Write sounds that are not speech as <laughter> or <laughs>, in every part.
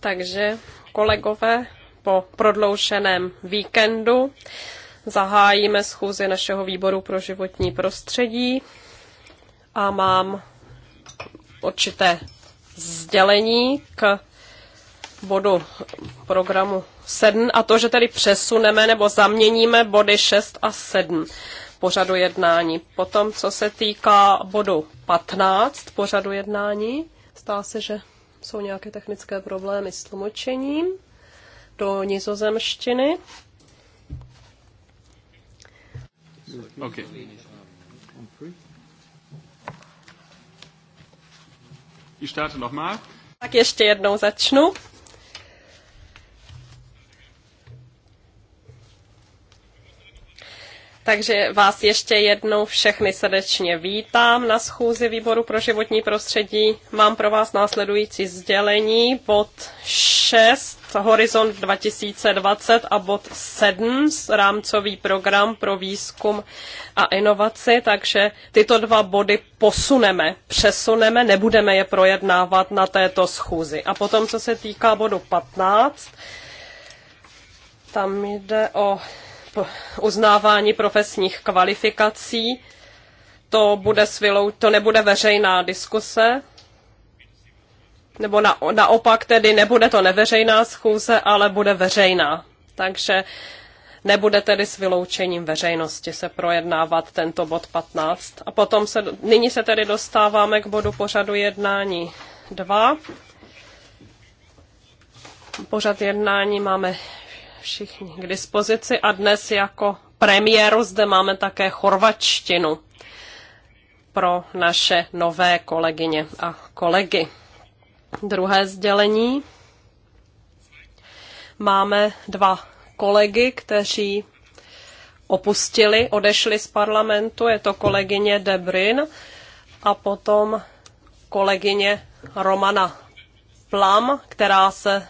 Takže, kolegové, po prodlouženém víkendu zahájíme schůzi našeho výboru pro životní prostředí a mám určité sdělení k bodu programu 7 a to, že tedy přesuneme nebo zaměníme body 6 a 7 pořadu jednání. Potom, co se týká bodu 15 pořadu jednání, Zdá se, že jsou nějaké technické problémy s tlumočením do nizozemštiny. Okay. Ich starte Tak ještě jednou začnu. Takže vás ještě jednou všechny srdečně vítám na schůzi výboru pro životní prostředí. Mám pro vás následující sdělení bod 6 Horizont 2020 a bod 7 rámcový program pro výzkum a inovaci, takže tyto dva body posuneme, přesuneme, nebudeme je projednávat na této schůzi. A potom, co se týká bodu 15, tam jde o uznávání profesních kvalifikací. To, bude svilou, to nebude veřejná diskuse, nebo na, naopak tedy nebude to neveřejná schůze, ale bude veřejná. Takže nebude tedy s vyloučením veřejnosti se projednávat tento bod 15. A potom se, nyní se tedy dostáváme k bodu pořadu jednání 2. Pořad jednání máme všichni k dispozici a dnes jako premiéru zde máme také chorvačtinu pro naše nové kolegyně a kolegy. Druhé sdělení. Máme dva kolegy, kteří opustili, odešli z parlamentu. Je to kolegyně Debrin a potom kolegyně Romana Plam, která se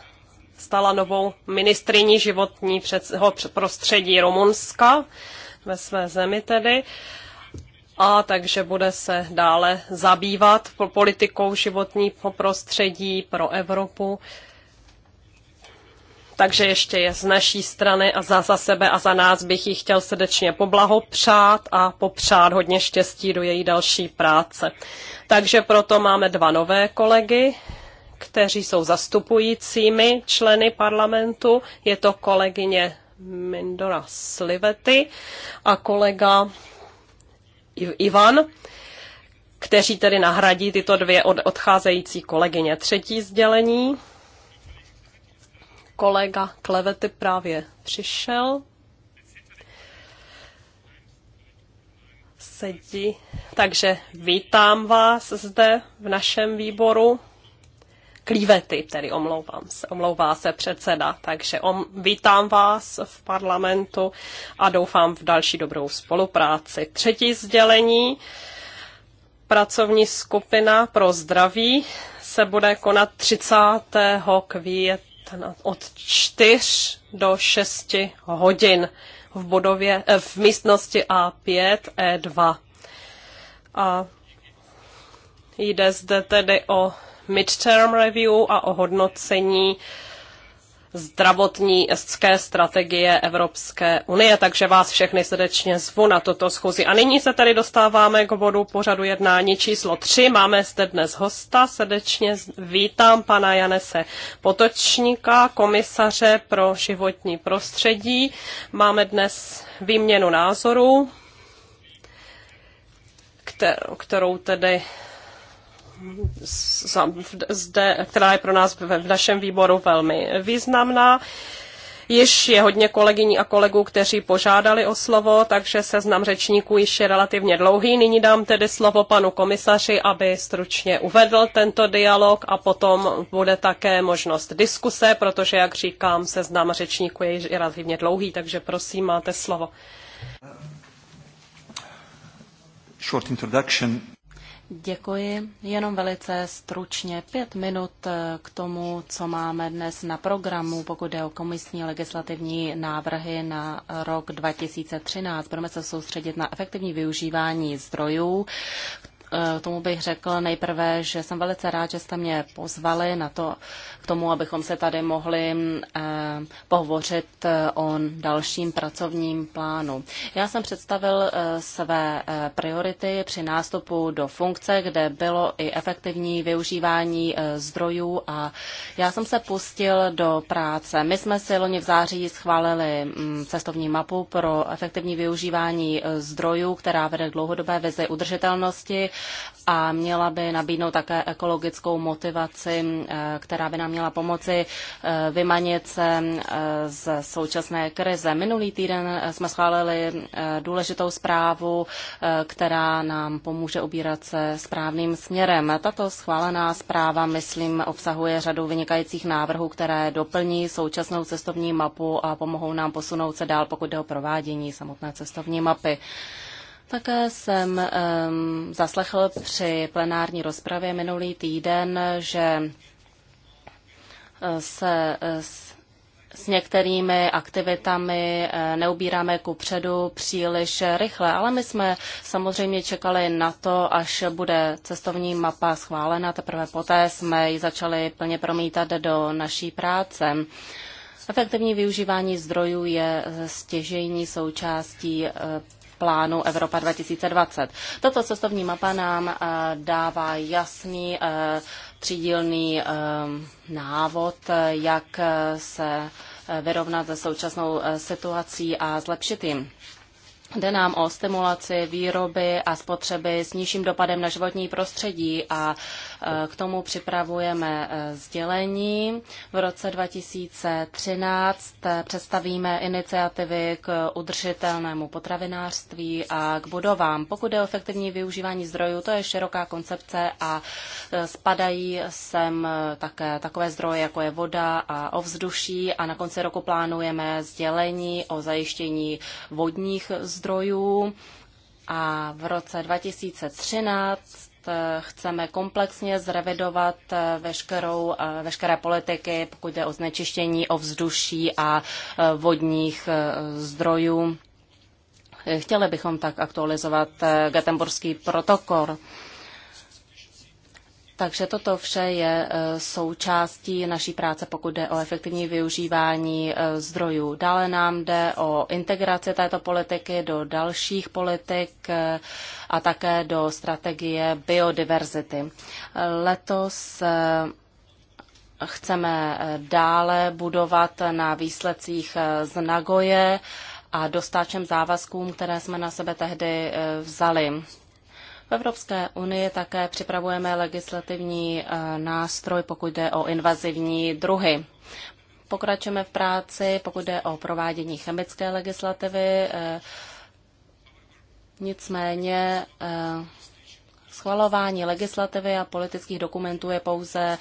stala novou ministriní životního prostředí Rumunska ve své zemi tedy a takže bude se dále zabývat politikou životního prostředí pro Evropu. Takže ještě je z naší strany a za, za sebe a za nás bych ji chtěl srdečně poblahopřát a popřát hodně štěstí do její další práce. Takže proto máme dva nové kolegy, kteří jsou zastupujícími členy parlamentu. Je to kolegyně Mindora Slivety a kolega Ivan, kteří tedy nahradí tyto dvě odcházející kolegyně. Třetí sdělení. Kolega Klevety právě přišel. Sedí. Takže vítám vás zde v našem výboru klívety, tedy omlouvám se, omlouvá se předseda. Takže om, vítám vás v parlamentu a doufám v další dobrou spolupráci. Třetí sdělení. Pracovní skupina pro zdraví se bude konat 30. května od 4 do 6 hodin v, budově, eh, v místnosti A5 E2. A jde zde tedy o midterm review a o hodnocení zdravotnické strategie Evropské unie, takže vás všechny srdečně zvu na toto schůzi. A nyní se tady dostáváme k bodu pořadu jednání číslo 3. Máme zde dnes hosta, srdečně vítám pana Janese Potočníka, komisaře pro životní prostředí. Máme dnes výměnu názorů, kterou tedy zde, která je pro nás v našem výboru velmi významná. Již je hodně kolegyní a kolegů, kteří požádali o slovo, takže seznam řečníků již je relativně dlouhý. Nyní dám tedy slovo panu komisaři, aby stručně uvedl tento dialog a potom bude také možnost diskuse, protože, jak říkám, seznam řečníků je již relativně dlouhý, takže prosím, máte slovo. Short introduction. Děkuji. Jenom velice stručně pět minut eh, k tomu, co máme dnes na programu, pokud jde o komisní legislativní návrhy na rok 2013. Budeme se soustředit na efektivní využívání zdrojů. K k eh, tomu bych řekl nejprve, že jsem velice rád, že jste mě pozvali na to, k tomu, abychom se tady mohli eh, pohovořit eh, o dalším pracovním plánu. Já jsem představil své priority při nástupu do funkce, kde bylo i efektivní využívání zdrojů a já jsem se pustil do práce. My jsme si loni v září schválili mm, cestovní mapu pro efektivní využívání zdrojů, která vede dlouhodobé vizi udržitelnosti a měla by nabídnout také ekologickou motivaci, eh, která by nám měla pomoci eh, vymanit se eh, z současné krize. Minulý týden jsme schválili důležitou zprávu, která nám pomůže ubírat se správným směrem. Tato schválená zpráva, myslím, obsahuje řadu vynikajících návrhů, které doplní současnou cestovní mapu a pomohou nám posunout se dál, pokud jde o provádění samotné cestovní mapy. Také jsem um, zaslechl při plenární rozpravě minulý týden, že eh, se eh, s, s některými aktivitami eh, neubíráme ku předu příliš rychle, ale my jsme samozřejmě čekali na to, až bude cestovní mapa schválena, teprve poté jsme ji začali plně promítat do naší práce. Efektivní využívání zdrojů je stěžejní součástí plánu Evropa 2020. Toto cestovní mapa nám eh, dává jasný eh, třídílný eh, návod, jak se vyrovnat se současnou situací a zlepšit jim. Jde nám o stimulaci výroby a spotřeby s nižším dopadem na životní prostředí a eh, k tomu připravujeme eh, sdělení. V roce 2013 představíme iniciativy k udržitelnému potravinářství a k budovám. Pokud je o efektivní využívání zdrojů, to je široká koncepce a eh, spadají sem také takové zdroje, jako je voda a ovzduší a na konci roku plánujeme sdělení o zajištění vodních zdrojů zdrojů a v roce 2013 eh, chceme komplexně zrevidovat eh, veškerou, eh, veškeré politiky, pokud jde o znečištění ovzduší a vodních zdrojů. Chtěli bychom tak aktualizovat Gatemburský protokol. Takže toto vše je e, součástí naší práce, pokud jde o efektivní využívání e, zdrojů. Dále nám jde o integraci této politiky do dalších politik e, a také do strategie biodiverzity. Letos chceme dále budovat na výsledcích z Nagoje a dostáčem závazkům, které jsme na sebe tehdy vzali. V Evropské unii také připravujeme legislativní eh, nástroj, pokud jde o invazivní druhy. Pokračujeme v práci, pokud jde o provádění chemické legislativy. Eh, nicméně eh, schvalování legislativy a politických dokumentů je pouze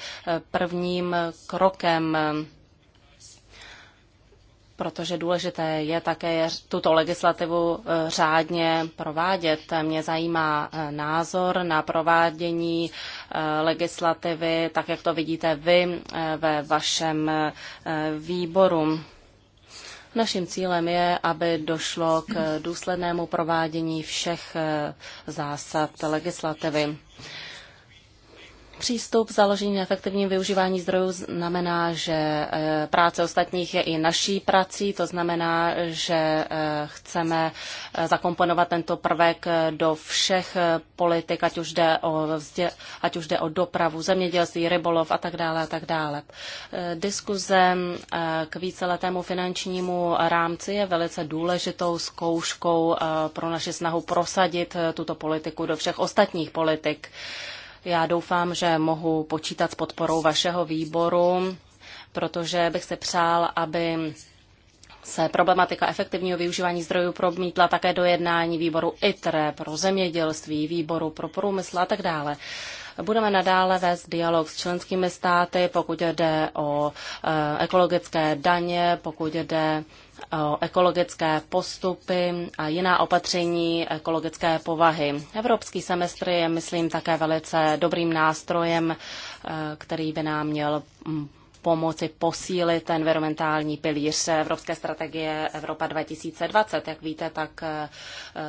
prvním krokem protože důležité je také tuto legislativu eh, řádně provádět. Mě zajímá eh, názor na provádění eh, legislativy, tak jak to vidíte vy ve vašem výboru. Naším cílem je, aby došlo k důslednému provádění všech zásad legislativy. Přístup založený na efektivním využívání zdrojů znamená, že eh, práce ostatních je i naší prací, to znamená, že eh, chceme eh, zakomponovat tento prvek do všech politik, ať už jde o, vzdě, ať už jde o dopravu, zemědělství, rybolov a tak dále a tak dále. Diskuze k víceletému finančnímu rámci je velice důležitou zkouškou pro naši snahu prosadit tuto politiku do všech ostatních politik. Já doufám, že mohu počítat s podporou vašeho výboru, protože bych se přál, aby se problematika efektivního využívání zdrojů promítla také do jednání výboru ITRE pro zemědělství, výboru pro průmysl a tak dále. Budeme nadále vést dialog s členskými státy, pokud jde o eh, ekologické daně, pokud jde ekologické postupy a jiná opatření ekologické povahy. Evropský semestr je, myslím, také velice dobrým nástrojem, e, který by nám měl mm, pomoci posílit environmentální pilíř Evropské strategie Evropa 2020. Jak víte, tak e,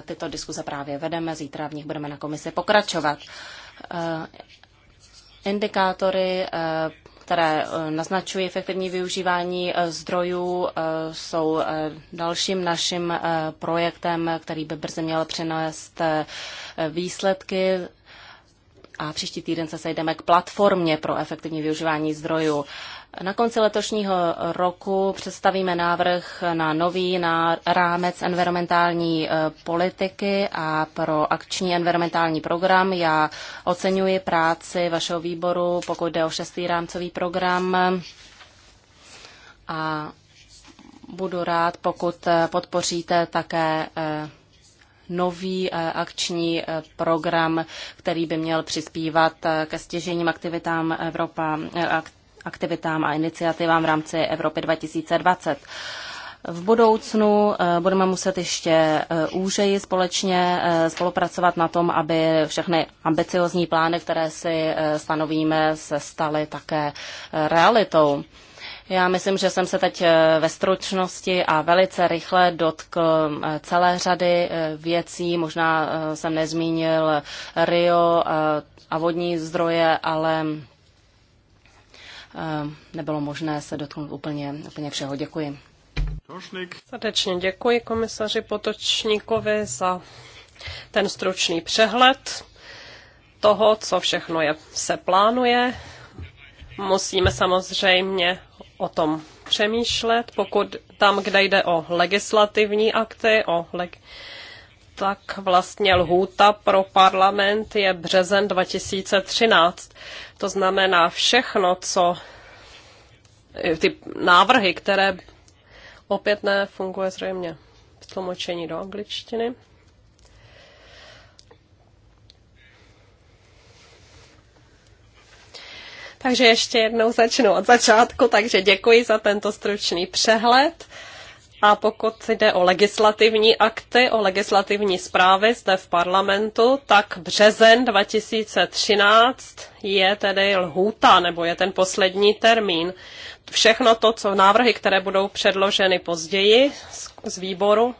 tyto diskuze právě vedeme, zítra v nich budeme na komisi pokračovat. E, indikátory které eh, naznačují efektivní využívání eh, zdrojů, eh, jsou dalším naším projektem, který by brzy měl přinést výsledky. A příští týden se sejdeme k platformě pro efektivní využívání zdrojů. Na konci letošního roku představíme návrh na nový na rámec environmentální e, politiky a pro akční environmentální program. Já oceňuji práci vašeho výboru, pokud jde o šestý rámcový program. A budu rád, pokud e, podpoříte také e, nový akční program, který by měl přispívat ke stěžením aktivitám Evropa, aktivitám a iniciativám v rámci Evropy 2020. V budoucnu eh, budeme muset ještě eh, úžeji společně eh, spolupracovat na tom, aby všechny ambiciozní plány, které si stanovíme, se staly také realitou. Já myslím, že jsem se teď ve stručnosti a velice rychle dotkl celé řady věcí. Možná jsem nezmínil Rio a vodní zdroje, ale Eh, nebylo možné se dotknout úplně, úplně všeho. Děkuji. Srdečně děkuji komisaři Potočníkovi za ten stručný přehled toho, co všechno je, se plánuje. Musíme samozřejmě o tom přemýšlet, pokud tam, kde jde o legislativní akty, o leg- tak vlastně lhůta pro parlament je březen 2013. To znamená všechno, co ty návrhy, které opět nefunguje zřejmě v tlumočení do angličtiny. Takže ještě jednou začnu od začátku, takže děkuji za tento stručný přehled. A pokud jde o legislativní akty, o legislativní zprávy zde v parlamentu, tak březen 2013 je tedy lhůta, nebo je ten poslední termín. Všechno to, co návrhy, které budou předloženy později z, z výboru,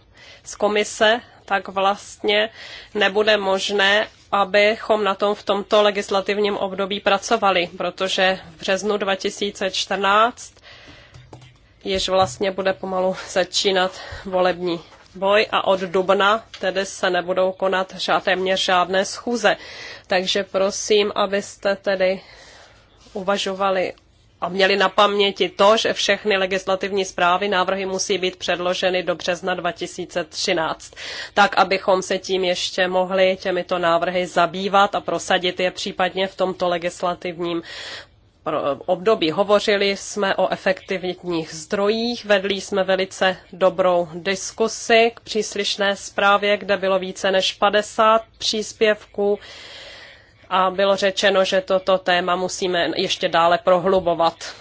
z komise, tak vlastně nebude možné, abychom na tom v tomto legislativním období pracovali, protože v březnu 2014 již vlastně bude pomalu začínat volební boj a od dubna tedy se nebudou konat téměř žádné schůze. Takže prosím, abyste tedy uvažovali a měli na paměti to, že všechny legislativní zprávy, návrhy musí být předloženy do března 2013, tak abychom se tím ještě mohli těmito návrhy zabývat a prosadit je případně v tomto legislativním období hovořili jsme o efektivních zdrojích, vedli jsme velice dobrou diskusi k příslišné zprávě, kde bylo více než 50 příspěvků a bylo řečeno, že toto téma musíme ještě dále prohlubovat.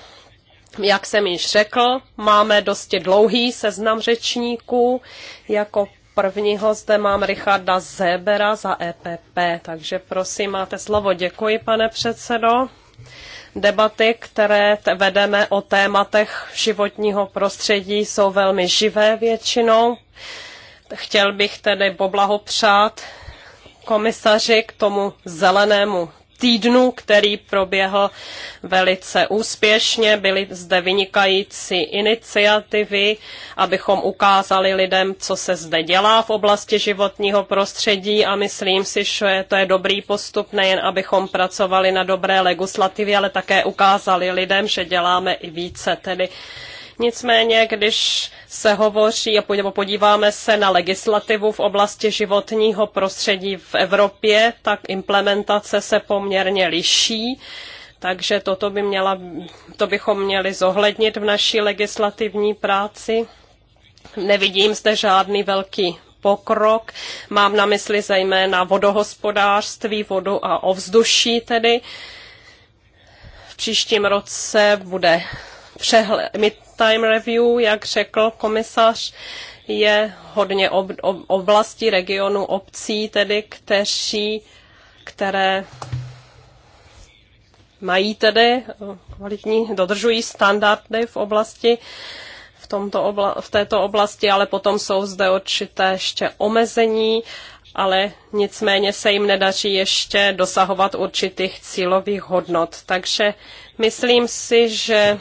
Jak jsem již řekl, máme dosti dlouhý seznam řečníků. Jako prvního zde mám Richarda Zébera za EPP, takže prosím, máte slovo. Děkuji, pane předsedo. Debaty, které vedeme o tématech životního prostředí, jsou velmi živé většinou. Chtěl bych tedy poblahopřát komisaři k tomu zelenému týdnu, který proběhl velice úspěšně. Byly zde vynikající iniciativy, abychom ukázali lidem, co se zde dělá v oblasti životního prostředí a myslím si, že to je dobrý postup, nejen abychom pracovali na dobré legislativě, ale také ukázali lidem, že děláme i více. Tedy Nicméně, když se hovoří a podíváme se na legislativu v oblasti životního prostředí v Evropě, tak implementace se poměrně liší. Takže toto by měla, to bychom měli zohlednit v naší legislativní práci. Nevidím zde žádný velký pokrok. Mám na mysli zejména vodohospodářství, vodu a ovzduší tedy. V příštím roce bude přehled, my time review, jak řekl komisař, je hodně ob, ob, oblastí regionu obcí, tedy kteří, které mají tedy eh, kvalitní, dodržují standardy v oblasti v, tomto obla, v této oblasti, ale potom jsou zde určité ještě omezení, ale nicméně se jim nedaří ještě dosahovat určitých cílových hodnot. Takže myslím si, že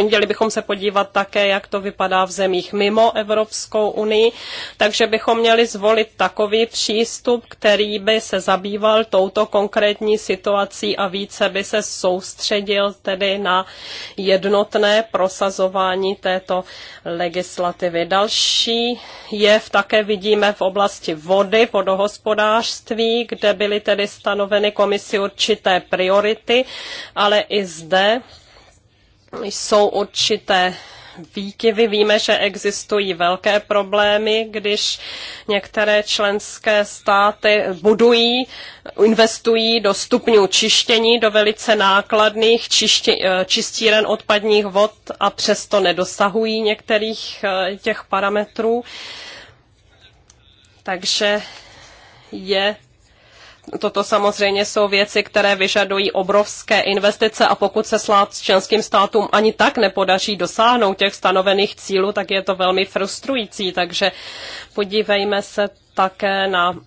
Měli bychom se podívat také, jak to vypadá v zemích mimo Evropskou unii, takže bychom měli zvolit takový přístup, který by se zabýval touto konkrétní situací a více by se soustředil tedy na jednotné prosazování této legislativy. Další jev také vidíme v oblasti vody, vodohospodářství, kde byly tedy stanoveny komisi určité priority, ale i zde jsou určité výkyvy. Víme, že existují velké problémy, když některé členské státy budují, investují do stupňů čištění, do velice nákladných čiště, eh, čistíren odpadních vod a přesto nedosahují některých eh, těch parametrů. Takže je Toto samozřejmě jsou věci, které vyžadují obrovské investice a pokud se s členským státům ani tak nepodaří dosáhnout těch stanovených cílů, tak je to velmi frustrující. Takže podívejme se také na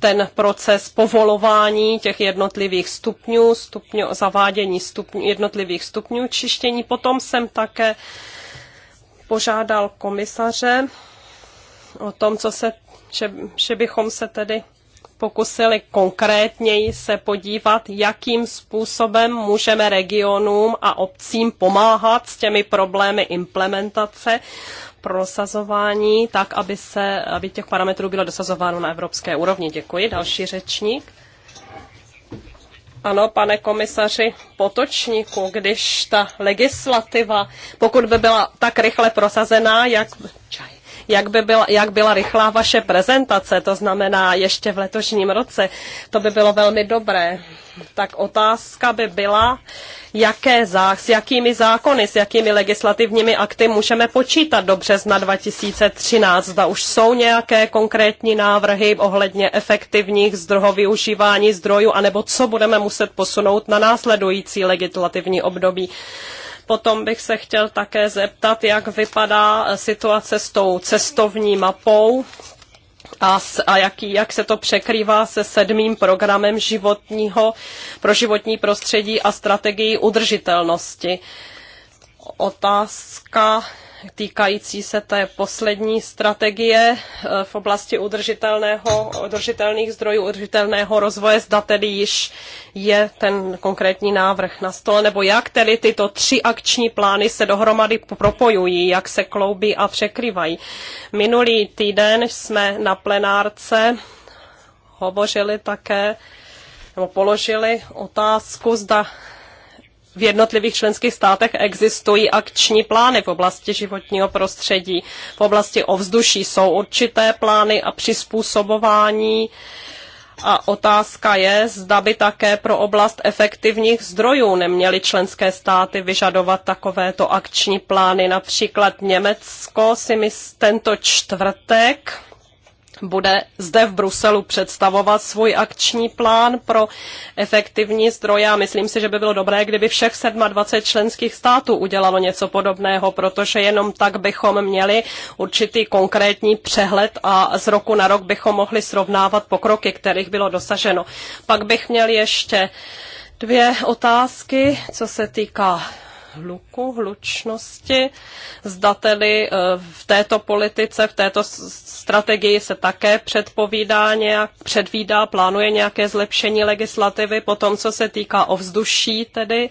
ten proces povolování těch jednotlivých stupňů, stupňu, zavádění stupňů, jednotlivých stupňů čištění. Potom jsem také požádal komisaře o tom, co se, že, že bychom se tedy pokusili konkrétněji se podívat, jakým způsobem můžeme regionům a obcím pomáhat s těmi problémy implementace, prosazování, tak, aby, se, aby těch parametrů bylo dosazováno na evropské úrovni. Děkuji. Další řečník. Ano, pane komisaři Potočníku, když ta legislativa, pokud by byla tak rychle prosazená, jak... Čaj jak, by byla, jak byla rychlá vaše prezentace, to znamená ještě v letošním roce. To by bylo velmi dobré. Tak otázka by byla, jaké zá, s jakými zákony, s jakými legislativními akty můžeme počítat do března 2013. Zda už jsou nějaké konkrétní návrhy ohledně efektivních zdroho využívání zdrojů, anebo co budeme muset posunout na následující legislativní období. Potom bych se chtěl také zeptat, jak vypadá situace s tou cestovní mapou a, s, a jaký, jak se to překrývá se sedmým programem životního, pro životní prostředí a strategii udržitelnosti. Otázka týkající se té poslední strategie eh, v oblasti udržitelného, udržitelných zdrojů, udržitelného rozvoje, zda tedy již je ten konkrétní návrh na stole, nebo jak tedy tyto tři akční plány se dohromady propojují, jak se kloubí a překrývají. Minulý týden jsme na plenárce hovořili také, nebo položili otázku, zda v jednotlivých členských státech existují akční plány v oblasti životního prostředí. V oblasti ovzduší jsou určité plány a přizpůsobování. A otázka je, zda by také pro oblast efektivních zdrojů neměly členské státy vyžadovat takovéto akční plány. Například Německo si mi tento čtvrtek bude zde v Bruselu představovat svůj akční plán pro efektivní zdroje a myslím si, že by bylo dobré, kdyby všech 27 členských států udělalo něco podobného, protože jenom tak bychom měli určitý konkrétní přehled a z roku na rok bychom mohli srovnávat pokroky, kterých bylo dosaženo. Pak bych měl ještě dvě otázky, co se týká hluku, hlučnosti. tedy eh, v této politice, v této strategii se také předpovídá nějak, předvídá, plánuje nějaké zlepšení legislativy, potom co se týká ovzduší tedy.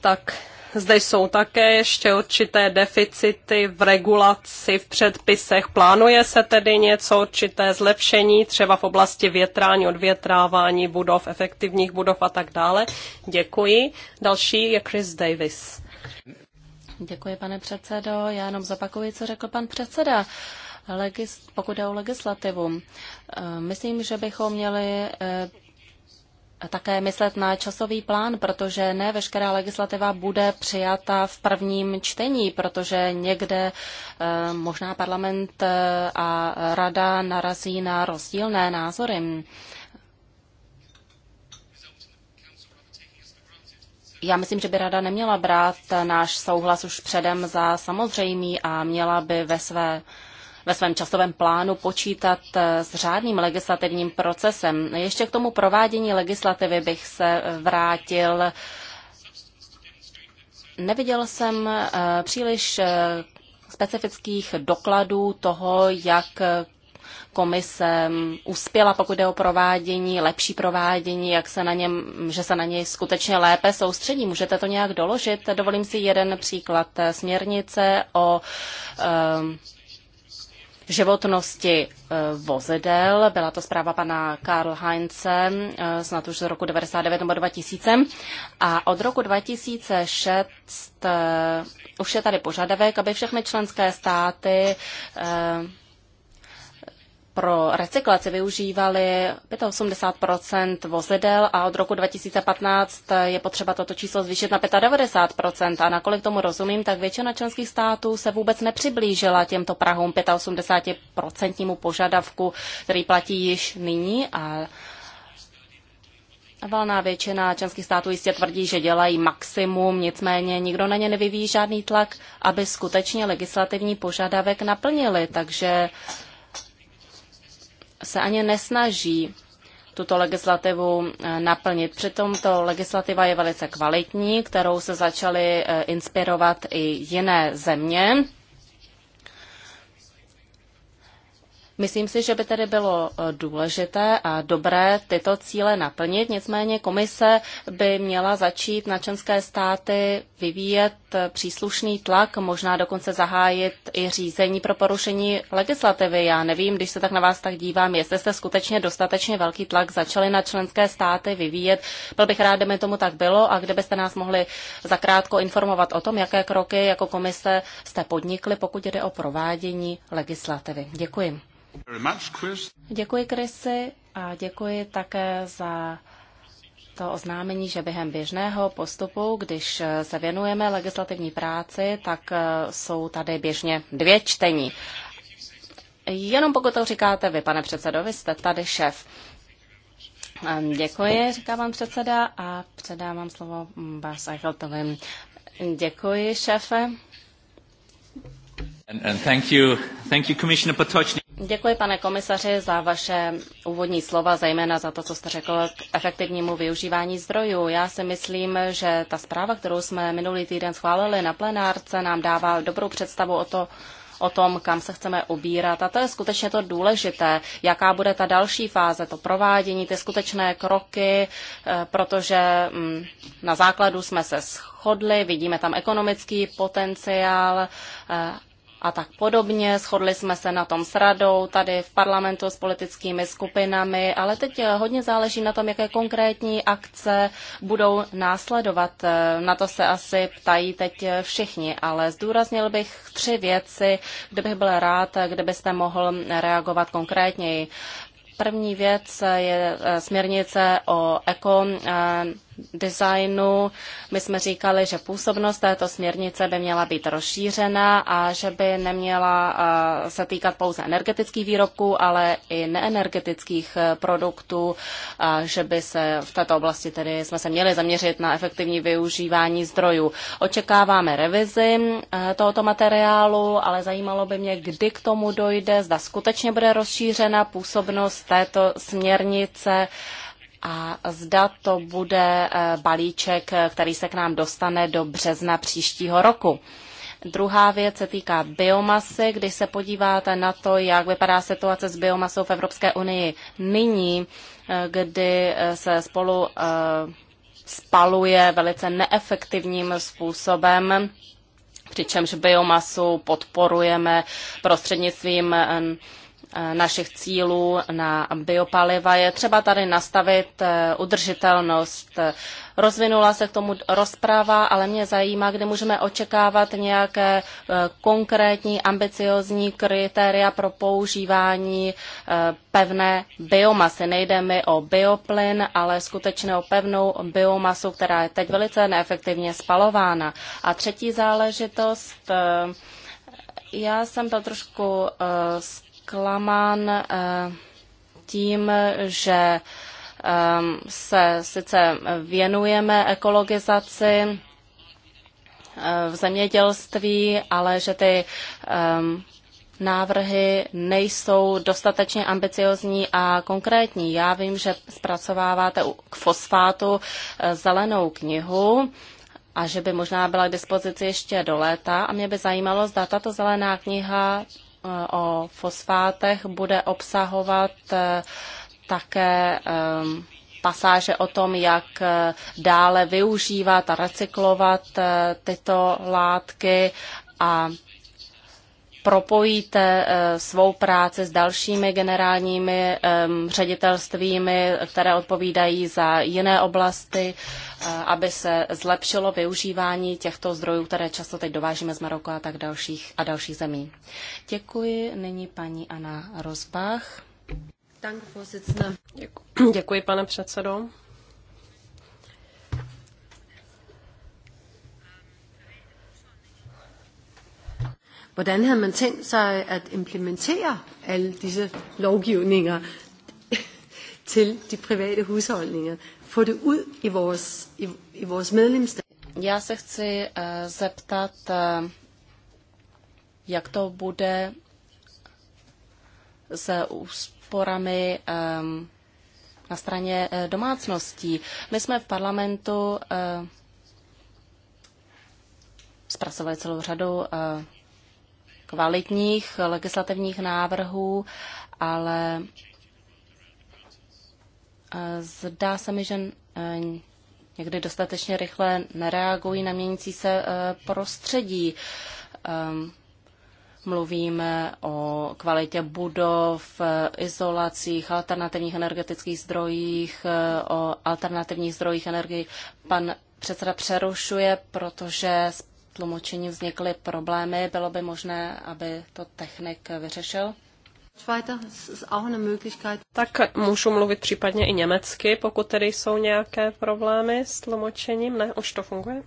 Tak zde jsou také ještě určité deficity v regulaci, v předpisech. Plánuje se tedy něco, určité zlepšení, třeba v oblasti větrání, odvětrávání budov, efektivních budov a tak dále. Děkuji. Další je Chris Davis. Děkuji, pane předsedo. Já jenom zopakuji, co řekl pan předseda. Legis, pokud je o legislativu, eh, myslím, že bychom měli eh, také myslet na časový plán, protože ne veškerá legislativa bude přijata v prvním čtení, protože někde eh, možná parlament eh, a rada narazí na rozdílné názory. Já myslím, že by rada neměla brát náš souhlas už předem za samozřejmý a měla by ve své ve svém časovém plánu počítat eh, s řádným legislativním procesem. Ještě k tomu provádění legislativy bych se vrátil. Neviděl jsem eh, příliš eh, specifických dokladů toho, jak komise mm, uspěla, pokud jde o provádění, lepší provádění, jak se na něm, že se na něj skutečně lépe soustředí. Můžete to nějak doložit? Dovolím si jeden příklad směrnice o um, životnosti eh, vozidel. Byla to zpráva pana Karl Heinze, eh, snad už z roku 99 nebo 2000. A od roku 2006 eh, už je tady požadavek, aby všechny členské státy pro recyklaci využívali 85 vozidel a od roku 2015 je potřeba toto číslo zvýšit na 95 A nakolik tomu rozumím, tak většina členských států se vůbec nepřiblížila těmto Prahům 85 požadavku, který platí již nyní a Valná většina členských států jistě tvrdí, že dělají maximum, nicméně nikdo na ně nevyvíjí žádný tlak, aby skutečně legislativní požadavek naplnili. Takže se ani nesnaží tuto legislativu eh, naplnit. Přitom to legislativa je velice kvalitní, kterou se začaly eh, inspirovat i jiné země. Myslím si, že by tedy bylo eh, důležité a dobré tyto cíle naplnit, nicméně komise by měla začít na členské státy vyvíjet eh, příslušný tlak, možná dokonce zahájit i řízení pro porušení legislativy. Já nevím, když se tak na vás tak dívám, jestli jste skutečně dostatečně velký tlak začali na členské státy vyvíjet. Byl bych rád, kdyby tomu tak bylo a kdybyste nás mohli zakrátko informovat o tom, jaké kroky jako komise jste podnikli, pokud jde o provádění legislativy. Děkuji. Děkuji, Chrisy, a děkuji také za to oznámení, že během běžného postupu, když se věnujeme legislativní práci, tak eh, jsou tady běžně dvě čtení. Jenom pokud to říkáte vy, pane předsedo, vy jste tady šéf. Ehm, děkuji, říká vám předseda a předám slovo Bas Eicheltovým. Děkuji, šéfe. And, and thank you, thank you, Děkuji, pane komisaři, za vaše úvodní slova, zejména za to, co jste řekl k efektivnímu využívání zdrojů. Já si myslím, že ta zpráva, kterou jsme minulý týden schválili na plenárce, nám dává dobrou představu o to, o tom, kam se chceme ubírat. A to je skutečně to důležité, jaká bude ta další fáze, to provádění, ty skutečné kroky, eh, protože mm, na základu jsme se shodli, vidíme tam ekonomický potenciál eh, a tak podobně. Shodli jsme se na tom s radou, tady v parlamentu s politickými skupinami, ale teď hodně záleží na tom, jaké konkrétní akce budou následovat. Na to se asi ptají teď všichni, ale zdůraznil bych tři věci, kde bych byl rád, kdybyste mohl reagovat konkrétněji. První věc je směrnice o eko designu. My jsme říkali, že působnost této směrnice by měla být rozšířena a že by neměla eh, se týkat pouze energetických výrobků, ale i neenergetických eh, produktů, a že by se v této oblasti tedy jsme se měli zaměřit na efektivní využívání zdrojů. Očekáváme revizi eh, tohoto materiálu, ale zajímalo by mě, kdy k tomu dojde, zda skutečně bude rozšířena působnost této směrnice a zda to bude eh, balíček, eh, který se k nám dostane do března příštího roku. Druhá věc se týká biomasy. Když se podíváte na to, jak vypadá situace s biomasou v Evropské unii nyní, eh, kdy se spolu spaluje velice neefektivním způsobem, přičemž biomasu podporujeme prostřednictvím Eh, našich cílů na biopaliva, je třeba tady nastavit eh, udržitelnost. Rozvinula se k tomu rozpráva, ale mě zajímá, kde můžeme očekávat nějaké eh, konkrétní ambiciozní kritéria pro používání pevné biomasy. Nejde mi o bioplyn, ale skutečně o pevnou biomasu, která je teď velice neefektivně spalována. A třetí záležitost, já jsem byl trošku uh, zklamán eh, tím, že ehm, se sice věnujeme ekologizaci eh, v zemědělství, ale že ty ehm, návrhy nejsou dostatečně ambiciozní a konkrétní. Já vím, že zpracováváte k fosfátu eh, zelenou knihu a že by možná byla k dispozici ještě do léta. A mě by zajímalo, zda tato zelená kniha o fosfátech bude obsahovat eh, také eh, pasáže o tom, jak eh, dále využívat a recyklovat tyto látky a propojíte eh, svou práci s dalšími generálními ehm, ředitelstvími, které odpovídají za jiné oblasti, eh, aby se zlepšilo využívání těchto zdrojů, které často teď dovážíme z Maroka a tak dalších a dalších zemí. Děkuji. Nyní paní Anna Rozbach. Děkuji, pane předsedo. Hvordan havde man tænkt sig at implementere alle disse lovgivninger <laughs> til de private husholdninger? Få det ud i vores, i, i vores medlemsstat? Jeg se chci uh, zeptat, uh, jak to bude se úsporami um, na straně uh, domácností. My jsme v parlamentu uh, zpracovali celou řadu uh, kvalitních legislativních návrhů, ale eh, zdá se mi, že eh, někdy dostatečně rychle nereagují na měnící se eh, prostředí. Ehm, mluvíme o kvalitě budov, izolacích, alternativních energetických zdrojích, o alternativních zdrojích energii. Pan předseda přerušuje, protože tlumočení vznikly problémy, bylo by možné, aby to technik vyřešil? Tak můžu mluvit případně i německy, pokud tedy jsou nějaké problémy s tlumočením. Ne, už to funguje.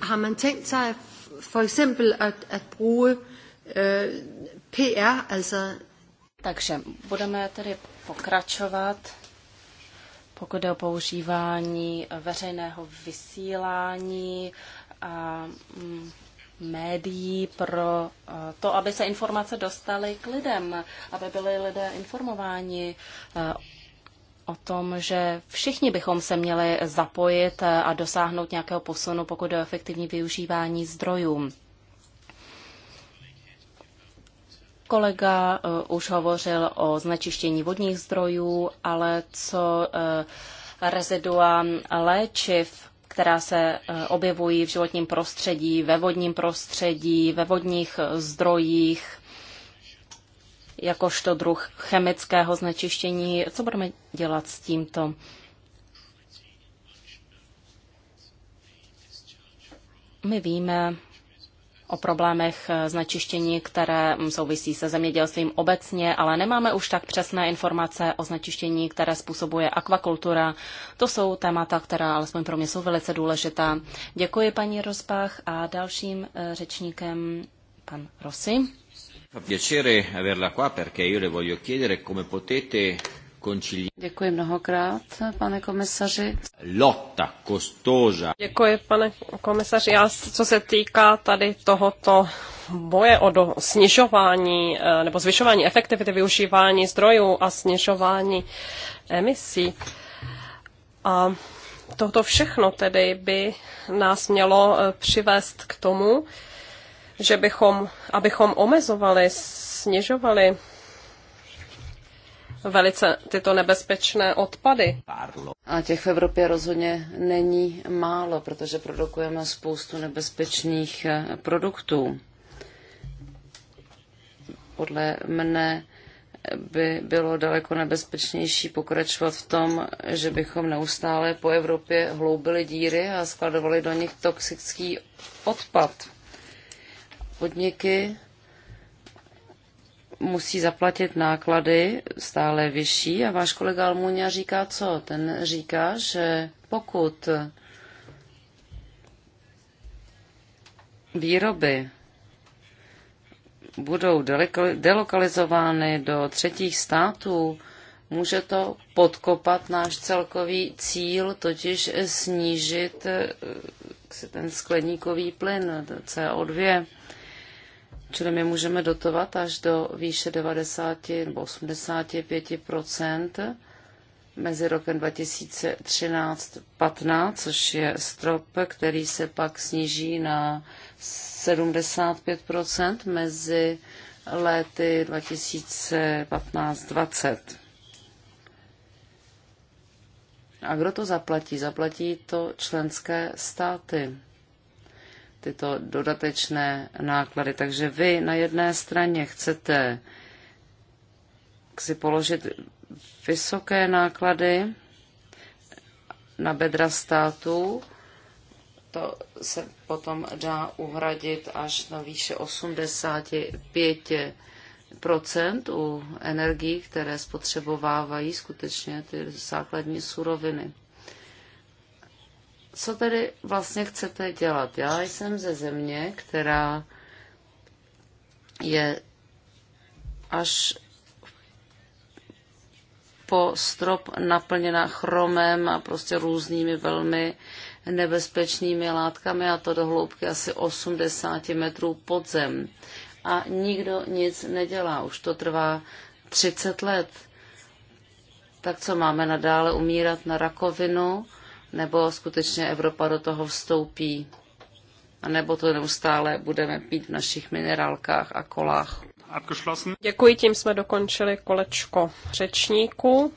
Har man tænkt sig for eksempel at, at bruge øh, PR, altså... Takže budeme tedy pokračovat pokud jde o používání veřejného vysílání a mm, médií pro to, aby se informace dostaly k lidem, aby byli lidé informováni o tom, že všichni bychom se měli zapojit a dosáhnout nějakého posunu, pokud jde o efektivní využívání zdrojů. Kolega eh, už hovořil o znečištění vodních zdrojů, ale co eh, rezidua léčiv, která se eh, objevují v životním prostředí, ve vodním prostředí, ve vodních zdrojích, jakožto druh chemického znečištění. Co budeme dělat s tímto? My víme, o problémech znečištění, které souvisí se zemědělstvím obecně, ale nemáme už tak přesné informace o znečištění, které způsobuje akvakultura. To jsou témata, která alespoň pro mě jsou velice důležitá. Děkuji paní Rozpach a dalším eh, řečníkem pan Rossi. piacere averla qua perché io le voglio chiedere come potete Děkuji mnohokrát, pane komisaři. Lotta kostoža. Děkuji, pane komisaři. Já, co se týká tady tohoto boje o do, snižování eh, nebo zvyšování efektivity využívání zdrojů a snižování emisí, a toto všechno tedy by nás mělo eh, přivést k tomu, že bychom, abychom omezovali, snižovali velice tyto nebezpečné odpady. A těch v Evropě rozhodně není málo, protože produkujeme spoustu nebezpečných eh, produktů. Podle mne eh, by bylo daleko nebezpečnější pokračovat v tom, že bychom neustále po Evropě hloubili díry a skladovali do nich toxický odpad. Podniky musí zaplatit náklady stále vyšší a váš kolega Almunia říká co? Ten říká, že pokud výroby budou delokalizovány do třetích států, může to podkopat náš celkový cíl, totiž snížit eh, ten skleníkový plyn CO2. Čili my můžeme dotovat až do výše 90 nebo 85 mezi rokem 2013-15, což je strop, který se pak sníží na 75 mezi lety 2015-20. A kdo to zaplatí? Zaplatí to členské státy tyto dodatečné náklady. Takže vy na jedné straně chcete si položit vysoké náklady na bedra států, to se potom dá uhradit až na výše 85 u energií, které spotřebovávají skutečně ty základní suroviny co tedy vlastně chcete dělat? Já jsem ze země, která je až po strop naplněna chromem a prostě různými velmi nebezpečnými látkami a to do hloubky asi 80 metrů pod zem. A nikdo nic nedělá. Už to trvá 30 let. Tak co máme nadále umírat na rakovinu? nebo skutečně Evropa do toho vstoupí, a nebo to neustále budeme pít v našich minerálkách a kolách. Děkuji, tím jsme dokončili kolečko řečníků.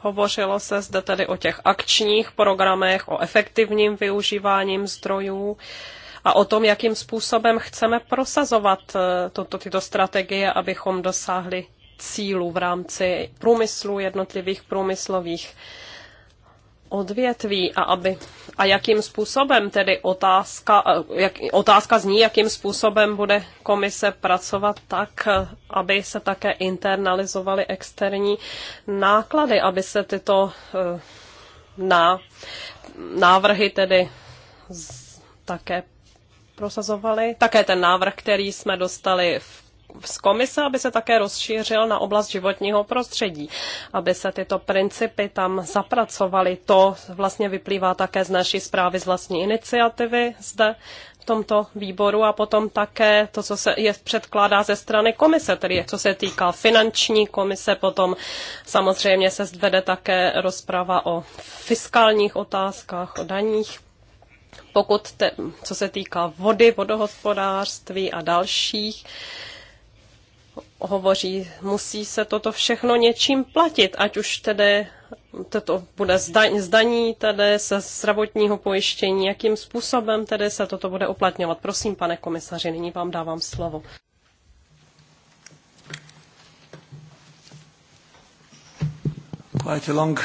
Hovořilo se zde tedy o těch akčních programech, o efektivním využíváním zdrojů a o tom, jakým způsobem chceme prosazovat eh, toto, tyto strategie, abychom dosáhli cílu v rámci průmyslu, jednotlivých průmyslových odvětví a, aby, a jakým způsobem tedy otázka, eh, jak, otázka zní, jakým způsobem bude komise pracovat tak, eh, aby se také internalizovaly externí náklady, aby se tyto eh, na, návrhy tedy z, také prosazovali. Také ten návrh, který jsme dostali v z komise, aby se také rozšířil na oblast životního prostředí, aby se tyto principy tam zapracovaly. To vlastně vyplývá také z naší zprávy z vlastní iniciativy zde v tomto výboru a potom také to, co se je předkládá ze strany komise, tedy co se týká finanční komise, potom samozřejmě se zvede také rozprava o fiskálních otázkách, o daních. Pokud te, co se týká vody, vodohospodářství a dalších, hovoří, musí se toto všechno něčím platit, ať už tedy toto bude zdaní tedy se zdravotního pojištění, jakým způsobem tedy se toto bude uplatňovat. Prosím, pane komisaři, nyní vám dávám slovo. Quite a long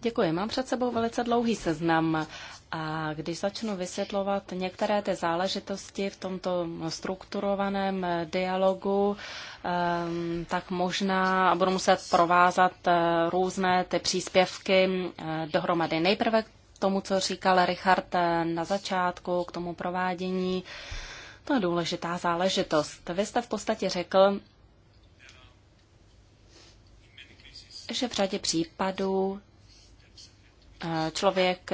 Děkuji. Mám před sebou velice dlouhý seznam a když začnu vysvětlovat některé ty záležitosti v tomto strukturovaném dialogu, ehm, tak možná budu muset provázat eh, různé ty příspěvky eh, dohromady. Nejprve k tomu, co říkal Richard eh, na začátku, k tomu provádění. To je důležitá záležitost. Vy jste v podstatě řekl, že v řadě případů člověk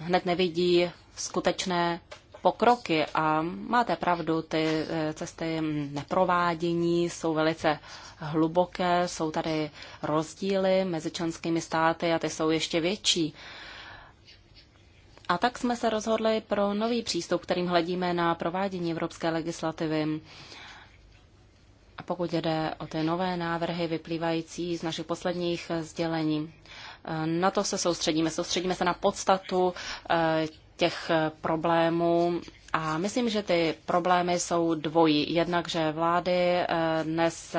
hned nevidí skutečné pokroky a máte pravdu, ty eh, cesty neprovádění jsou velice hluboké, jsou tady rozdíly mezi členskými státy a ty jsou ještě větší. A tak jsme se rozhodli pro nový přístup, kterým hledíme na provádění evropské legislativy. A pokud jde o ty nové návrhy vyplývající z našich posledních sdělení, na to se soustředíme. Soustředíme se na podstatu eh, těch eh, problémů. A myslím, že ty problémy jsou dvojí. Jednak, že vlády eh, dnes,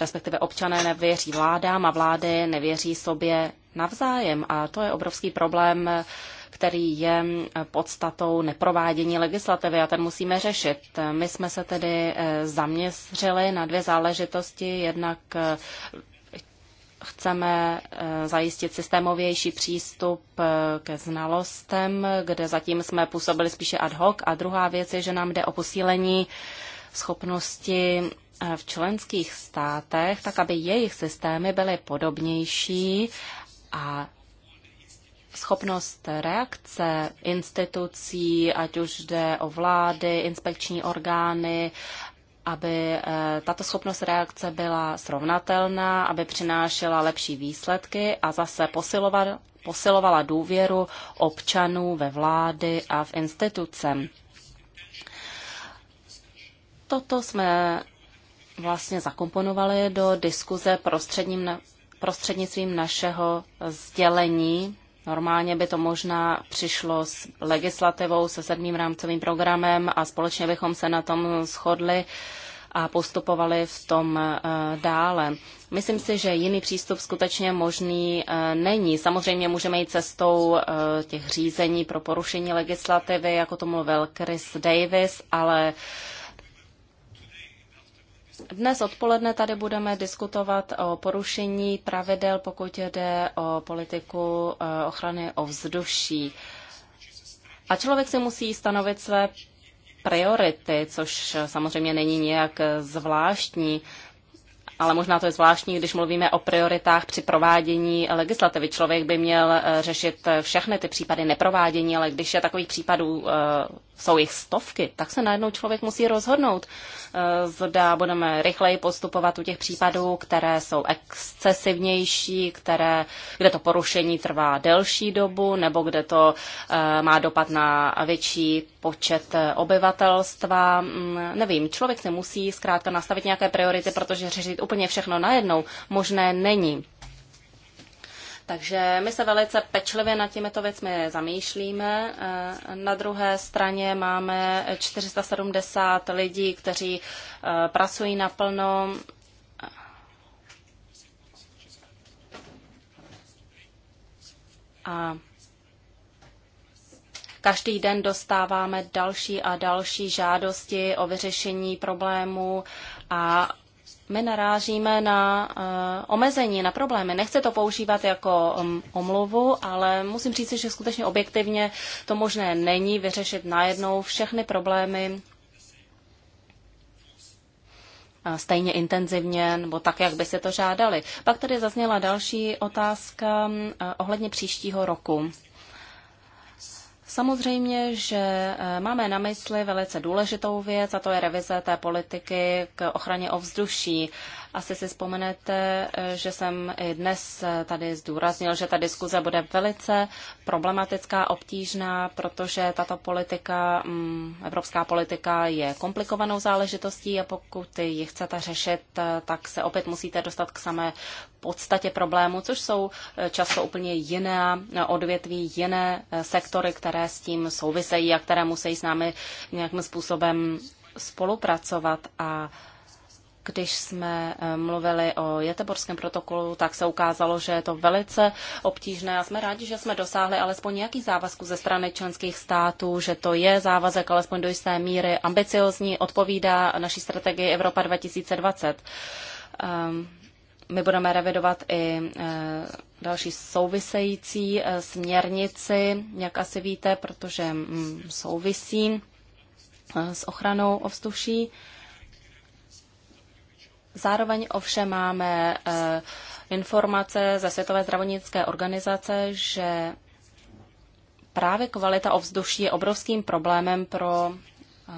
respektive občané nevěří vládám a vlády nevěří sobě navzájem. A to je obrovský problém, který je podstatou neprovádění legislativy a ten musíme řešit. My jsme se tedy zaměřili na dvě záležitosti, jednak chceme eh, zajistit systémovější přístup eh, ke znalostem, kde zatím jsme působili spíše ad hoc. A druhá věc je, že nám jde o posílení schopnosti eh, v členských státech, tak aby jejich systémy byly podobnější a schopnost reakce institucí, ať už jde o vlády, inspekční orgány aby eh, tato schopnost reakce byla srovnatelná, aby přinášela lepší výsledky a zase posilovala, posilovala důvěru občanů ve vlády a v instituce. Toto jsme vlastně zakomponovali do diskuze prostřednictvím našeho sdělení Normálně by to možná přišlo s legislativou, se sedmým rámcovým programem a společně bychom se na tom shodli a postupovali v tom eh, dále. Myslím si, že jiný přístup skutečně možný eh, není. Samozřejmě můžeme jít cestou eh, těch řízení pro porušení legislativy, jako to mluvil Chris Davis, ale dnes odpoledne tady budeme diskutovat o porušení pravidel, pokud jde o politiku eh, ochrany ovzduší. A člověk si musí stanovit své priority, což eh, samozřejmě není nějak eh, zvláštní, ale možná to je zvláštní, když mluvíme o prioritách při provádění legislativy. Člověk by měl řešit všechny ty případy neprovádění, ale když je takových případů jsou jich stovky, tak se najednou člověk musí rozhodnout, eh, zda budeme rychleji postupovat u těch případů, které jsou excesivnější, které, kde to porušení trvá delší dobu, nebo kde to eh, má dopad na větší počet eh, obyvatelstva. Mm, nevím, člověk se musí zkrátka nastavit nějaké priority, protože řešit úplně všechno najednou možné není. Takže my se velice pečlivě nad těmito věcmi zamýšlíme. Eh, na druhé straně máme 470 lidí, kteří eh, pracují naplno a Každý den dostáváme další a další žádosti o vyřešení problémů a my narážíme na eh, omezení, na problémy. Nechci to používat jako mm, omluvu, ale musím říct, že skutečně objektivně to možné není vyřešit najednou všechny problémy stejně intenzivně nebo tak, jak by se to žádali. Pak tady zazněla další otázka mm, eh, ohledně příštího roku. Samozřejmě, že eh, máme na mysli velice důležitou věc, a to je revize té politiky k ochraně ovzduší. Asi si vzpomenete, eh, že jsem i dnes eh, tady zdůraznil, že ta diskuze bude velice problematická, obtížná, protože tato politika, mm, evropská politika je komplikovanou záležitostí a pokud ji chcete řešit, eh, tak se opět musíte dostat k samé podstatě problému, což jsou často úplně jiné odvětví, jiné sektory, které s tím souvisejí a které musí s námi nějakým způsobem spolupracovat a když jsme eh, mluvili o Jeteborském protokolu, tak se ukázalo, že je to velice obtížné a jsme rádi, že jsme dosáhli alespoň nějaký závazku ze strany členských států, že to je závazek alespoň do jisté míry ambiciozní, odpovídá naší strategii Evropa 2020. Ehm, my budeme revidovat i eh, další související eh, směrnici, jak asi víte, protože mm, souvisí s ochranou ovzduší. Zároveň ovšem máme eh, informace ze Světové zdravotnické organizace, že právě kvalita ovzduší je obrovským problémem pro eh,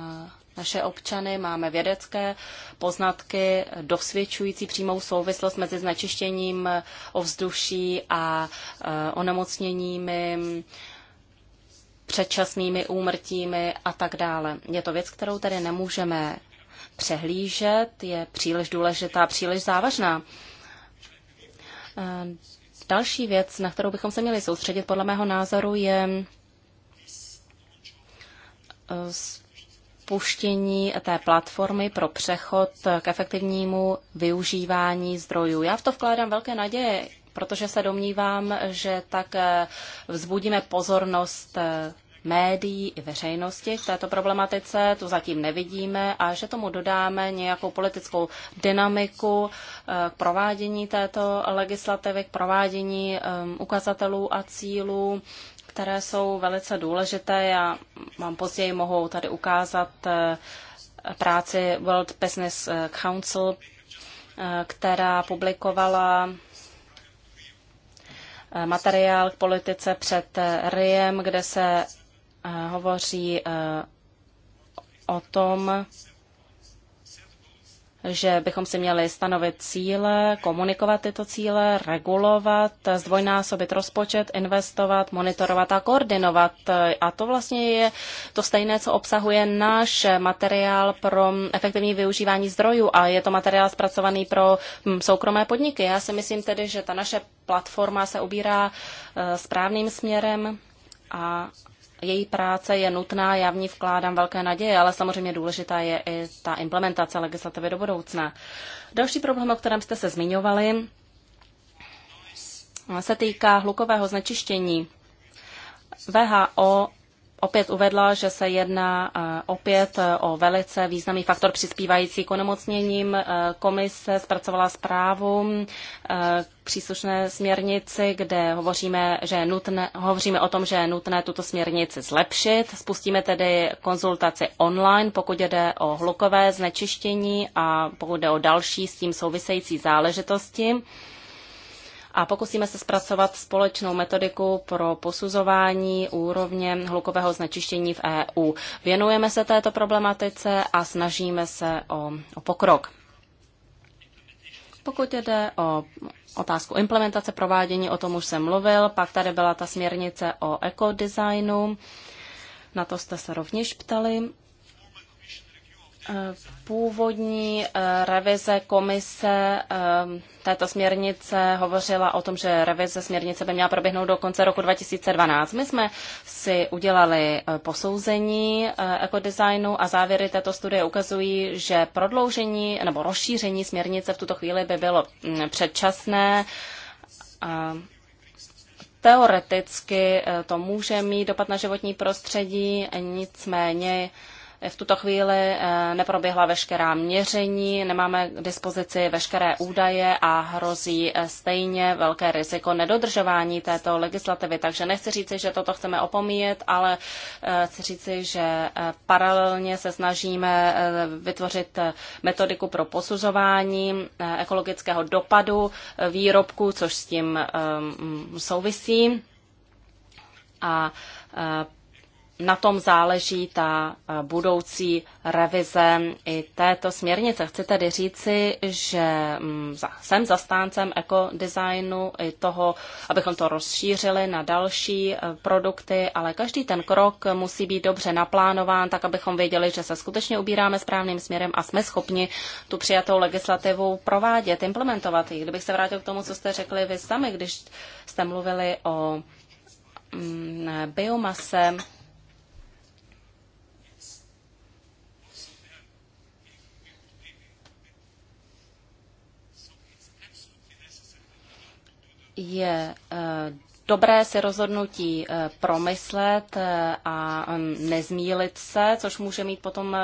naše občany. Máme vědecké poznatky dosvědčující přímou souvislost mezi znečištěním ovzduší a eh, onemocněními předčasnými úmrtími a tak dále. Je to věc, kterou tedy nemůžeme přehlížet, je příliš důležitá, příliš závažná. Eh, další věc, na kterou bychom se měli soustředit, podle mého názoru, je eh, spuštění té platformy pro přechod k efektivnímu využívání zdrojů. Já v to vkládám velké naděje, protože se domnívám, že tak eh, vzbudíme pozornost médií i veřejnosti v této problematice, tu zatím nevidíme, a že tomu dodáme nějakou politickou dynamiku eh, k provádění této legislativy, k provádění eh, ukazatelů a cílů, které jsou velice důležité. Já vám později mohu tady ukázat eh, práci World Business Council, která publikovala materiál k politice před Riem, kde se Eh, hovoří eh, o tom, že bychom si měli stanovit cíle, komunikovat tyto cíle, regulovat, zdvojnásobit rozpočet, investovat, monitorovat a koordinovat. Eh, a to vlastně je to stejné, co obsahuje náš materiál pro efektivní využívání zdrojů a je to materiál zpracovaný pro hm, soukromé podniky. Já si myslím tedy, že ta naše platforma se ubírá správným směrem a její práce je nutná, já v ní vkládám velké naděje, ale samozřejmě důležitá je i ta implementace legislativy do budoucna. Další problém, o kterém jste se zmiňovali, se týká hlukového znečištění. VHO opět uvedla, že se jedná eh, opět eh, o velice významný faktor přispívající k onemocněním. Eh, komise zpracovala zprávu k příslušné směrnici, kde hovoříme, že je nutné, hovoříme o tom, že je nutné tuto směrnici zlepšit. Spustíme tedy konzultaci online, pokud jde o hlukové znečištění a pokud jde o další s tím související záležitosti a pokusíme se zpracovat společnou metodiku pro posuzování úrovně hlukového znečištění v EU. Věnujeme se této problematice a snažíme se o, o pokrok. Pokud jde o otázku implementace, provádění, o tom už jsem mluvil, pak tady byla ta směrnice o ekodesignu, na to jste se rovněž ptali. Původní eh, revize komise eh, této směrnice hovořila o tom, že revize směrnice by měla proběhnout do konce roku 2012. My jsme si udělali eh, posouzení ekodesignu a závěry této studie ukazují, že prodloužení nebo rozšíření směrnice v tuto chvíli by bylo mm, předčasné. Teoreticky to může mít dopad na životní prostředí, nicméně v tuto chvíli eh, neproběhla veškerá měření, nemáme k dispozici veškeré údaje a hrozí eh, stejně velké riziko nedodržování této legislativy. Takže nechci říci, že toto chceme opomíjet, ale eh, chci říci, že paralelně se snažíme vytvořit metodiku pro posuzování ekologického dopadu výrobku, což s tím souvisí. A na tom záleží ta eh, budoucí revize i této směrnice. Chci tedy říci, že mm, jsem zastáncem ekodesignu i toho, abychom to rozšířili na další eh, produkty, ale každý ten krok musí být dobře naplánován, tak abychom věděli, že se skutečně ubíráme správným směrem a jsme schopni tu přijatou legislativu provádět, implementovat ji. Kdybych se vrátil k tomu, co jste řekli vy sami, když jste mluvili o mm, biomase, je eh, dobré si rozhodnutí eh, promyslet eh, a mm, nezmílit se, což může mít potom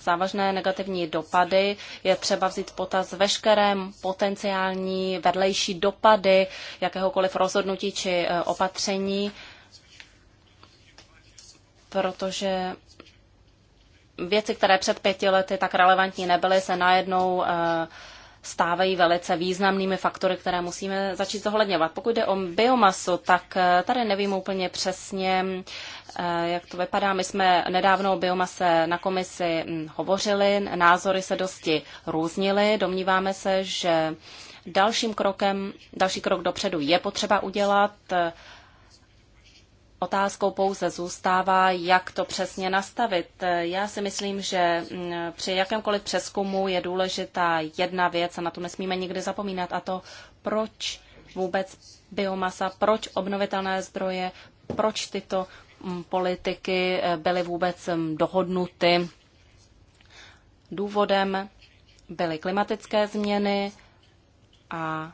závažné negativní dopady. Je třeba vzít potaz veškeré potenciální vedlejší dopady jakéhokoliv rozhodnutí či opatření, protože věci, které před pěti lety tak relevantní nebyly, se najednou uh, stávají velice významnými faktory, které musíme začít zohledňovat. Pokud jde o biomasu, tak eh, tady nevím úplně přesně, eh, jak to vypadá. My jsme nedávno o biomase na komisi hm, hovořili, názory se dosti různily. Domníváme se, že dalším krokem, další krok dopředu je potřeba udělat eh, Otázkou pouze zůstává, jak to přesně nastavit. Já si myslím, že mm, při jakémkoliv přeskumu je důležitá jedna věc a na to nesmíme nikdy zapomínat a to, proč vůbec biomasa, proč obnovitelné zdroje, proč tyto mm, politiky eh, byly vůbec mm, dohodnuty. Důvodem byly klimatické změny a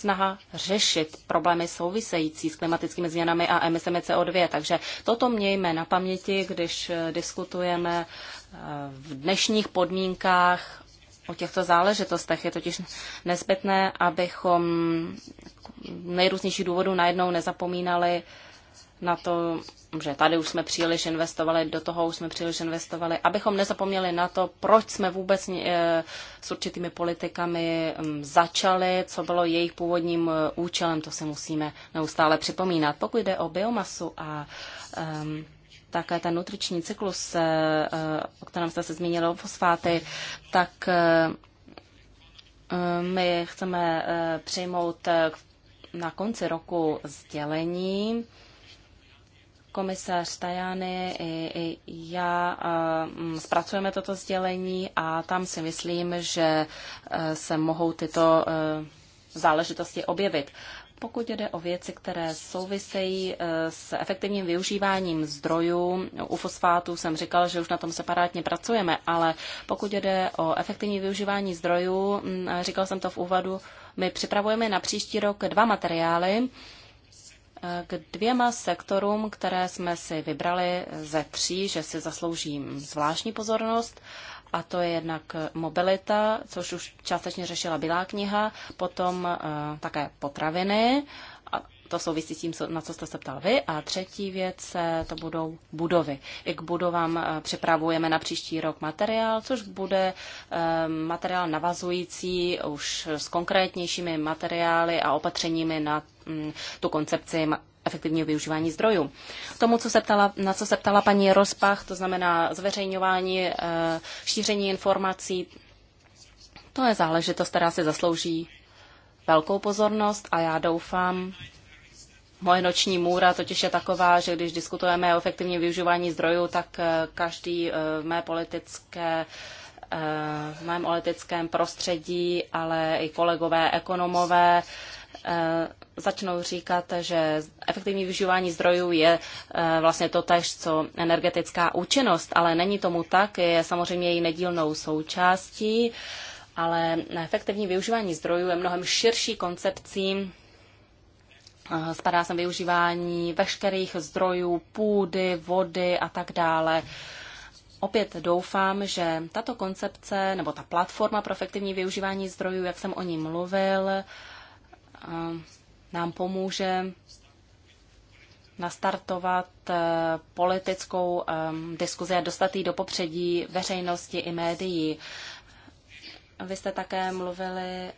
snaha řešit problémy související s klimatickými změnami a emisemi CO2. Takže toto mějme na paměti, když eh, diskutujeme eh, v dnešních podmínkách o těchto záležitostech. Je totiž nezbytné, abychom nejrůznějších důvodů najednou nezapomínali na to, že tady už jsme příliš investovali, do toho už jsme příliš investovali, abychom nezapomněli na to, proč jsme vůbec eh, s určitými politikami mm, začali, co bylo jejich původním eh, účelem, to si musíme neustále připomínat. Pokud jde o biomasu a um, také ten nutriční cyklus, eh, o kterém jste se zmínili, o fosfáty, tak my chceme přijmout na konci roku sdělení, komisař Tajany i, i já mm, zpracujeme toto sdělení a tam si myslím, že e, se mohou tyto e, záležitosti objevit. Pokud jde o věci, které souvisejí e, s efektivním využíváním zdrojů, u fosfátů jsem říkal, že už na tom separátně pracujeme, ale pokud jde o efektivní využívání zdrojů, říkal jsem to v úvodu, my připravujeme na příští rok dva materiály, k dvěma sektorům, které jsme si vybrali ze tří, že si zasloužím zvláštní pozornost. A to je jednak mobilita, což už částečně řešila Bílá kniha, potom eh, také potraviny to souvisí s tím, na co jste se ptal vy. A třetí věc, eh, to budou budovy. I k budovám eh, připravujeme na příští rok materiál, což bude eh, materiál navazující už s konkrétnějšími materiály a opatřeními na mm, tu koncepci efektivního využívání zdrojů. K tomu, co se ptala, na co se ptala paní Rozpach, to znamená zveřejňování, šíření informací, to je záležitost, která si zaslouží velkou pozornost a já doufám, Moje noční můra totiž je taková, že když diskutujeme o efektivním využívání zdrojů, tak eh, každý eh, v mé politické eh, v mém politickém prostředí, ale i kolegové ekonomové začnou říkat, že efektivní využívání zdrojů je vlastně to tež, co energetická účinnost, ale není tomu tak, je samozřejmě její nedílnou součástí, ale efektivní využívání zdrojů je mnohem širší koncepcí Eh, spadá sem využívání veškerých zdrojů, půdy, vody a tak dále. Opět doufám, že tato koncepce nebo ta platforma pro efektivní využívání zdrojů, jak jsem o ní mluvil, eh, nám pomůže nastartovat eh, politickou diskuzi a dostat ji do popředí veřejnosti i médií. Vy jste také mluvili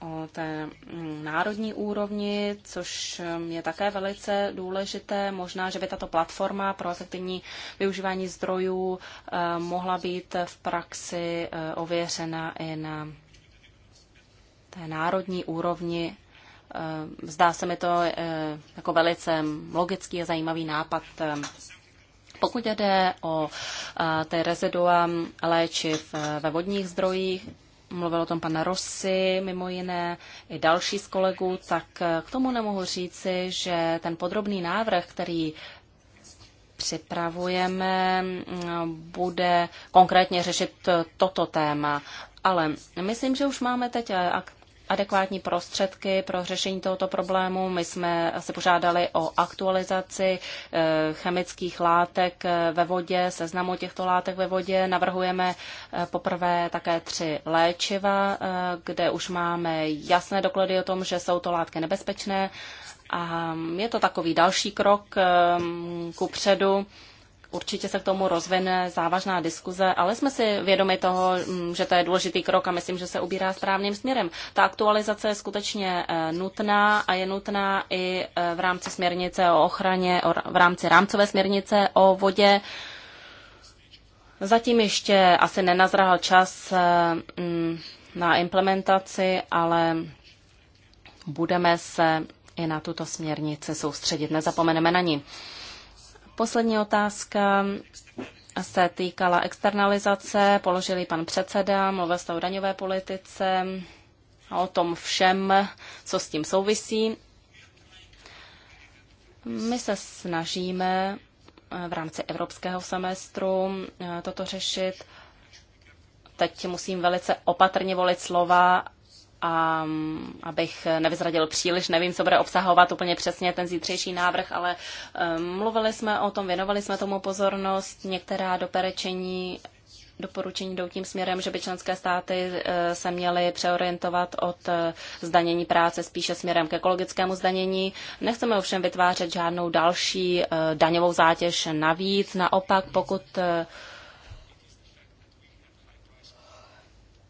o té mm, národní úrovni, což mm, je také velice důležité. Možná, že by tato platforma pro efektivní využívání zdrojů eh, mohla být v praxi eh, ověřena i na té národní úrovni. Eh, zdá se mi to jako velice logický a zajímavý nápad. Pokud jde o ty rezidua léčiv ve vodních zdrojích, mluvil o tom pan Rossi, mimo jiné i další z kolegů, tak eh, k tomu nemohu říci, že ten podrobný návrh, který připravujeme, mm, bude konkrétně řešit eh, toto téma. Ale myslím, že už máme teď eh, adekvátní prostředky pro řešení tohoto problému. My jsme se požádali o aktualizaci eh, chemických látek eh, ve vodě, seznamu těchto látek ve vodě. Navrhujeme eh, poprvé také tři léčiva, kde už máme jasné doklady o tom, že jsou to látky nebezpečné. A mm, je to takový další krok mm, ku předu určitě se k tomu rozvine závažná diskuze, ale jsme si vědomi toho, mm, že to je důležitý krok a myslím, že se ubírá správným směrem. Ta aktualizace je skutečně e, nutná a je nutná i e, v rámci směrnice o ochraně, v rámci rámcové směrnice o vodě. Zatím ještě asi nenazrahal čas e, mm, na implementaci, ale budeme se i na tuto směrnici soustředit. Nezapomeneme na ní. Poslední otázka se týkala externalizace, položili pan předseda, mluvil jste o daňové politice a o tom všem, co s tím souvisí. My se snažíme eh, v rámci evropského semestru eh, toto řešit. Teď musím velice opatrně volit slova, a abych nevyzradil příliš, nevím, co bude obsahovat úplně přesně ten zítřejší návrh, ale eh, mluvili jsme o tom, věnovali jsme tomu pozornost, některá doperečení doporučení jdou tím směrem, že by členské státy eh, se měly přeorientovat od eh, zdanění práce spíše směrem k ekologickému zdanění. Nechceme ovšem vytvářet žádnou další daňovou zátěž navíc. Naopak, pokud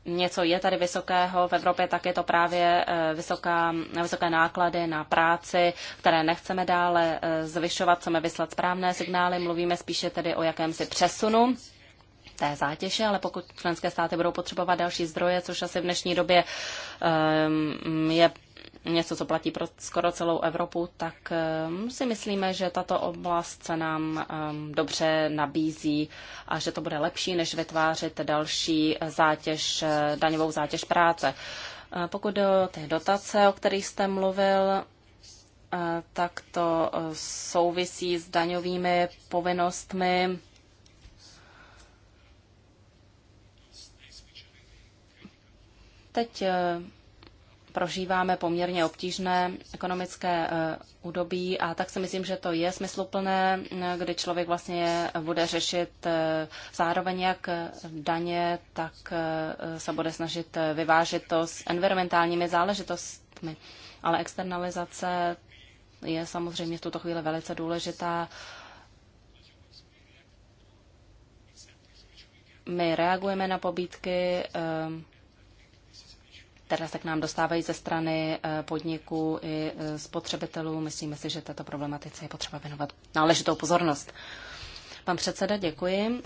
něco je tady vysokého v Evropě, tak je to právě eh, vysoká, vysoké náklady na práci, které nechceme dále eh, zvyšovat, chceme vyslat správné signály, mluvíme spíše tedy o jakémsi přesunu té zátěže, ale pokud členské státy budou potřebovat další zdroje, což asi v dnešní době um, je něco, co platí pro skoro celou Evropu, tak eh, si myslíme, že tato oblast se nám ehm, dobře nabízí a že to bude lepší, než vytvářet další zátěž, eh, daňovou zátěž práce. Eh, pokud o těch dotace, o kterých jste mluvil, tak to souvisí s daňovými povinnostmi Teď prožíváme poměrně obtížné ekonomické eh, údobí a tak si myslím, že to je smysluplné, eh, kdy člověk vlastně bude řešit eh, zároveň jak daně, tak se bude snažit vyvážit to s environmentálními záležitostmi. Ale externalizace je samozřejmě v tuto chvíli velice důležitá. My reagujeme na pobídky, které se k nám dostávají ze strany eh, podniků i eh, spotřebitelů. Myslíme si, že této problematice je potřeba věnovat náležitou pozornost. Pan předseda, děkuji.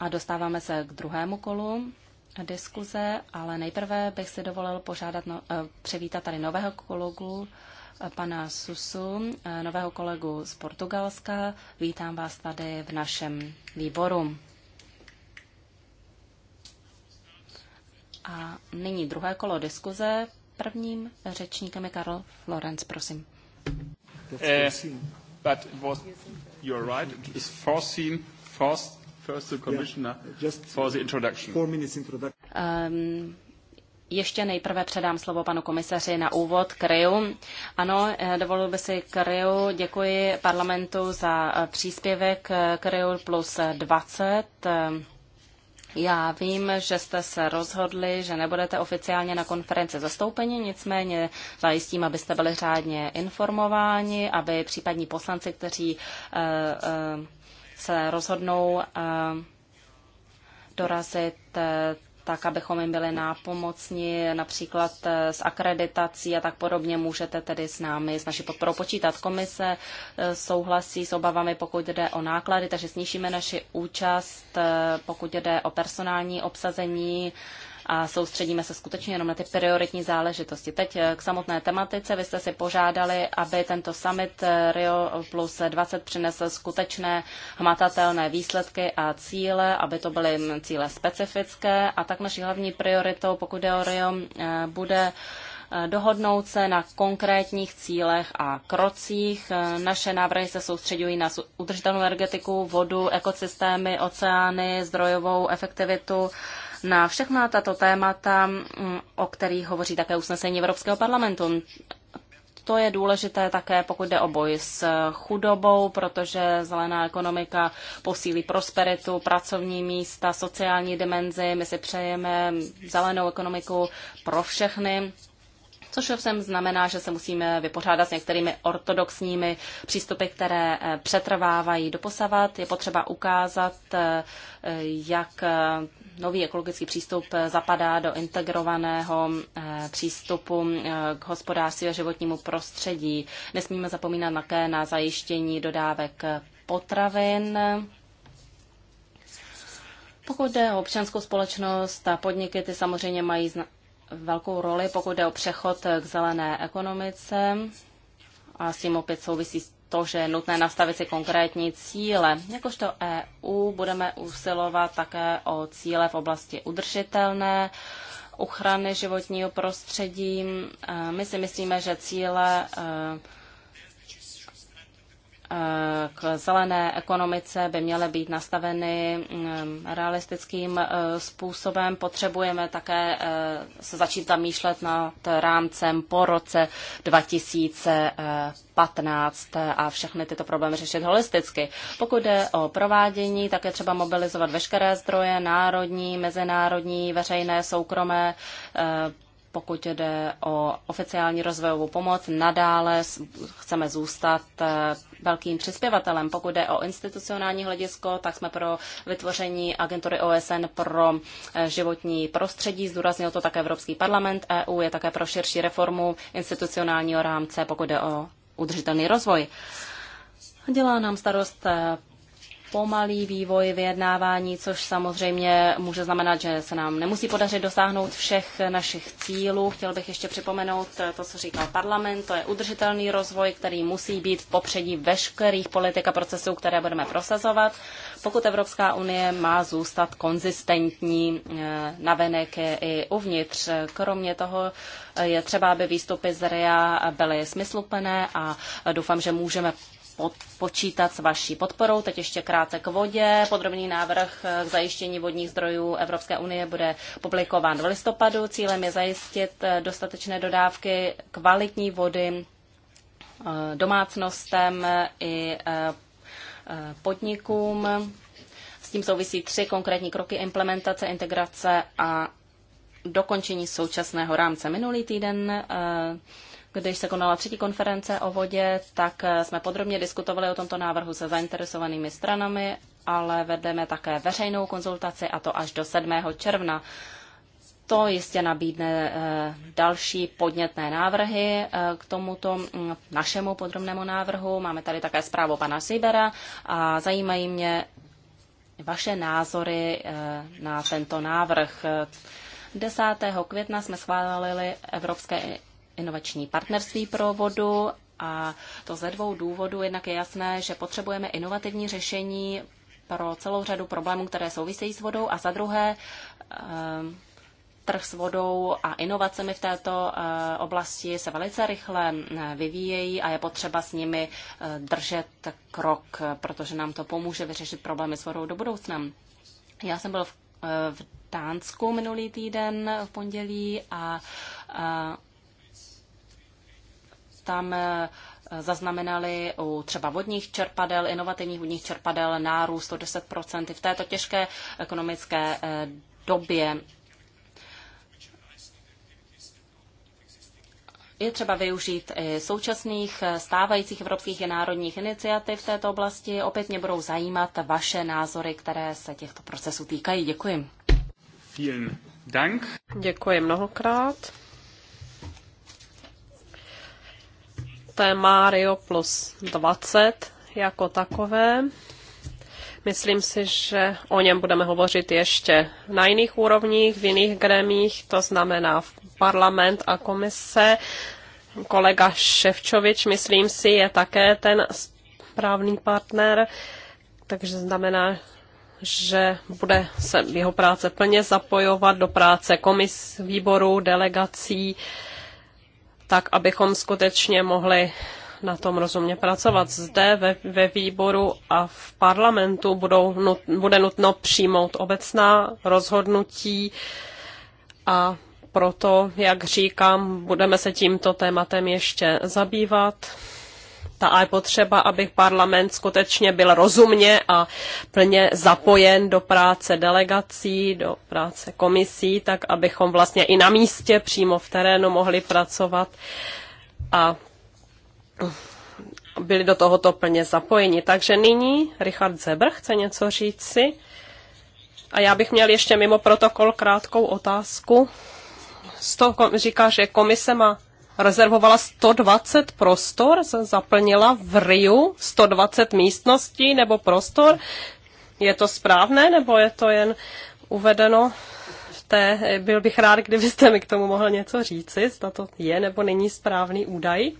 A dostáváme se k druhému kolu diskuze, ale nejprve bych si dovolil požádat, no, eh, přivítat tady nového kolegu, pana Susu, nového kolegu z Portugalska. Vítám vás tady v našem výboru. A nyní druhé kolo diskuze. Prvním řečníkem je Karl Florenc, prosím. Eh, but was, you're right, it is foreseen, first, first the commissioner yeah, just for the introduction. Four minutes introduction. Um, ještě nejprve předám slovo panu komisaři na úvod Kryju. Ano, eh, dovolil by si Kryju. Děkuji parlamentu za eh, příspěvek eh, Kryju plus 20. Já vím, že jste se rozhodli, že nebudete oficiálně na konferenci zastoupeni, nicméně zajistím, abyste byli řádně informováni, aby případní poslanci, kteří eh, eh, se rozhodnou eh, dorazit tak abychom jim byli nápomocni například eh, s akreditací a tak podobně. Můžete tedy s námi, s naší podporou počítat. Komise eh, souhlasí s obavami, pokud jde o náklady, takže snížíme naši účast, eh, pokud jde o personální obsazení a soustředíme se skutečně jenom na ty prioritní záležitosti. Teď eh, k samotné tematice. Vy jste si požádali, aby tento summit eh, Rio plus 20 přinesl skutečné hmatatelné výsledky a cíle, aby to byly cíle specifické a tak naší hlavní prioritou, pokud je o Rio, eh, bude dohodnout se na konkrétních cílech a krocích. Naše návrhy se soustředují na udržitelnou energetiku, vodu, ekosystémy, oceány, zdrojovou efektivitu na všechna tato témata, mm, o kterých hovoří také usnesení Evropského parlamentu. To je důležité také, pokud jde o boj s chudobou, protože zelená ekonomika posílí prosperitu, pracovní místa, sociální dimenzi. My si přejeme zelenou ekonomiku pro všechny. Což ovšem znamená, že se musíme vypořádat s některými ortodoxními přístupy, které eh, přetrvávají doposavat. Je potřeba ukázat, eh, jak nový ekologický přístup zapadá do integrovaného eh, přístupu eh, k hospodářství a životnímu prostředí. Nesmíme zapomínat také na zajištění dodávek potravin. Pokud jde o občanskou společnost a podniky, ty samozřejmě mají velkou roli, pokud jde o přechod k zelené ekonomice. A s tím opět souvisí to, že je nutné nastavit si konkrétní cíle. Jakožto EU budeme usilovat také o cíle v oblasti udržitelné ochrany životního prostředí. E, my si myslíme, že cíle e, k zelené ekonomice by měly být nastaveny mm, realistickým e, způsobem. Potřebujeme také e, se začít zamýšlet nad rámcem po roce 2015 a všechny tyto problémy řešit holisticky. Pokud jde o provádění, tak je třeba mobilizovat veškeré zdroje, národní, mezinárodní, veřejné, soukromé, e, pokud jde o oficiální rozvojovou pomoc, nadále chceme zůstat eh, velkým přispěvatelem. Pokud jde o institucionální hledisko, tak jsme pro vytvoření agentury OSN pro eh, životní prostředí. Zdůraznil to také Evropský parlament. EU je také pro širší reformu institucionálního rámce, pokud jde o udržitelný rozvoj. Dělá nám starost eh, pomalý vývoj vyjednávání, což samozřejmě může znamenat, že se nám nemusí podařit dosáhnout všech našich cílů. Chtěl bych ještě připomenout to, co říkal parlament, to je udržitelný rozvoj, který musí být v popředí veškerých politik a procesů, které budeme prosazovat, pokud Evropská unie má zůstat konzistentní eh, navenek i uvnitř. Kromě toho eh, je třeba, aby výstupy z RIA e byly smysluplné a eh, doufám, že můžeme pod, počítat s vaší podporou. Teď ještě krátce k vodě. Podrobný návrh eh, k zajištění vodních zdrojů Evropské unie bude publikován v listopadu. Cílem je zajistit eh, dostatečné dodávky kvalitní vody eh, domácnostem i podnikům. S tím souvisí tři konkrétní kroky implementace, integrace a dokončení současného rámce. Minulý týden když se konala třetí konference o vodě, tak eh, jsme podrobně diskutovali o tomto návrhu se zainteresovanými stranami, ale vedeme také veřejnou konzultaci a to až do 7. června. To jistě nabídne eh, další podnětné návrhy eh, k tomuto mm, našemu podrobnému návrhu. Máme tady také zprávu pana Sibera a zajímají mě vaše názory na tento návrh. 10. května jsme schválili Evropské inovační partnerství pro vodu a to ze dvou důvodů. Jednak je jasné, že potřebujeme inovativní řešení pro celou řadu problémů, které souvisejí s vodou a za druhé ehm, trh s vodou a inovacemi v této eh, oblasti se velice rychle eh, vyvíjejí a je potřeba s nimi eh, držet krok, protože nám to pomůže vyřešit problémy s vodou do budoucna. Já jsem byl v, v Dánsku minulý týden v pondělí a tam eh, zaznamenali u třeba vodních čerpadel, inovativních vodních čerpadel nárůst o 10 v této těžké ekonomické eh, době Je třeba využít současných eh, stávajících evropských i národních iniciativ v této oblasti. Opět mě budou zajímat vaše názory, které se těchto procesů týkají. Děkuji. Vielen Dank. Děkuji mnohokrát. poté Mario plus 20 jako takové. Myslím si, že o něm budeme hovořit ještě na jiných úrovních, v jiných gremích, to znamená v parlament a komise. Kolega Ševčovič, myslím si, je také ten správný partner, takže znamená, že bude se jeho práce plně zapojovat do práce komis, výborů, delegací. Uh, tak abychom skutečně mohli na tom rozumně pracovat. Zde ve, ve výboru a v parlamentu budou nut, bude nutno přijmout obecná rozhodnutí a proto, jak říkám, budeme se tímto tématem ještě zabývat ta je potřeba, aby parlament skutečně byl rozumně a plně zapojen do práce delegací, do práce komisí, tak abychom vlastně i na místě přímo v terénu mohli pracovat a byli do tohoto plně zapojeni. Takže nyní Richard Zebr chce něco říct si. A já bych měl ještě mimo protokol krátkou otázku. Z toho říká, že komise má rezervovala 120 prostor, zaplnila v Riu 120 místností nebo prostor. Je to správné, nebo je to jen uvedeno v té... Byl bych rád, kdybyste mi k tomu mohl něco říci, zda to je nebo není správný údaj.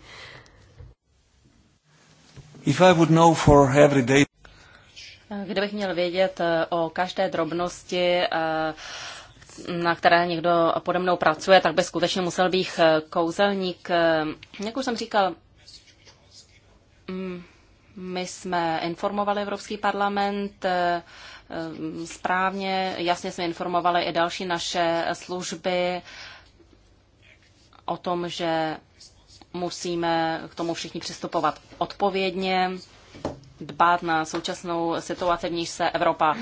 If I would know for every day... Kdybych měl vědět eh, o každé drobnosti eh, na které někdo pode mnou pracuje, tak by skutečně musel být eh, kouzelník. Eh, jak už jsem říkal, mm, my jsme informovali Evropský parlament eh, správně, jasně jsme informovali i další naše služby o tom, že musíme k tomu všichni přistupovat odpovědně, dbát na současnou situaci, v níž se Evropa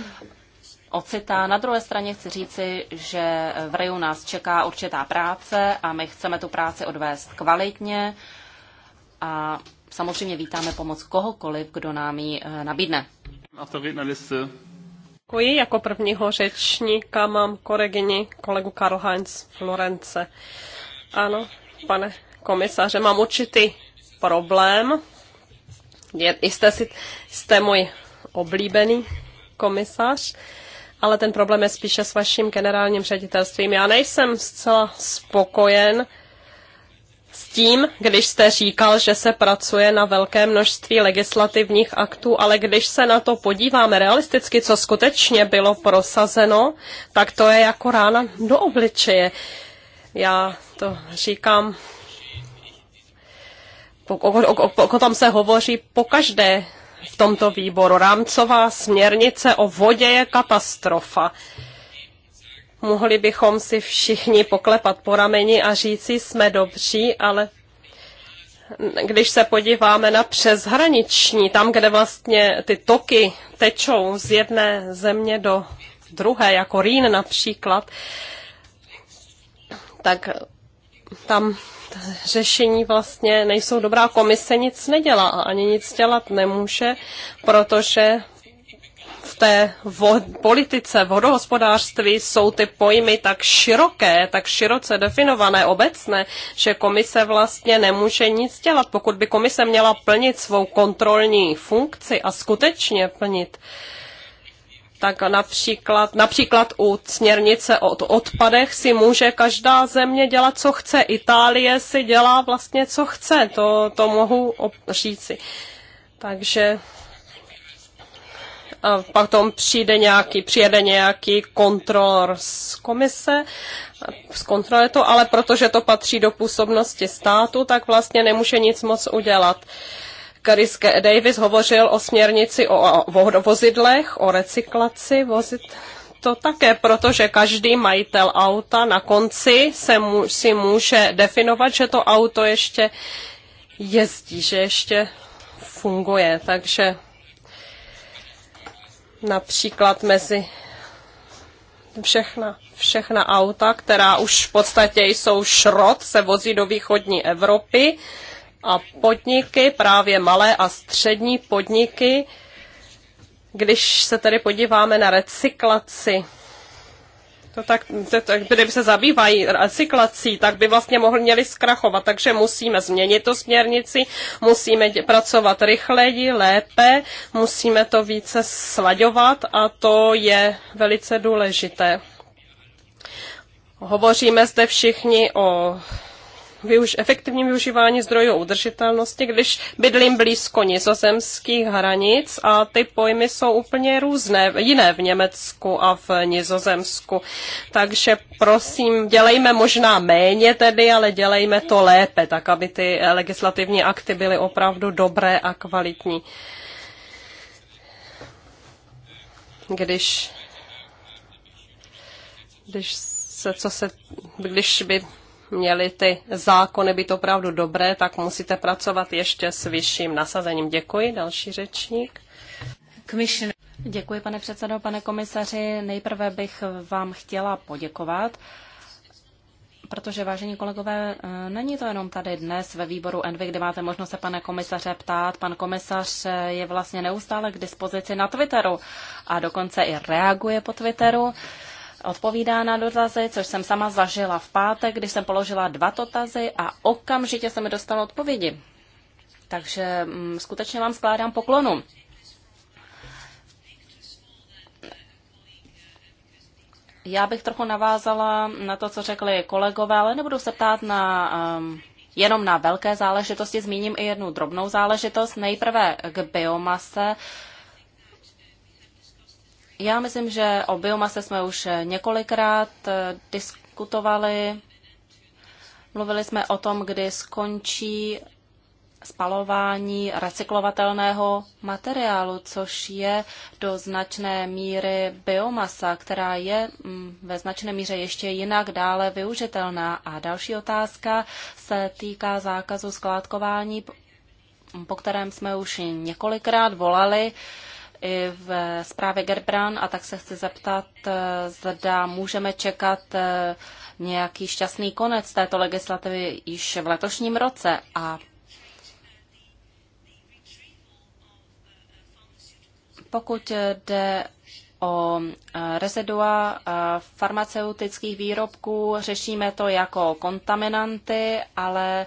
ocitá. Na druhé straně chci říci, že v RIU nás čeká určitá práce a my chceme tu práci odvést kvalitně a samozřejmě vítáme pomoc kohokoliv, kdo nám ji eh, nabídne. Děkuji. Jako prvního řečníka mám kolegyni, kolegu Karl Heinz Florence. Ano, pane komisaře, mám určitý problém. jste, si, jste můj oblíbený komisař ale ten problém je spíše s vaším generálním ředitelstvím. Já nejsem zcela spokojen s tím, když jste říkal, že se pracuje na velké množství legislativních aktů, ale když se na to podíváme realisticky, co skutečně bylo prosazeno, tak to je jako rána do obličeje. Já to říkám, o, o, o, o, o tom se hovoří po každé v tomto výboru. Rámcová směrnice o vodě je katastrofa. Mohli bychom si všichni poklepat po rameni a říci, jsme dobří, ale když se podíváme na přeshraniční, tam, kde vlastně ty toky tečou z jedné země do druhé, jako Rýn například, tak tam řešení vlastně nejsou dobrá. Komise nic nedělá a ani nic dělat nemůže, protože v té vo- politice, vodohospodářství jsou ty pojmy tak široké, tak široce definované, obecné, že komise vlastně nemůže nic dělat. Pokud by komise měla plnit svou kontrolní funkci a skutečně plnit, uh, tak například, například u směrnice o odpadech si může každá země dělat, co chce. Itálie si dělá vlastně, co chce, to, to mohu říci. Takže a potom přijde nějaký, přijede nějaký kontrolor z komise, kontrole to, ale protože to patří do působnosti státu, tak vlastně nemůže nic moc udělat. Uh, Chris Davis hovořil o směrnici o, o vozidlech, o recyklaci vozit. to také, protože každý majitel auta na konci se mu, si může definovat, že to auto ještě jezdí, že ještě funguje. Takže například mezi všechna, všechna auta, která už v podstatě jsou šrot, se vozí do východní Evropy, a podniky, právě malé a střední podniky, když se tedy podíváme na recyklaci, to tak, to, to, kdyby se zabývají recyklací, tak by vlastně mohli měli zkrachovat. Takže musíme změnit tu směrnici, musíme dě, pracovat rychleji, lépe, musíme to více slaďovat a to je velice důležité. Hovoříme zde všichni o využ- efektivním využívání zdrojů udržitelnosti, když bydlím blízko nizozemských hranic a ty pojmy jsou úplně různé, jiné v Německu a v Nizozemsku. Takže prosím, dělejme možná méně tedy, ale dělejme to lépe, tak aby ty legislativní akty byly opravdu dobré a kvalitní. Když, když se, co se, když by Měli ty zákony být opravdu dobré, tak musíte pracovat ještě s vyšším nasazením. Děkuji. Další řečník. Děkuji, pane předsedo, pane komisaři. Nejprve bych vám chtěla poděkovat protože, vážení kolegové, není to jenom tady dnes ve výboru Envy, kde máte možnost se pane komisaře ptát. Pan komisař je vlastně neustále k dispozici na Twitteru a dokonce i reaguje po Twitteru odpovídá na dotazy, což jsem sama zažila v pátek, když jsem položila dva dotazy a okamžitě se mi dostalo odpovědi. Takže mm, skutečně vám skládám poklonu. Já bych trochu navázala na to, co řekli kolegové, ale nebudu se ptát na, um, jenom na velké záležitosti. Zmíním i jednu drobnou záležitost. Nejprve k biomase. Uh, já myslím, že o biomase jsme už několikrát eh, diskutovali. Mluvili jsme o tom, kdy skončí spalování recyklovatelného materiálu, což je do značné míry biomasa, která je mm, ve značné míře ještě jinak dále využitelná. A další otázka se týká zákazu skládkování, po kterém jsme už několikrát volali. Uh, i v zprávě Gerbrand a tak se chci zeptat, eh, zda můžeme čekat eh, nějaký šťastný konec této legislativy již v letošním roce a pokud jde o e, rezidua e, farmaceutických výrobků, řešíme to jako kontaminanty, ale e,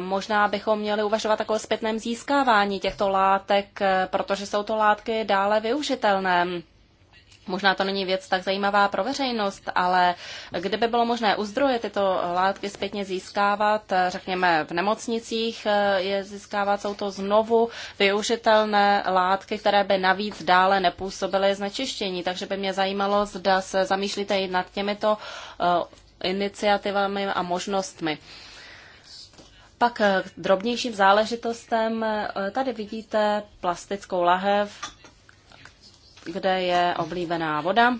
možná bychom měli uvažovat takové o zpětném získávání těchto látek, protože jsou to látky dále využitelné. Možná to není věc tak zajímavá pro veřejnost, ale kdyby bylo možné uzdroje tyto látky zpětně získávat, řekněme v nemocnicích eh, je získávat, jsou to znovu využitelné látky, které by navíc dále nepůsobily znečištění. Takže by mě zajímalo, zda se zamýšlíte i nad těmito eh, iniciativami a možnostmi. Pak eh, k drobnějším záležitostem. Tady vidíte plastickou lahev, kde je oblíbená voda.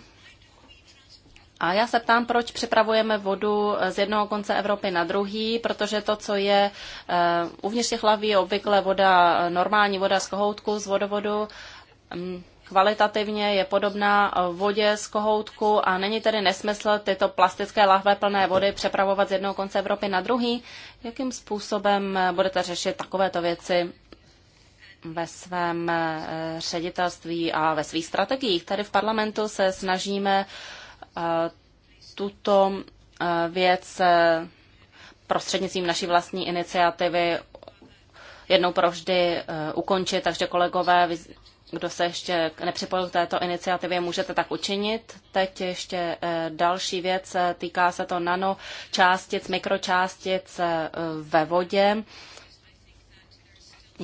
A já se ptám, proč připravujeme vodu z jednoho konce Evropy na druhý, protože to, co je eh, uvnitř těch hlaví, je obvykle voda, normální voda z kohoutku, z vodovodu, mm, kvalitativně je podobná vodě z kohoutku a není tedy nesmysl tyto plastické lahve plné vody přepravovat z jednoho konce Evropy na druhý. Jakým způsobem budete řešit takovéto věci ve svém eh, ředitelství a ve svých strategiích. Tady v parlamentu se snažíme eh, tuto eh, věc prostřednictvím naší vlastní iniciativy jednou provždy ukončit, takže kolegové, kdo se ještě nepřipojil k této iniciativě, můžete tak učinit. Teď ještě další věc, týká se to nano částic, mikročástic ve vodě.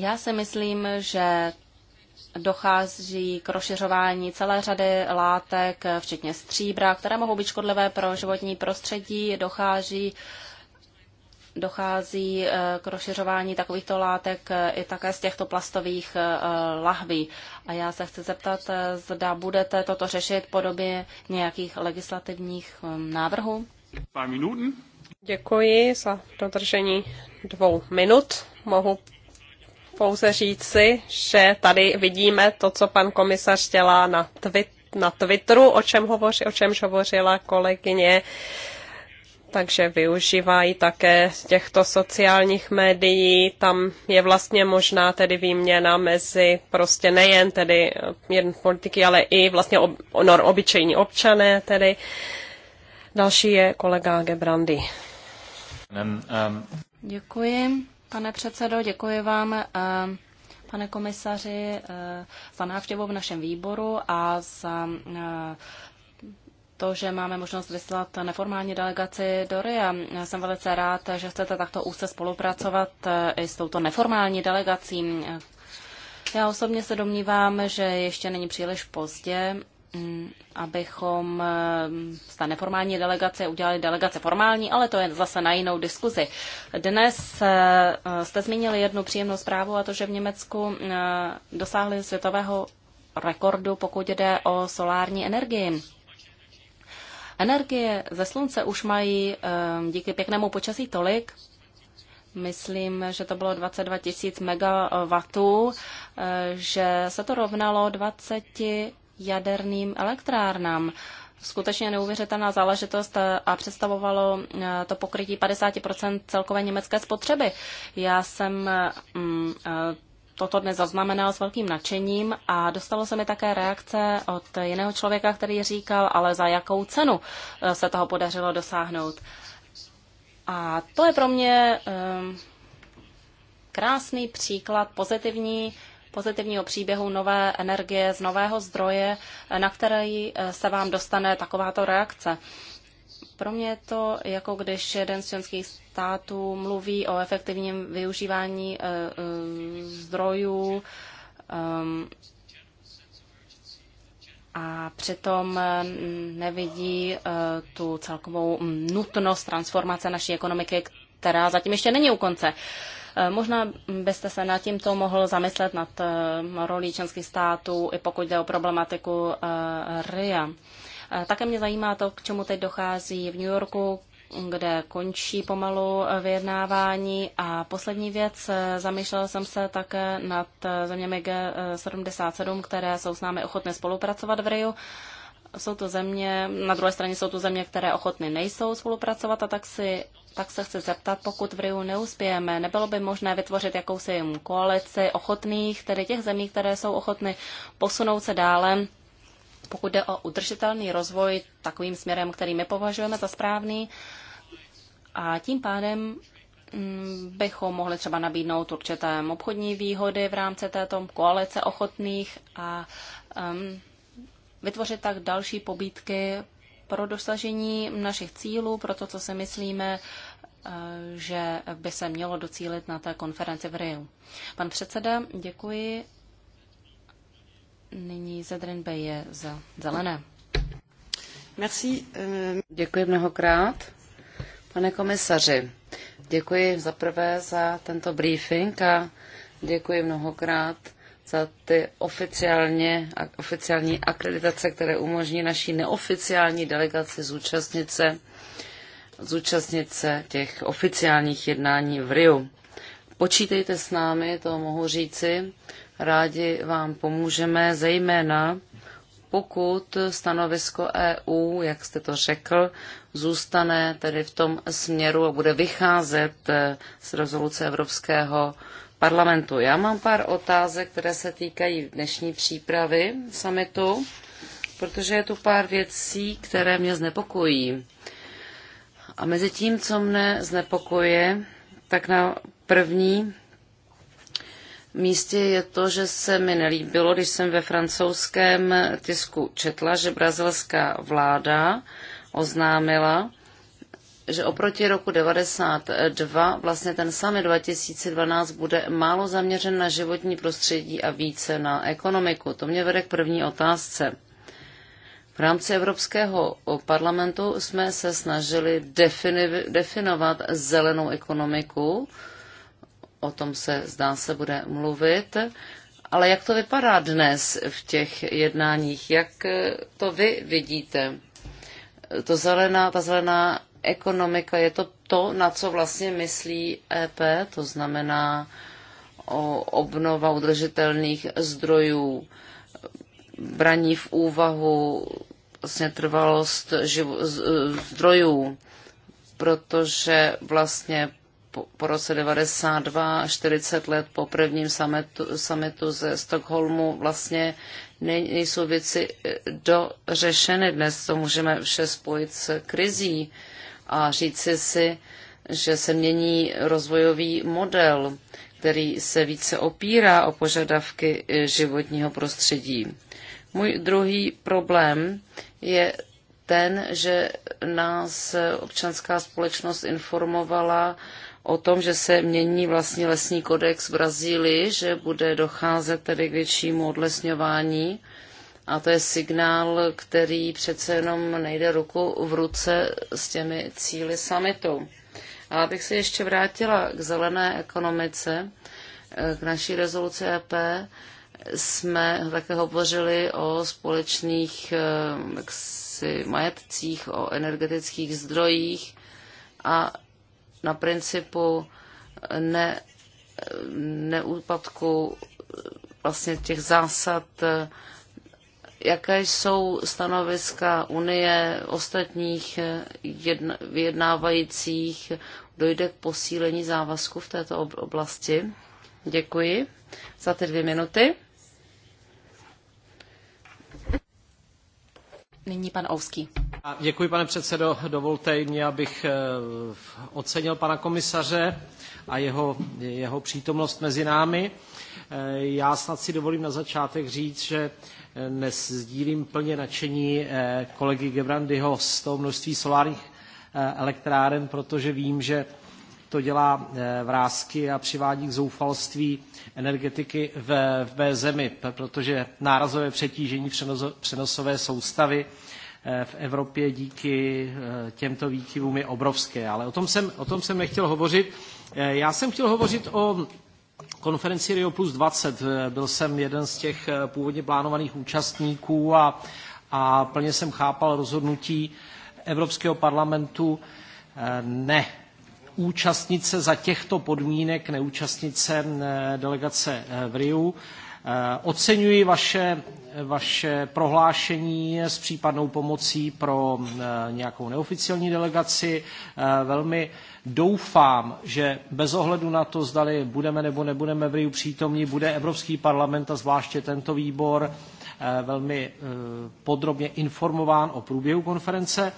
Já si myslím, že dochází k rozšiřování celé řady látek, včetně stříbra, které mohou být škodlivé pro životní prostředí. Dochází, dochází eh, k rozšiřování takovýchto látek eh, i také z těchto plastových eh, lahví. A já se chci zeptat, zda budete toto řešit v podobě nějakých legislativních návrhů? Pár minuten. Děkuji za dodržení dvou minut. Mohu pouze říci, že tady vidíme to, co pan komisař dělá na, twit, na Twitteru, o, čem hovoři, o čemž hovořila kolegyně takže využívají také těchto sociálních médií. Tam je vlastně možná tedy výměna mezi prostě nejen tedy eh, jen politiky, ale i vlastně ob, obyčejní občané tedy. Další je kolega Gebrandy. Děkuji. Pane předsedo, děkuji vám, eh, pane komisaři, eh, za návštěvu v našem výboru a za eh, to, že máme možnost vyslat neformální delegaci do RIA. Jsem velice rád, že chcete takto úzce spolupracovat i s touto neformální delegací. Já osobně se domnívám, že ještě není příliš pozdě Mm, abychom eh, z té neformální delegace udělali delegace formální, ale to je zase na jinou diskuzi. Dnes eh, jste zmínili jednu příjemnou zprávu a to, že v Německu eh, dosáhli světového rekordu, pokud jde o solární energii. Energie ze slunce už mají díky pěknému počasí tolik, myslím, že to bylo 22 000 megawatů, že se to rovnalo 20 jaderným elektrárnám. Skutečně neuvěřitelná záležitost eh, a představovalo eh, to pokrytí 50 celkové německé spotřeby. Já jsem mm, eh, toto dnes zaznamenal s velkým nadšením a dostalo se mi také reakce od jiného člověka, který říkal, ale za jakou cenu se toho podařilo dosáhnout. A to je pro mě um, krásný příklad pozitivní pozitivního příběhu nové energie z nového zdroje, na který eh, se vám dostane takováto reakce. Pro mě je to jako když jeden z členských států mluví o efektivním využívání eh, eh, zdrojů ehm, a přitom nevidí tu celkovou mm, nutnost transformace naší ekonomiky, která zatím ještě není u konce. Eh, možná byste se nad tímto mohl zamyslet nad eh, rolí členských států, i pokud jde o problematiku eh, RIA. Také mě zajímá to, k čemu teď dochází v New Yorku, kde končí pomalu vyjednávání. A poslední věc, zamýšlel jsem se také nad zeměmi G77, které jsou s námi ochotné spolupracovat v RIA. Jsou to země, na druhé straně jsou to země, které ochotny nejsou spolupracovat a tak, si, tak se chci zeptat, pokud v Riu neuspějeme, nebylo by možné vytvořit jakousi koalici ochotných, tedy těch zemí, které jsou ochotny posunout se dále pokud jde o udržitelný rozvoj takovým směrem, který my považujeme za správný. A tím pádem mm, bychom mohli třeba nabídnout určité obchodní výhody v rámci této koalice ochotných a um, vytvořit tak další pobídky pro dosažení našich cílů, pro to, co si myslíme, eh, že by se mělo docílit na té konferenci v Riu. Pan předseda, děkuji. Nyní Zedrin Bey je za zelené. Merci. Eh, děkuji mnohokrát. Pane komisaři, děkuji za prvé za tento briefing a děkuji mnohokrát za ty oficiálně, oficiální akreditace, které umožní naší neoficiální delegaci zúčastnit se, zúčastnit se těch oficiálních jednání v Riu. Počítejte s námi, to mohu říci. Rádi vám pomůžeme, zejména pokud stanovisko EU, jak jste to řekl, zůstane tedy v tom směru a bude vycházet eh, z rezoluce Evropského parlamentu. Já mám pár otázek, které se týkají dnešní přípravy summitu, protože je tu pár věcí, které mě znepokojí. A mezi tím, co mne znepokoje, tak na první místě je to, že se mi nelíbilo, když jsem ve francouzském tisku četla, že brazilská vláda oznámila, že oproti roku 92 vlastně ten summit 2012 bude málo zaměřen na životní prostředí a více na ekonomiku. To mě vede k první otázce. V rámci Evropského parlamentu jsme se snažili definovat zelenou ekonomiku. O tom se zdá se bude mluvit. Ale jak to vypadá dnes v těch jednáních? Jak to vy vidíte? To zelená, ta zelená ekonomika. Je to to, na co vlastně myslí EP, to znamená o obnova udržitelných zdrojů, braní v úvahu vlastně trvalost živo, zdrojů, protože vlastně po, po roce 92, 40 let po prvním sametu sametu ze Stockholmu vlastně nejsou věci e, dořešeny. Dnes to můžeme vše spojit s krizí. Uh, a říci si, že se mění rozvojový model, který se více opírá o požadavky e, životního prostředí. Můj druhý problém je ten, že nás občanská společnost informovala o tom, že se mění vlastně lesní kodex v Brazílii, že bude docházet tedy k většímu odlesňování a to je signál, který přece jenom nejde ruku v ruce s těmi cíly summitu. Ale abych se ještě vrátila k zelené ekonomice, k naší rezoluci EP, jsme také hovořili o společných eh, jaksi, majetcích, o energetických zdrojích a na principu ne, eh, neúpadku eh, vlastně těch zásad jaké jsou stanoviska Unie ostatních eh, jedna, vyjednávajících? Dojde k posílení závazku v této oblasti? Děkuji za ty dvě minuty. Nyní pan Ouský. Děkuji, pane předsedo. Dovolte mi, abych eh, ocenil pana komisaře a jeho, jeho přítomnost mezi námi. Eh, já snad si dovolím na začátek říct, že dnes sdílím plně nadšení eh, kolegy Gebrandyho z toho množství solárních eh, elektráren, protože vím, že to dělá eh, vrázky a přivádí k zoufalství energetiky v, v mé zemi, protože nárazové přetížení přenosové soustavy v Evropě díky těmto výkyvům je obrovské. Ale o tom jsem, o tom jsem nechtěl hovořit. Já jsem chtěl hovořit o konferenci Rio plus 20 eh, byl jsem jeden z těch eh, původně plánovaných účastníků a, a plně jsem chápal rozhodnutí Evropského parlamentu eh, ne účastnit se za těchto podmínek, neúčastnit se delegace v Riu. Oceňuji vaše, vaše prohlášení s případnou pomocí pro nějakou neoficiální delegaci. Velmi Doufám, že bez ohledu na to, zdali budeme nebo nebudeme v Riu přítomní, bude Evropský parlament a zvláště tento výbor eh, velmi eh, podrobně informován o průběhu konference.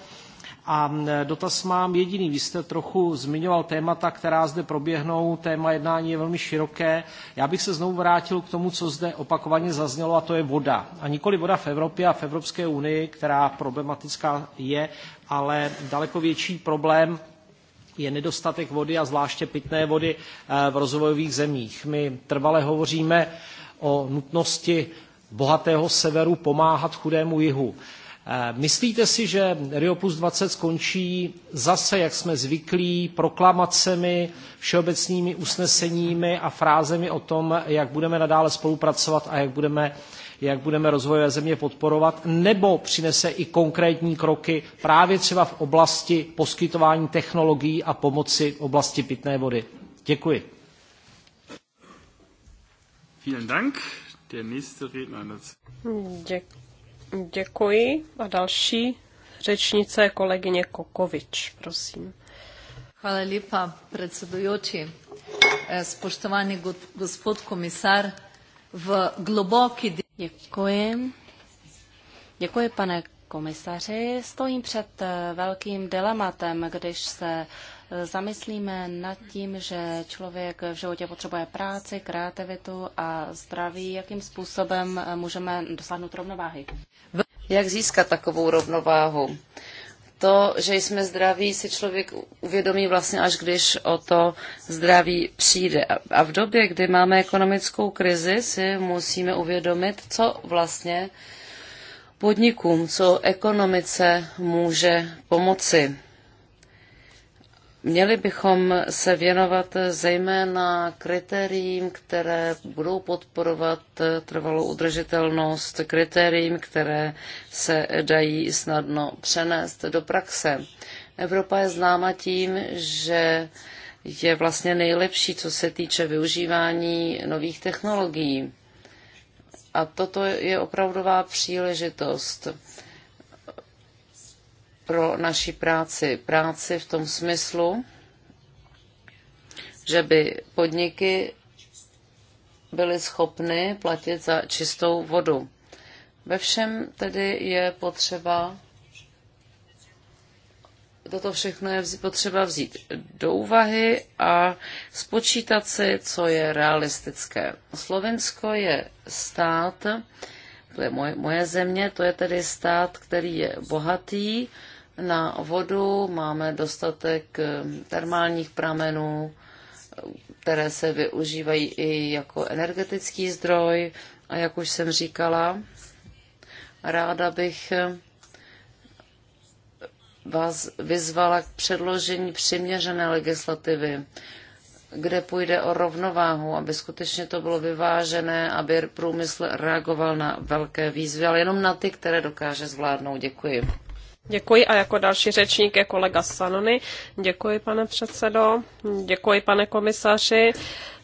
A dotaz mám jediný. Vy jste trochu zmiňoval témata, která zde proběhnou. Téma jednání je velmi široké. Já bych se znovu vrátil k tomu, co zde opakovaně zaznělo, a to je voda. A nikoli voda v Evropě a v Evropské unii, která problematická je, ale daleko větší problém je nedostatek vody a zvláště pitné vody eh, v rozvojových zemích. My trvale hovoříme o nutnosti bohatého severu pomáhat chudému jihu. Eh, myslíte si, že Rio plus 20 skončí zase, jak jsme zvyklí, proklamacemi, všeobecnými usneseními a frázemi o tom, jak budeme nadále spolupracovat a jak budeme jak budeme rozvojové země podporovat, nebo přinese i konkrétní kroky právě třeba v oblasti poskytování technologií a pomoci v oblasti pitné vody. Děkuji. Vielen Dank. Der nächste Redner. Děkuji. A další řečnice kolegyně Kokovič, prosím. Hvala lepa, predsedujoči. Eh, spoštovani gospod komisar, v globoky. Děkuji. Děkuji, pane komisaři. Stojím před eh, velkým dilematem, když se eh, zamyslíme nad tím, že člověk v životě potřebuje práci, kreativitu a zdraví, jakým způsobem eh, můžeme dosáhnout rovnováhy. Jak získat takovou rovnováhu? to, že jsme zdraví, si člověk uvědomí vlastně až když o to zdraví přijde. A v době, kdy máme ekonomickou krizi, si musíme uvědomit, co vlastně podnikům, co ekonomice může pomoci. Měli bychom se věnovat zejména kritériím, které budou podporovat trvalou udržitelnost, kritériím, které se dají snadno přenést do praxe. Evropa je známa tím, že je vlastně nejlepší, co se týče využívání nových technologií. A toto je opravdová příležitost pro naši práci. Práci v tom smyslu, že by podniky byly schopny platit za čistou vodu. Ve všem tedy je potřeba toto všechno je potřeba vzít do úvahy a spočítat si, co je realistické. Slovensko je stát, to je moje, moje země, to je tedy stát, který je bohatý, na vodu, máme dostatek eh, termálních pramenů, které se využívají i jako energetický zdroj. A jak už jsem říkala, ráda bych eh, vás vyzvala k předložení přiměřené legislativy, kde půjde o rovnováhu, aby skutečně to bylo vyvážené, aby průmysl reagoval na velké výzvy, ale jenom na ty, které dokáže zvládnout. Děkuji. Děkuji a jako další řečník je kolega Sanony. Děkuji, pane předsedo, děkuji, pane komisaři,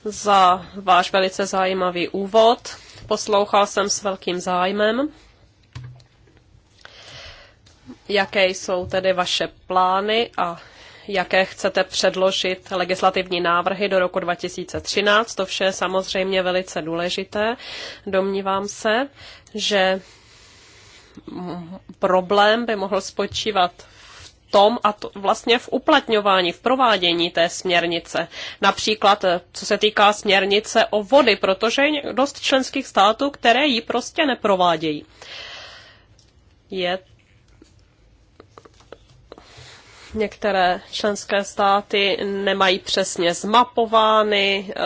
za váš velice zajímavý úvod. Poslouchal jsem s velkým zájmem. Jaké jsou tedy vaše plány a jaké chcete předložit legislativní návrhy do roku 2013. To vše je samozřejmě velice důležité. Domnívám se, že problém by mohl spočívat v tom a to vlastně v uplatňování, v provádění té směrnice. Například, co se týká směrnice o vody, protože je dost členských států, které ji prostě neprovádějí. Je Některé členské státy nemají přesně zmapovány eh,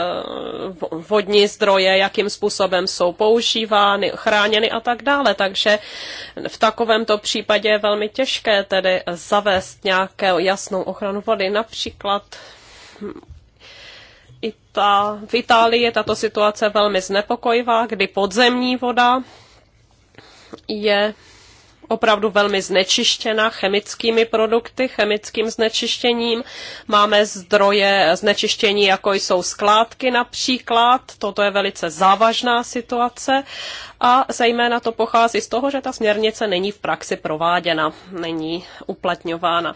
vodní zdroje, jakým způsobem jsou používány, chráněny a tak dále. Takže v takovémto případě je velmi těžké tedy zavést nějaké jasnou ochranu vody. Například i ta v Itálii je tato situace velmi znepokojivá, kdy podzemní voda je opravdu velmi znečištěna chemickými produkty, chemickým znečištěním. Máme zdroje znečištění, jako jsou skládky například. Toto je velice závažná situace a zejména to pochází z toho, že ta směrnice není v praxi prováděna, není uplatňována.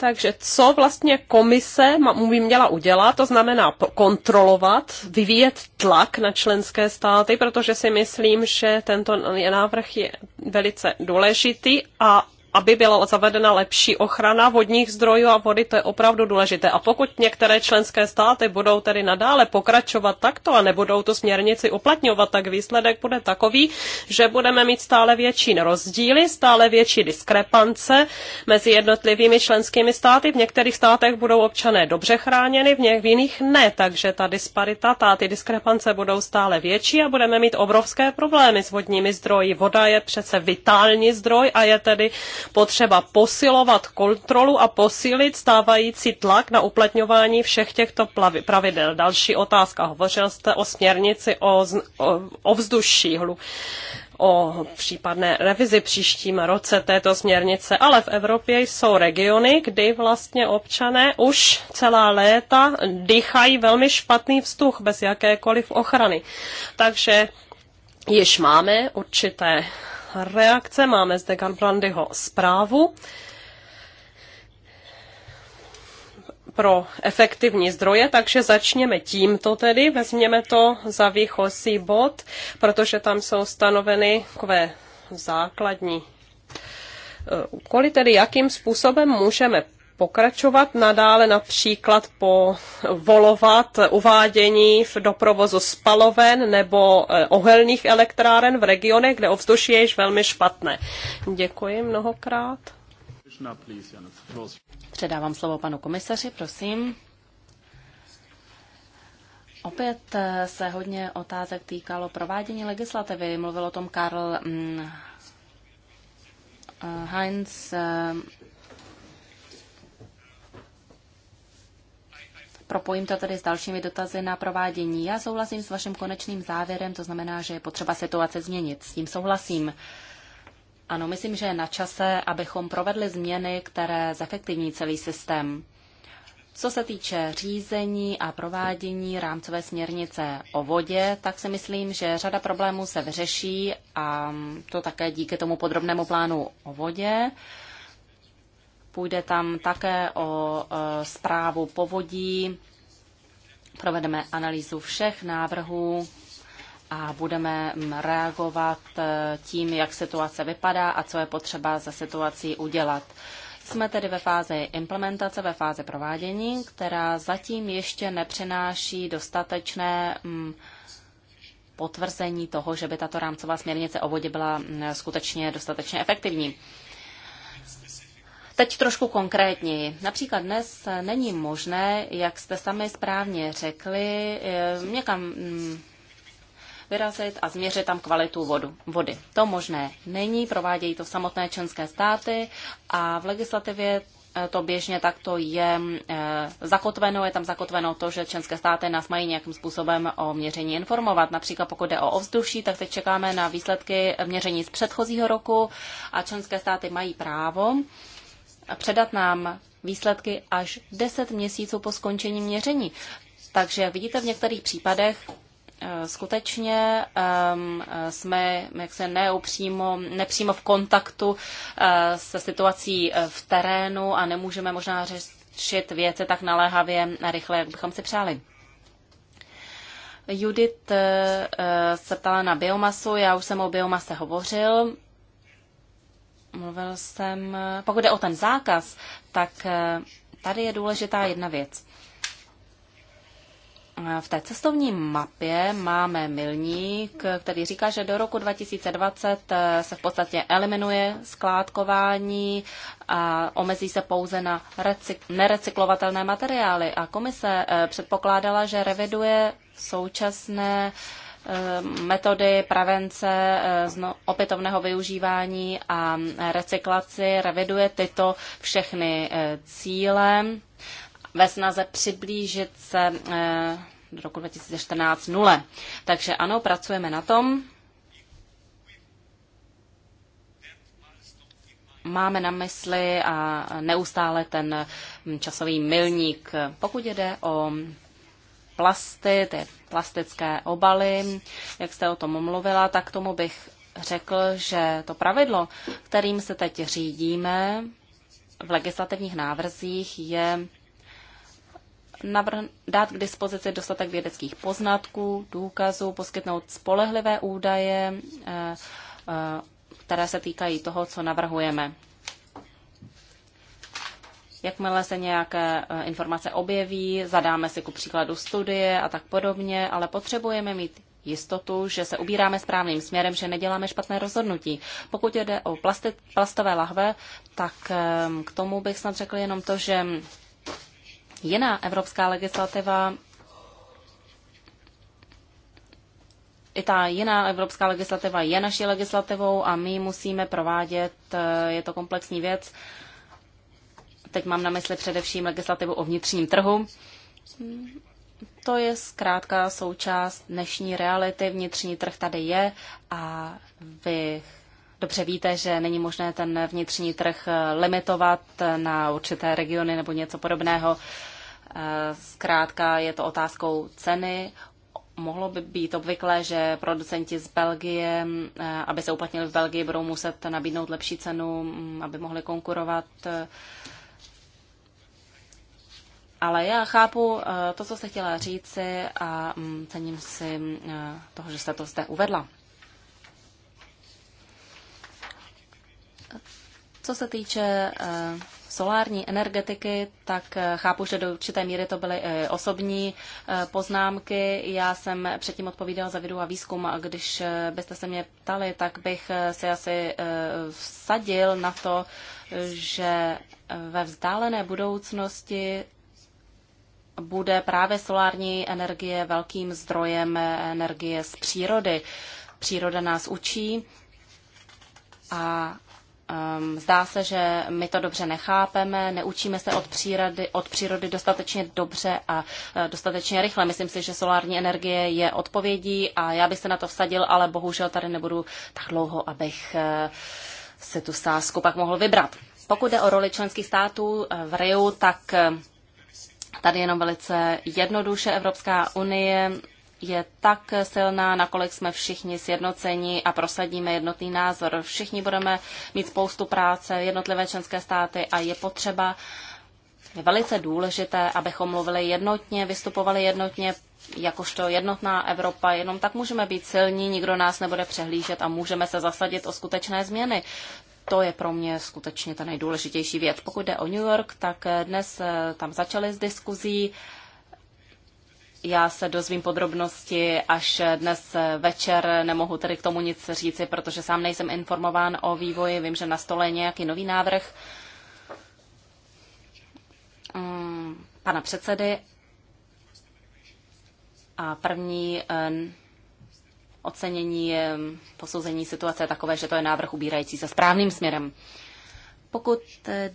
Takže co vlastně komise by měla udělat, to znamená kontrolovat, vyvíjet tlak na členské státy, protože si myslím, že tento návrh je velice důležitý a aby byla zavedena lepší ochrana vodních zdrojů a vody, to je opravdu důležité. A pokud některé členské státy budou tedy nadále pokračovat takto a nebudou tu směrnici uplatňovat, tak výsledek bude takový, že budeme mít stále větší rozdíly, stále větší diskrepance mezi jednotlivými členskými státy. V některých státech budou občané dobře chráněni, v, některých v jiných ne, takže ta disparita, ta, ty diskrepance budou stále větší a budeme mít obrovské problémy s vodními zdroji. Voda je přece vitální zdroj a je tedy potřeba posilovat kontrolu a posílit stávající tlak na uplatňování všech těchto pravidel. Další otázka. Hovořil jste o směrnici o, o, o vzduší, hlu, o případné revizi příštím roce této směrnice, ale v Evropě jsou regiony, kdy vlastně občané už celá léta dýchají velmi špatný vzduch bez jakékoliv ochrany. Takže již máme určité reakce. Máme zde Garbrandyho zprávu. pro efektivní zdroje, takže začněme tímto tedy, vezměme to za výchozí bod, protože tam jsou stanoveny takové základní eh, úkoly, tedy jakým způsobem můžeme pokračovat nadále, například povolovat uvádění do provozu spaloven nebo e, ohelných elektráren v regionech, kde ovzduší je již velmi špatné. Děkuji mnohokrát. Předávám slovo panu komisaři, prosím. Opět e, se hodně otázek týkalo provádění legislativy. Mluvil o tom Karl mm, Heinz e, propojím to tedy s dalšími dotazy na provádění. Já souhlasím s vaším konečným závěrem, to znamená, že je potřeba situace změnit. S tím souhlasím. Ano, myslím, že je na čase, abychom provedli změny, které zefektivní celý systém. Co se týče řízení a provádění rámcové směrnice o vodě, tak si myslím, že řada problémů se vyřeší a to také díky tomu podrobnému plánu o vodě. Půjde tam také o e, zprávu povodí. Provedeme analýzu všech návrhů a budeme mm, reagovat e, tím, jak situace vypadá a co je potřeba za situací udělat. Jsme tedy ve fázi implementace, ve fázi provádění, která zatím ještě nepřináší dostatečné mm, potvrzení toho, že by tato rámcová směrnice o vodě byla mm, skutečně dostatečně efektivní. Teď trošku konkrétněji. Například dnes není možné, jak jste sami správně řekli, eh, někam mm, vyrazit a změřit tam kvalitu vodu, vody. To možné není, provádějí to samotné členské státy a v legislativě eh, to běžně takto je eh, zakotveno. Je tam zakotveno to, že členské státy nás mají nějakým způsobem o měření informovat. Například pokud jde o ovzduší, tak teď čekáme na výsledky měření z předchozího roku a členské státy mají právo předat nám výsledky až 10 měsíců po skončení měření. Takže, jak vidíte, v některých případech eh, skutečně um, jsme jak se neupřímo, nepřímo v kontaktu uh, se situací v terénu a nemůžeme možná řešit věci tak naléhavě a rychle, jak bychom si přáli. Judith uh, se ptala na biomasu, já už jsem o biomase hovořil mluvil jsem, pokud jde o ten zákaz, tak eh, tady je důležitá jedna věc. Eh, v té cestovní mapě máme milník, který říká, že do roku 2020 eh, se v podstatě eliminuje skládkování a omezí se pouze na nerecyklovatelné materiály. A komise předpokládala, že reviduje současné uh, Eh, metody prevence eh, opětovného využívání a recyklaci reviduje tyto všechny eh, cíle ve snaze přiblížit se do roku 2014 nule. Takže ano, pracujeme na tom. Máme na mysli a neustále ten mm, časový milník, pokud jde o plasty, ty plastické obaly, jak jste o tom mluvila, tak tomu bych řekl, že to pravidlo, kterým se teď řídíme v legislativních návrzích, je dát k dispozici dostatek vědeckých poznatků, důkazů, poskytnout spolehlivé údaje, eh, eh, které se týkají toho, co navrhujeme. Jakmile se nějaké eh, informace objeví, zadáme si ku příkladu studie a tak podobně, ale potřebujeme mít jistotu, že se ubíráme správným směrem, že neděláme špatné rozhodnutí. Pokud jde o plasty, plastové lahve, tak ehm, k tomu bych snad řekl jenom to, že jiná evropská legislativa i ta jiná evropská legislativa je naší legislativou a my musíme provádět, eh, je to komplexní věc, Teď mám na mysli především legislativu o vnitřním trhu. To je zkrátka součást dnešní reality. Vnitřní trh tady je a vy dobře víte, že není možné ten vnitřní trh limitovat na určité regiony nebo něco podobného. Eh, zkrátka je to otázkou ceny. Mohlo by být obvyklé, že producenti z Belgie, eh, aby se uplatnili v Belgii, budou muset nabídnout lepší cenu, mm, aby mohli konkurovat eh, ale já chápu eh, to, co jste chtěla říci a mm, cením si eh, toho, že jste to zde uvedla. Co se týče eh, solární energetiky, tak chápu, že do určité míry to byly osobní poznámky. Já jsem předtím odpovídal za vědu a výzkum a když byste se mě ptali, tak bych se asi vsadil na to, že ve vzdálené budoucnosti bude právě solární energie velkým zdrojem energie z přírody. Příroda nás učí a um, zdá se, že my to dobře nechápeme, neučíme se od přírody, od přírody dostatečně dobře a eh, dostatečně rychle. Myslím si, že solární energie je odpovědí a já bych se na to vsadil, ale bohužel tady nebudu tak dlouho, abych uh, se tu sázku pak mohl vybrat. Pokud jde o roli členských států eh, v RIU, tak uh, Tady jenom velice jednoduše Evropská unie je tak silná, nakolik jsme všichni sjednoceni a prosadíme jednotný názor. Všichni budeme mít spoustu práce, jednotlivé členské státy a je potřeba, je velice důležité, abychom mluvili jednotně, vystupovali jednotně, jakožto jednotná Evropa. Jenom tak můžeme být silní, nikdo nás nebude přehlížet a můžeme se zasadit o skutečné změny to je pro mě skutečně ta nejdůležitější věc. Pokud jde o New York, tak eh, dnes eh, tam začaly s diskuzí. Já se dozvím podrobnosti až eh, dnes večer, nemohu tedy k tomu nic říci, protože sám nejsem informován o vývoji, vím, že na stole je nějaký nový návrh mm, pana předsedy a první ocenění, eh, posouzení situace je takové, že to je návrh ubírající se správným směrem. Pokud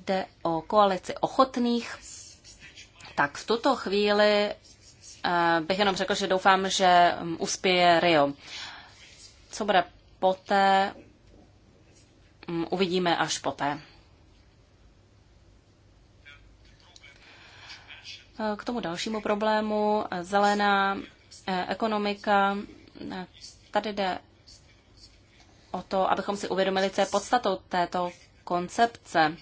jde o koalici ochotných, tak v tuto chvíli eh, bych jenom řekl, že doufám, že mm, uspěje Rio. Co bude poté, mm, uvidíme až poté. Eh, k tomu dalšímu problému zelená ekonomika, Tady jde o to, abychom si uvědomili, co je podstatou této koncepce.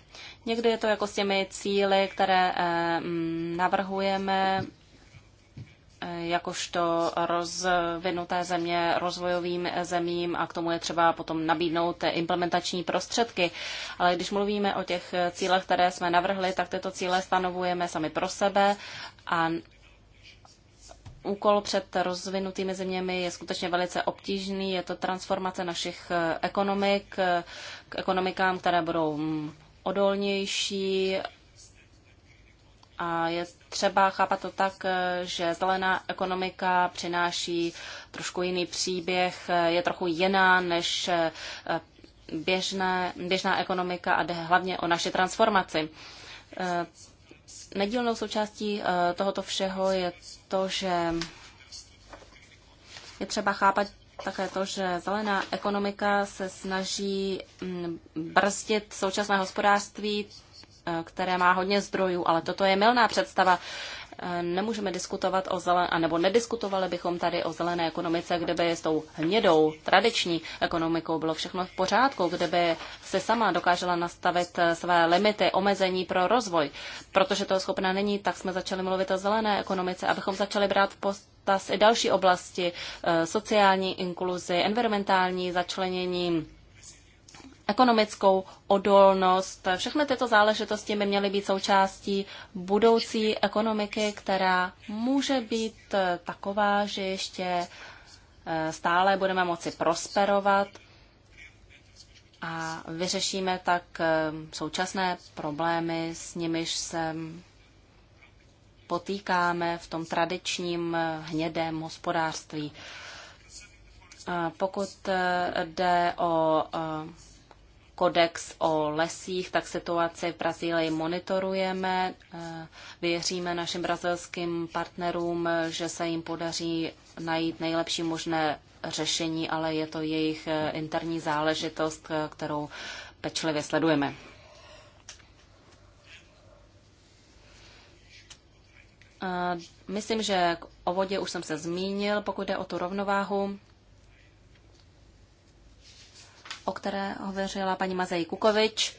Někdy je to jako s těmi cíly, které eh, mm, navrhujeme eh, jakožto rozvinuté země rozvojovým zemím a k tomu je třeba potom nabídnout implementační prostředky. Ale když mluvíme o těch cílech, které jsme navrhli, tak tyto cíle stanovujeme sami pro sebe a úkol před rozvinutými zeměmi je skutečně velice obtížný. Je to transformace našich eh, ekonomik eh, k ekonomikám, které budou mm, odolnější. A je třeba chápat to tak, eh, že zelená ekonomika přináší trošku jiný příběh, je trochu jiná než běžné, běžná ekonomika a jde hlavně o naši transformaci. Nedílnou součástí tohoto všeho je to, že je třeba chápat také to, že zelená ekonomika se snaží mm, brzdit současné hospodářství, eh, které má hodně zdrojů, ale toto je milná představa nemůžeme diskutovat o zelené, anebo nediskutovali bychom tady o zelené ekonomice, kde by s tou hnědou, tradiční ekonomikou bylo všechno v pořádku, by se sama dokážela nastavit své limity, omezení pro rozvoj. Protože toho schopna není, tak jsme začali mluvit o zelené ekonomice, abychom začali brát potaz i další oblasti, eh, sociální inkluzi, environmentální začlenění, ekonomickou odolnost. Všechny tyto záležitosti by měly být součástí budoucí ekonomiky, která může být taková, že ještě eh, stále budeme moci prosperovat a vyřešíme tak eh, současné problémy, s nimiž se potýkáme v tom tradičním eh, hnědém hospodářství. Pokud jde o kodex o lesích, tak situaci v Brazílii monitorujeme. Eh, věříme našim brazilským partnerům, že se jim podaří najít nejlepší možné řešení, ale je to jejich eh, interní záležitost, eh, kterou pečlivě sledujeme. Myslím, že o vodě už jsem se zmínil, pokud jde o tu rovnováhu o které hovořila paní Mazej Kukovič,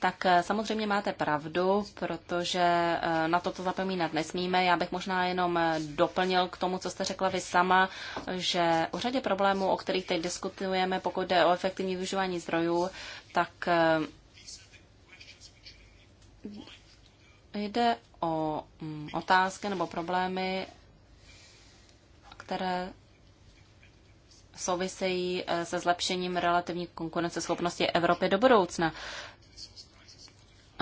tak eh, samozřejmě máte pravdu, protože eh, na toto zapomínat nesmíme. Já bych možná jenom eh, doplnil k tomu, co jste řekla vy sama, že o řadě problémů, o kterých teď diskutujeme, pokud jde o efektivní využívání zdrojů, tak jde o mm, otázky nebo problémy, které souvisejí eh, se zlepšením relativní konkurenceschopnosti Evropy do budoucna.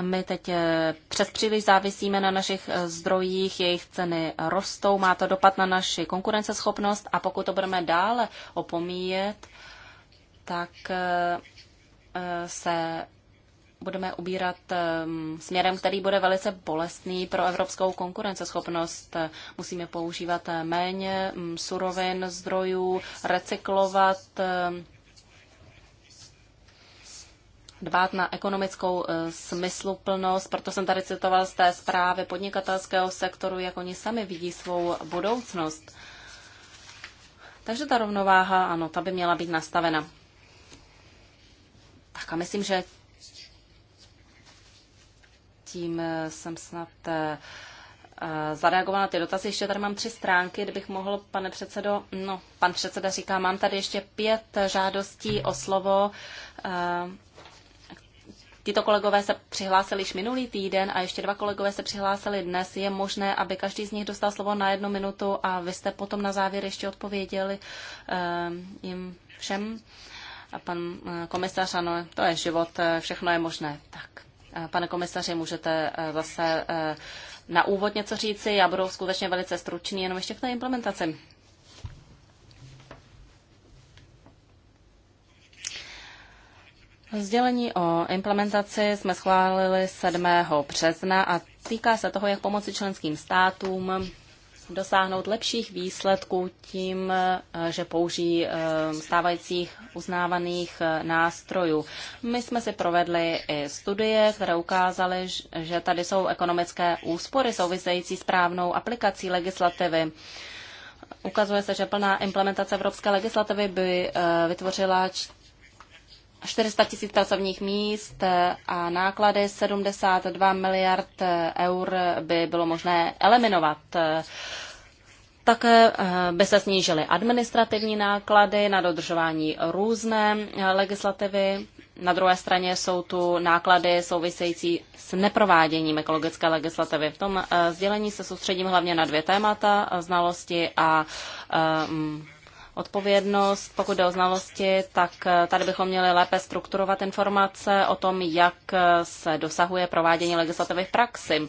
My teď eh, přes příliš závisíme na našich eh, zdrojích, jejich ceny rostou, má to dopad na naši konkurenceschopnost a pokud to budeme dále opomíjet, tak se budeme ubírat ehm, směrem, který bude velice bolestný pro evropskou konkurenceschopnost. Musíme používat méně mm, surovin, zdrojů, recyklovat, ehm, dbát na ekonomickou eh, smysluplnost. Proto jsem tady citoval z té zprávy podnikatelského sektoru, jak oni sami vidí svou budoucnost. Takže ta rovnováha, ano, ta by měla být nastavena. Tak a myslím, že tím eh, jsem snad eh, eh, zareagovala na ty dotazy. Ještě tady mám tři stránky, kdybych mohl, pane předsedo, no, pan předseda říká, mám tady ještě pět žádostí o slovo. Tito kolegové se přihlásili již minulý týden a ještě dva kolegové se přihlásili dnes. Je možné, aby každý z nich dostal slovo na jednu minutu a vy jste potom na závěr ještě odpověděli jim všem. A pan komisař, ano, to je život, všechno je možné. Tak. Pane komisaři, můžete eh, zase eh, na úvod něco říci. Já budu skutečně velice stručný, jenom ještě k té implementaci. Sdělení o implementaci jsme schválili 7. března a týká se toho, jak pomoci členským státům dosáhnout lepších výsledků tím, eh, že použijí eh, stávajících uznávaných eh, nástrojů. My jsme si provedli i studie, které ukázaly, že tady jsou ekonomické úspory související s právnou aplikací legislativy. Ukazuje se, že plná implementace evropské legislativy by vytvořila 400 tisíc pracovních míst eh, a náklady 72 miliard eh, eur by bylo možné eliminovat. Také eh, by se snížily administrativní náklady na dodržování různé legislativy. Na druhé straně jsou tu náklady související s neprováděním ekologické legislativy. V tom sdělení se soustředím hlavně na dvě témata, znalosti a um, odpovědnost. Pokud jde o znalosti, tak eh, tady bychom měli lépe strukturovat informace o tom, jak eh, se dosahuje provádění legislativy v praxi.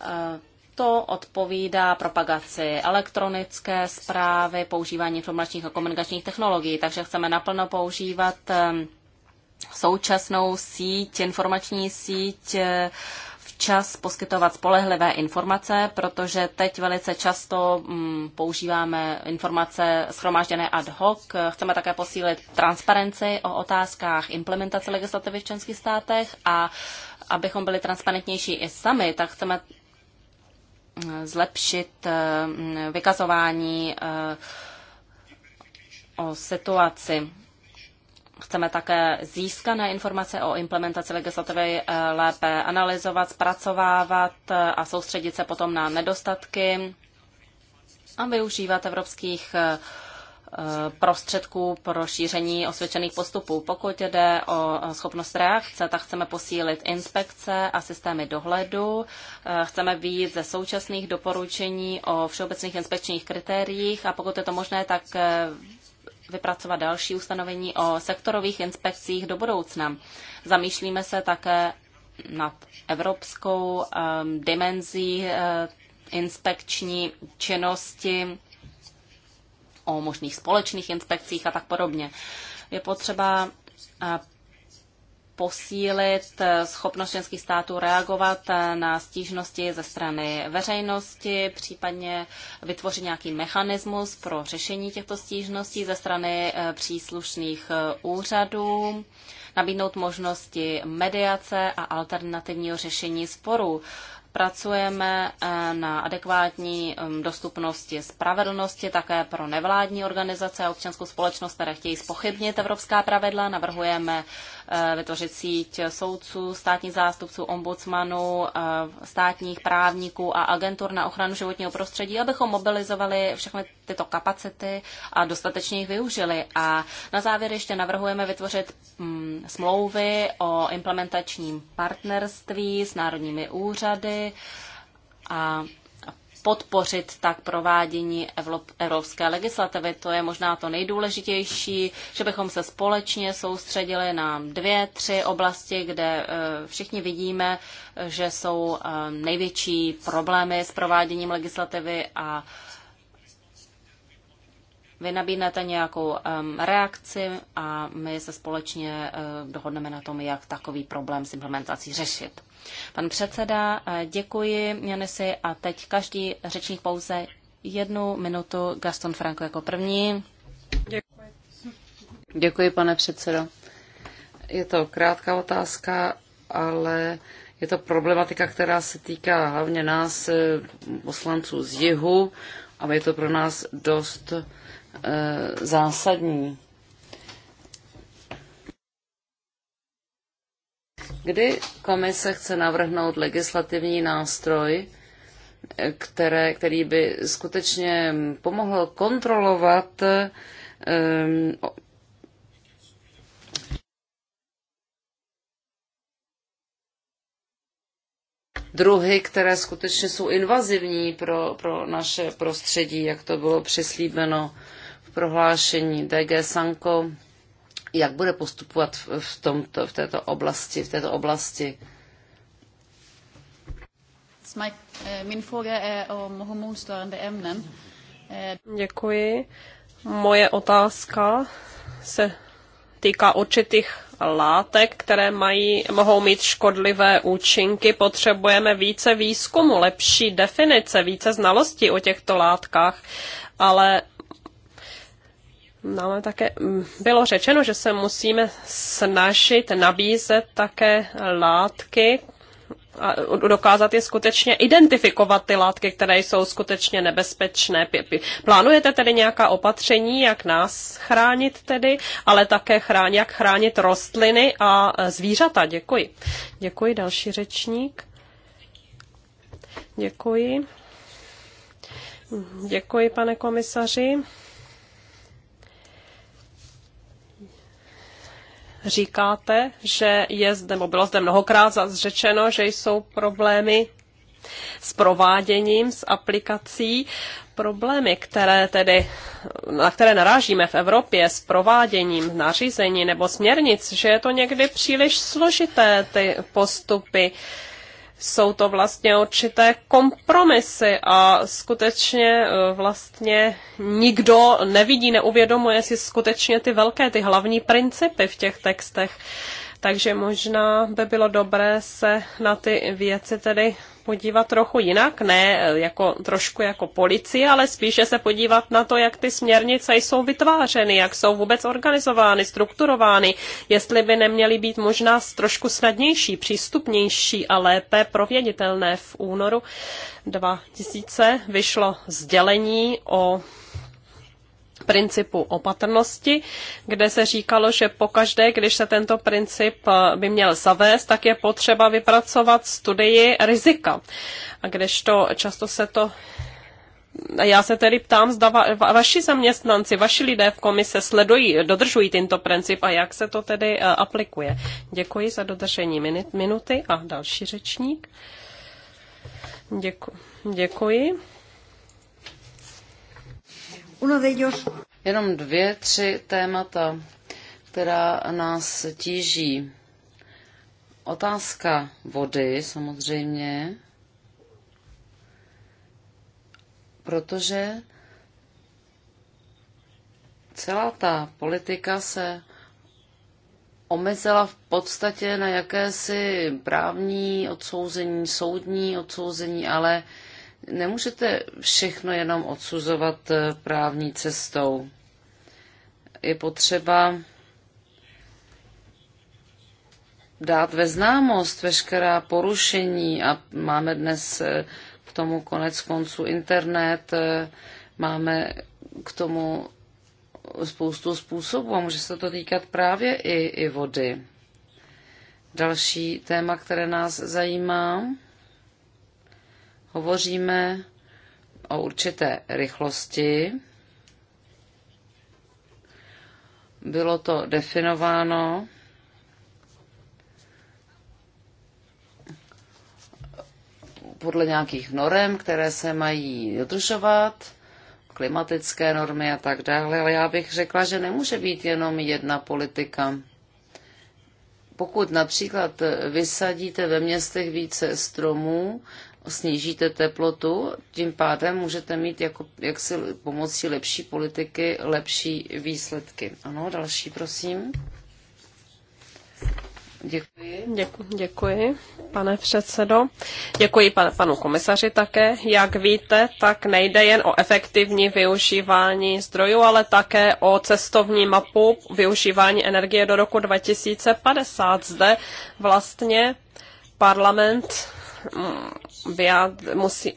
Eh, to odpovídá propagaci elektronické zprávy, používání informačních a komunikačních technologií, takže chceme naplno používat současnou síť, informační síť včas poskytovat spolehlivé informace, protože teď velice často mm, používáme informace schromážděné ad hoc. Chceme také posílit transparenci o otázkách implementace legislativy v členských státech a abychom byli transparentnější i sami, tak chceme mm, zlepšit mm, vykazování eh, o situaci chceme také získané informace o implementaci legislativy eh, lépe analyzovat, zpracovávat eh, a soustředit se potom na nedostatky a využívat evropských eh, prostředků pro šíření osvědčených postupů. Pokud jde o schopnost reakce, tak chceme posílit inspekce a systémy dohledu. Chceme být ze současných doporučení o všeobecných inspekčních kritériích a pokud je to možné, tak vypracovat další ustanovení o sektorových inspekcích do budoucna. Zamýšlíme se také nad evropskou um, dimenzí eh, inspekční činnosti, o možných společných inspekcích a tak podobně. Je potřeba eh, posílit eh, schopnost členských států reagovat eh, na stížnosti ze strany veřejnosti, případně vytvořit nějaký mechanismus pro řešení těchto stížností ze strany eh, příslušných úřadů, nabídnout možnosti mediace a alternativního řešení sporů. Pracujeme na adekvátní mm, dostupnosti spravedlnosti také pro nevládní organizace a občanskou společnost, které chtějí spochybnit evropská pravidla. Navrhujeme Eh, vytvořit síť soudců, státních zástupců, ombudsmanů, eh, státních právníků a agentur na ochranu životního prostředí, abychom mobilizovali všechny tyto kapacity a dostatečně jich využili. A na závěr ještě navrhujeme vytvořit mm, smlouvy o implementačním partnerství s národními úřady a podpořit tak provádění evropské legislativy. To je možná to nejdůležitější, že bychom se společně soustředili na dvě, tři oblasti, kde eh, všichni vidíme, eh, že jsou eh, největší problémy s prováděním legislativy a vy nabídnete nějakou reakci a my se společně eh, dohodneme na tom, jak takový problém s implementací řešit. Pan předseda, eh, děkuji Janisi a teď každý řečník pouze jednu minutu. Gaston Franco jako první. Děkuji. Děkuji, pane předsedo. Je to krátká otázka, ale je to problematika, která se týká hlavně nás, eh, poslanců z jihu, a je to pro nás dost Eh, zásadní. Kdy komise chce navrhnout legislativní nástroj, které, který by skutečně pomohl kontrolovat um, druhy, které skutečně jsou invazivní pro, pro naše prostředí, jak to bylo přislíbeno uh, prohlášení DG Sanko, jak bude postupovat v, tomto, v této oblasti, v této oblasti. Eh, eh, Děkuji. Moje otázka se týká určitých látek, které mají, mohou mít škodlivé účinky. Potřebujeme více výzkumu, lepší definice, více znalostí o těchto látkách, ale ale také mm, bylo řečeno, že se musíme snažit nabízet také látky, a dokázat je skutečně identifikovat ty látky, které jsou skutečně nebezpečné. Plánujete tedy nějaká opatření, jak nás chránit tedy, ale také chrán, jak chránit rostliny a e, zvířata? Děkuji. Děkuji, další řečník. Děkuji. Děkuji, pane komisaři. Říkáte, že je zde, bylo zde mnohokrát zřečeno, že jsou problémy s prováděním, s aplikací. Problémy, které tedy, na které narážíme v Evropě s prováděním nařízení nebo směrnic, že je to někdy příliš složité, ty postupy. Uh, jsou to vlastně určité kompromisy a skutečně eh, vlastně nikdo nevidí, neuvědomuje si skutečně ty velké, ty hlavní principy v těch textech. Takže možná by bylo dobré se na ty věci tedy podívat trochu jinak, ne eh, jako, trošku jako policie, ale spíše se podívat na to, jak ty směrnice jsou vytvářeny, jak jsou vůbec organizovány, strukturovány, jestli by neměly být možná trošku snadnější, přístupnější a lépe proveditelné. V únoru 2000 vyšlo sdělení o principu opatrnosti, kde se říkalo, že pokaždé, když se tento princip eh, by měl zavést, tak je potřeba vypracovat studii rizika. A kdežto často se to já se tedy ptám, zda va, va, vaši zaměstnanci, vaši lidé v komise sledují, dodržují tento princip a jak se to tedy uh, aplikuje. Děkuji za dodržení minut, minuty a další řečník. Děku, děkuji. Uno de ellos... Jenom dvě, tři témata, která nás tíží. Otázka vody samozřejmě, protože celá ta politika se omezila v podstatě na jakési právní odsouzení, soudní odsouzení, ale nemůžete všechno jenom odsuzovat eh, právní cestou. Je potřeba dát ve známost veškerá porušení a máme dnes eh, k tomu konec konců internet, eh, máme k tomu spoustu způsobů a může se to týkat právě i, i vody. Další téma, které nás zajímá, Hovoříme o určité rychlosti. Bylo to definováno podle nějakých norem, které se mají dodržovat, klimatické normy a tak dále, ale já bych řekla, že nemůže být jenom jedna politika. Pokud například vysadíte ve městech více stromů, snížíte teplotu, tím pádem můžete mít jako, jak si pomocí lepší politiky lepší výsledky. Ano, další prosím. Děkuji. Děkuji, děkuji pane předsedo. Děkuji pan, panu komisaři také. Jak víte, tak nejde jen o efektivní využívání zdrojů, ale také o cestovní mapu využívání energie do roku 2050. Zde vlastně parlament mm, vyjad, musí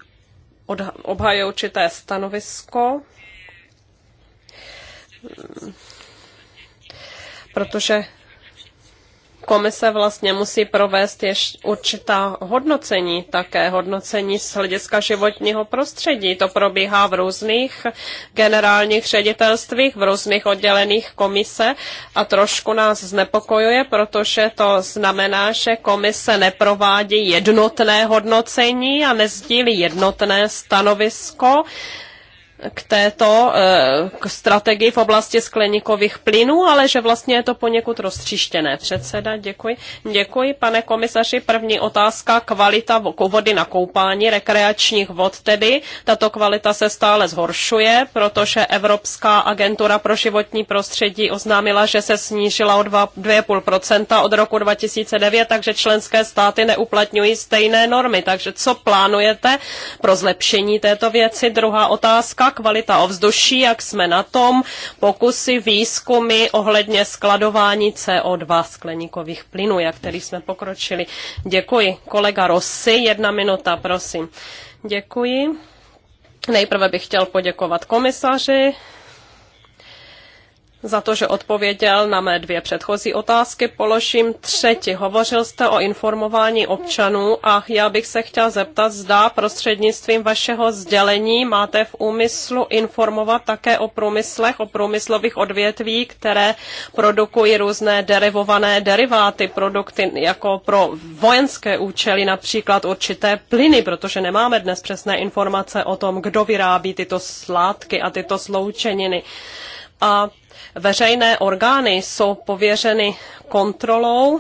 odha- obhajit určité stanovisko, protože komise vlastně musí provést ještě určitá hodnocení, také hodnocení z hlediska životního prostředí. To probíhá v různých generálních ředitelstvích, v různých oddělených komise a trošku nás znepokojuje, protože to znamená, že komise neprovádí jednotné hodnocení a nezdílí jednotné stanovisko k této eh, k strategii v oblasti skleníkových plynů, ale že vlastně je to poněkud roztříštěné. Předseda, děkuji. Děkuji, pane komisaři. První otázka, kvalita vody na koupání, rekreačních vod tedy. Tato kvalita se stále zhoršuje, protože Evropská agentura pro životní prostředí oznámila, že se snížila o 2,5% od roku 2009, takže členské státy neuplatňují stejné normy. Takže co plánujete pro zlepšení této věci? Druhá otázka kvalita ovzduší, jak jsme na tom, pokusy, výzkumy ohledně skladování CO2 skleníkových plynů, jak který jsme pokročili. Děkuji. Kolega Rossi, jedna minuta, prosím. Děkuji. Nejprve bych chtěl poděkovat komisaři za to, že odpověděl na mé dvě předchozí otázky. Položím třetí. Hovořil jste o informování občanů a já bych se chtěl zeptat, zda prostřednictvím vašeho sdělení máte v úmyslu informovat také o průmyslech, o průmyslových odvětví, které produkují různé derivované deriváty, produkty jako pro vojenské účely, například určité plyny, protože nemáme dnes přesné informace o tom, kdo vyrábí tyto sládky a tyto sloučeniny. A veřejné orgány jsou pověřeny kontrolou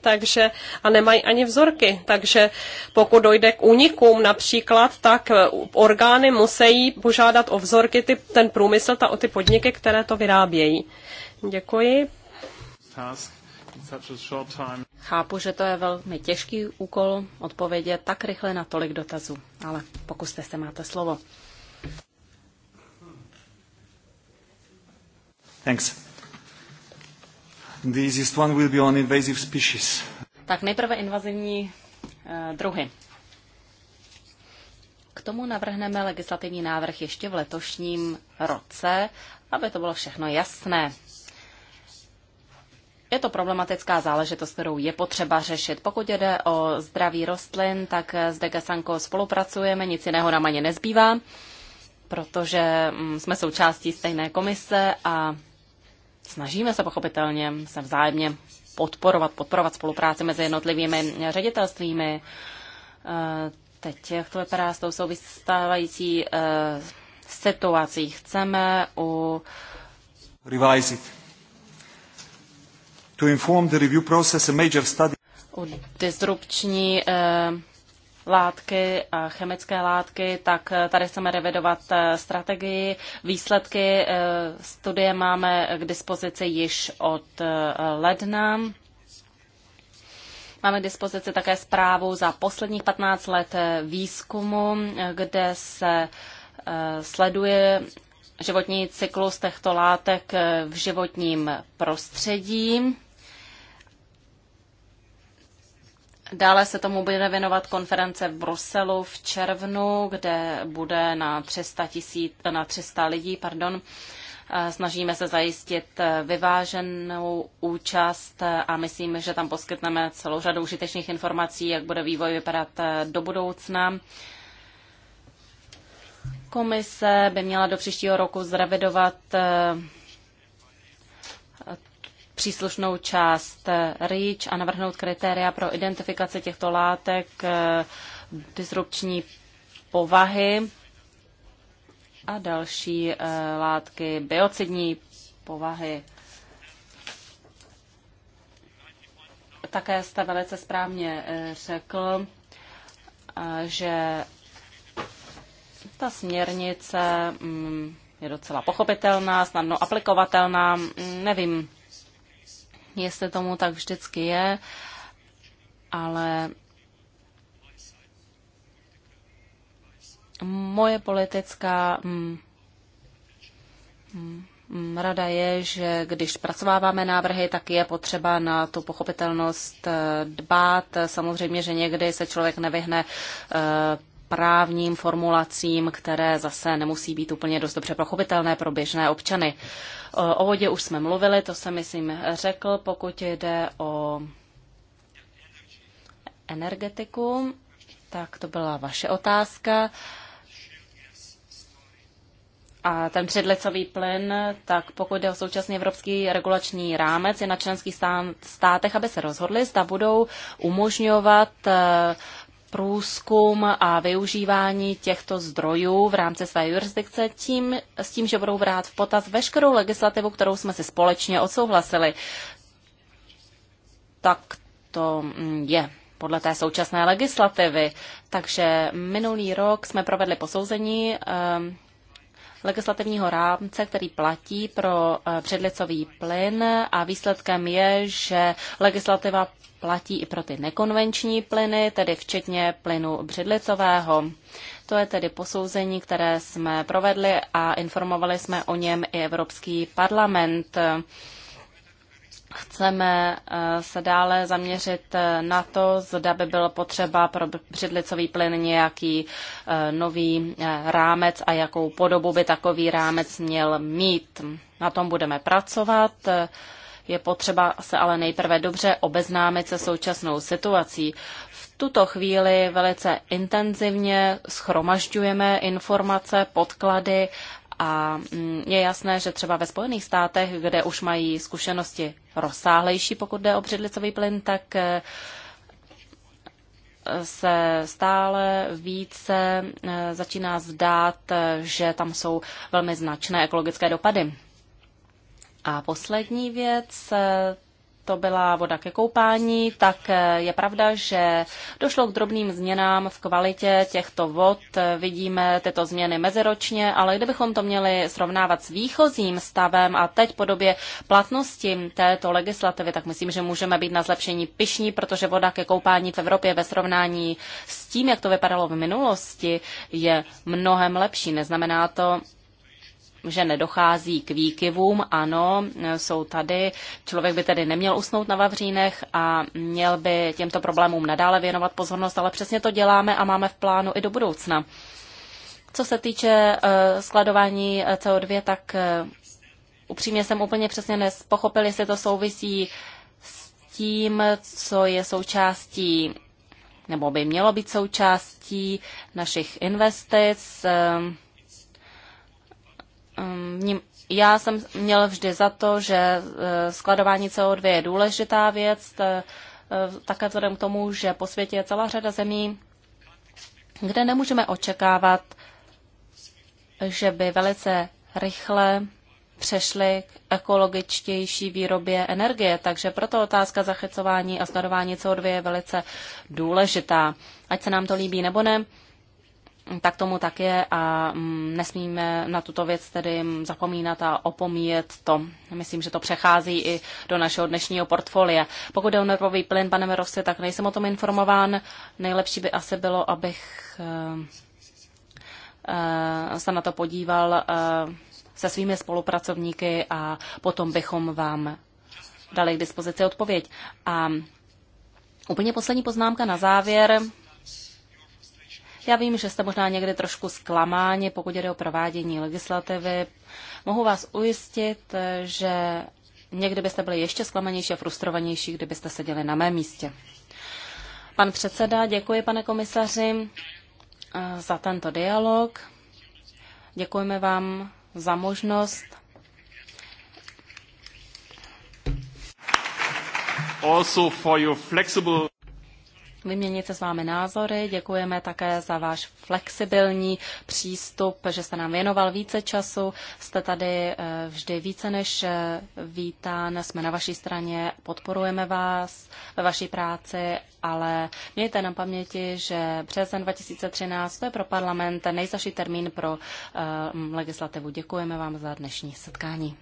takže a nemají ani vzorky. Takže pokud dojde k únikům například, tak e, orgány musí požádat o vzorky ty, ten průmysl, ta, o ty podniky, které to vyrábějí. Děkuji. Chápu, že to je velmi těžký úkol odpovědět tak rychle na tolik dotazů, ale pokuste se, máte slovo. Thanks. The easiest one will be on invasive species. Tak nejprve invazivní uh, druhy. K tomu navrhneme legislativní návrh ještě v letošním roce, aby to bylo všechno jasné. Je to problematická záležitost, kterou je potřeba řešit. Pokud jde o zdraví rostlin, tak eh, s Degasanko spolupracujeme, nic jiného nám ani nezbývá, protože mm, jsme součástí stejné komise a Snažíme se pochopitelně se vzájemně podporovat, podporovat spolupráci mezi jednotlivými ředitelstvími. Eh, teď jak to vypadá s tou souvistávající eh, situací? Chceme u revise it. To inform the review process a major study. U disrupční eh, látky, chemické látky, tak eh, tady chceme revidovat eh, strategii. Výsledky eh, studie máme k dispozici již od ledna. Máme k dispozici také zprávu za posledních 15 let výzkumu, kde se sleduje životní cyklus těchto látek v životním prostředí. Dále se tomu bude věnovat konference v Bruselu v červnu, kde bude na 300, tisíc, na 300 lidí. Pardon. Snažíme se zajistit vyváženou účast a myslím, že tam poskytneme celou řadu užitečných informací, jak bude vývoj vypadat do budoucna. Komise by měla do příštího roku zrevidovat eh, příslušnou část REACH a navrhnout kritéria pro identifikaci těchto látek eh, disrupční povahy a další eh, látky biocidní povahy. Také jste velice správně eh, řekl, že ta směrnice mm, je docela pochopitelná, snadno aplikovatelná. Mm, nevím, jestli tomu tak vždycky je, ale moje politická mm, mm, rada je, že když zpracováváme návrhy, tak je potřeba na tu pochopitelnost eh, dbát. Samozřejmě, že někdy se člověk nevyhne eh, právním formulacím, které zase nemusí být úplně dost dobře pochopitelné pro běžné občany. O vodě už jsme mluvili, to jsem, myslím, řekl, pokud jde o energetiku, tak to byla vaše otázka. A ten předlecový plyn, tak pokud jde o současný evropský regulační rámec, je na členských státech, aby se rozhodli, zda budou umožňovat uh, průzkum a využívání těchto zdrojů v rámci své jurisdikce tím, s tím, že budou brát v potaz veškerou legislativu, kterou jsme si společně odsouhlasili. Tak to mm, je podle té současné legislativy. Takže minulý rok jsme provedli posouzení ehm, legislativního rámce, který platí pro předlicový eh, plyn a výsledkem je, že legislativa platí i pro ty nekonvenční plyny, tedy včetně plynu břidlicového. To je tedy posouzení, které jsme provedli a informovali jsme o něm i Evropský parlament. Chceme eh, se dále zaměřit eh, na to, zda by bylo potřeba pro břidlicový plyn nějaký eh, nový rámec a jakou podobu by takový rámec měl mít. Na tom budeme pracovat. Je potřeba se ale nejprve dobře obeznámit se současnou situací. V tuto chvíli velice intenzivně schromažďujeme informace, podklady a mm, je jasné, že třeba ve Spojených státech, kde už mají zkušenosti rozsáhlejší, pokud jde o břidlicový plyn, tak eh, se stále více eh, začíná zdát, eh, že tam jsou velmi značné ekologické dopady. A poslední věc, to byla voda ke koupání, tak je pravda, že došlo k drobným změnám v kvalitě těchto vod. Vidíme tyto změny meziročně, ale kdybychom to měli srovnávat s výchozím stavem a teď po době platnosti této legislativy, tak myslím, že můžeme být na zlepšení pišní, protože voda ke koupání v Evropě ve srovnání s tím, jak to vypadalo v minulosti, je mnohem lepší. Neznamená to, že nedochází k výkyvům. Ano, jsou tady. Člověk by tedy neměl usnout na Vavřínech a měl by těmto problémům nadále věnovat pozornost, ale přesně to děláme a máme v plánu i do budoucna. Co se týče eh, skladování eh, CO2, tak eh, upřímně jsem úplně přesně nespochopil, jestli to souvisí s tím, co je součástí nebo by mělo být součástí našich investic, Um, já jsem měl vždy za to, že eh, skladování CO2 je důležitá věc, eh, také vzhledem k tomu, že po světě je celá řada zemí, kde nemůžeme očekávat, že by velice rychle přešli k ekologičtější výrobě energie, takže proto otázka zachycování a skladování CO2 je velice důležitá. Ať se nám to líbí nebo ne, tak tomu tak je a mm, nesmíme na tuto věc tedy mm, zapomínat a opomíjet to. Myslím, že to přechází i do našeho dnešního portfolia. Pokud je o nervový plyn, pane Merovce, tak nejsem o tom informován. Nejlepší by asi bylo, abych eh, eh, se na to podíval eh, se svými spolupracovníky a potom bychom vám dali k dispozici odpověď. A mm, úplně poslední poznámka na závěr. Já vím, že jste možná někde trošku zklamáni, pokud jde o provádění legislativy. Mohu vás ujistit, že někdy byste byli ještě zklamanější a frustrovanější, kdybyste seděli na mém místě. Pan předseda, děkuji, pane komisaři, eh, za tento dialog. Děkujeme vám za možnost. Also for your flexible vyměnit se s vámi názory. Děkujeme také za váš flexibilní přístup, že jste nám věnoval více času. Jste tady eh, vždy více než eh, vítán. Jsme na vaší straně, podporujeme vás ve vaší práci, ale mějte na paměti, že březen 2013 to je pro parlament nejzaší termín pro eh, legislativu. Děkujeme vám za dnešní setkání.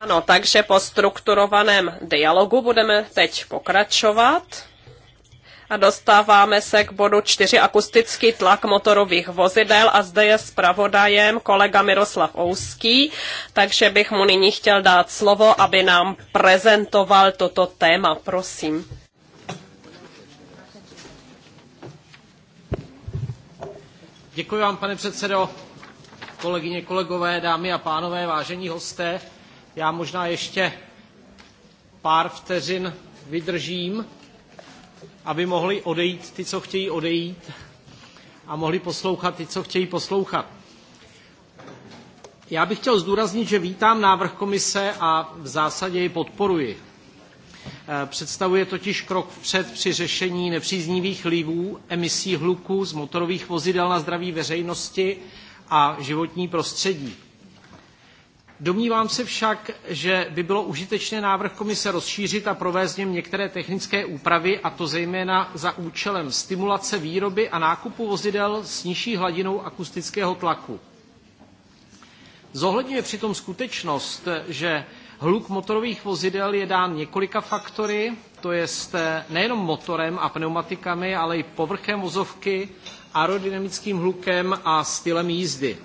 Ano, takže po strukturovaném dialogu budeme teď pokračovat. A dostáváme se k bodu 4 akustický tlak motorových vozidel a zde je zpravodajem kolega Miroslav Ouský, takže bych mu nyní chtěl dát slovo, aby nám prezentoval toto téma. Prosím. Děkuji vám, pane předsedo kolegyně, kolegové, dámy a pánové, vážení hosté. Já možná ještě pár vteřin vydržím, aby mohli odejít ty, co chtějí odejít a mohli poslouchat ty, co chtějí poslouchat. Já bych chtěl zdůraznit, že vítám návrh komise a v zásadě ji podporuji. E, představuje totiž krok vpřed při řešení nepříznivých livů, emisí hluku z motorových vozidel na zdraví veřejnosti a životní prostředí. Domnívám se však, že by bylo užitečné návrh komise rozšířit a provést něm některé technické úpravy, a to zejména za účelem stimulace výroby a nákupu vozidel s nižší hladinou akustického tlaku. Zohledňuje přitom skutečnost, že hluk motorových vozidel je dán několika faktory, to jest eh, nejenom motorem a pneumatikami, ale i povrchem vozovky aerodynamickým hlukem a stylem jízdy.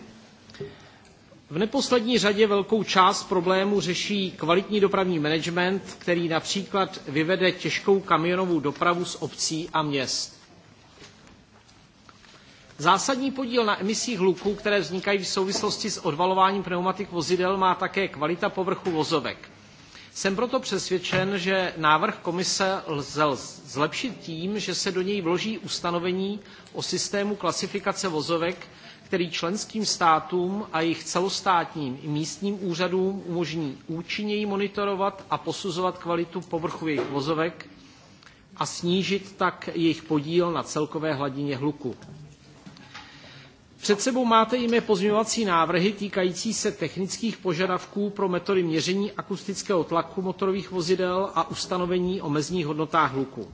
V neposlední řadě velkou část problému řeší kvalitní dopravní management, který například vyvede těžkou kamionovou dopravu z obcí a měst. Zásadní podíl na emisích hluku, které vznikají v souvislosti s odvalováním pneumatik vozidel, má také kvalita povrchu vozovek. Jsem proto přesvědčen, že návrh komise lze zlepšit tím, že se do něj vloží ustanovení o systému klasifikace vozovek, který členským státům a jejich celostátním i místním úřadům umožní účinněji monitorovat a posuzovat kvalitu povrchu jejich vozovek a snížit tak jejich podíl na celkové hladině hluku. Před sebou máte i mé pozměňovací návrhy týkající se technických požadavků pro metody měření akustického tlaku motorových vozidel a ustanovení o mezních hodnotách hluku.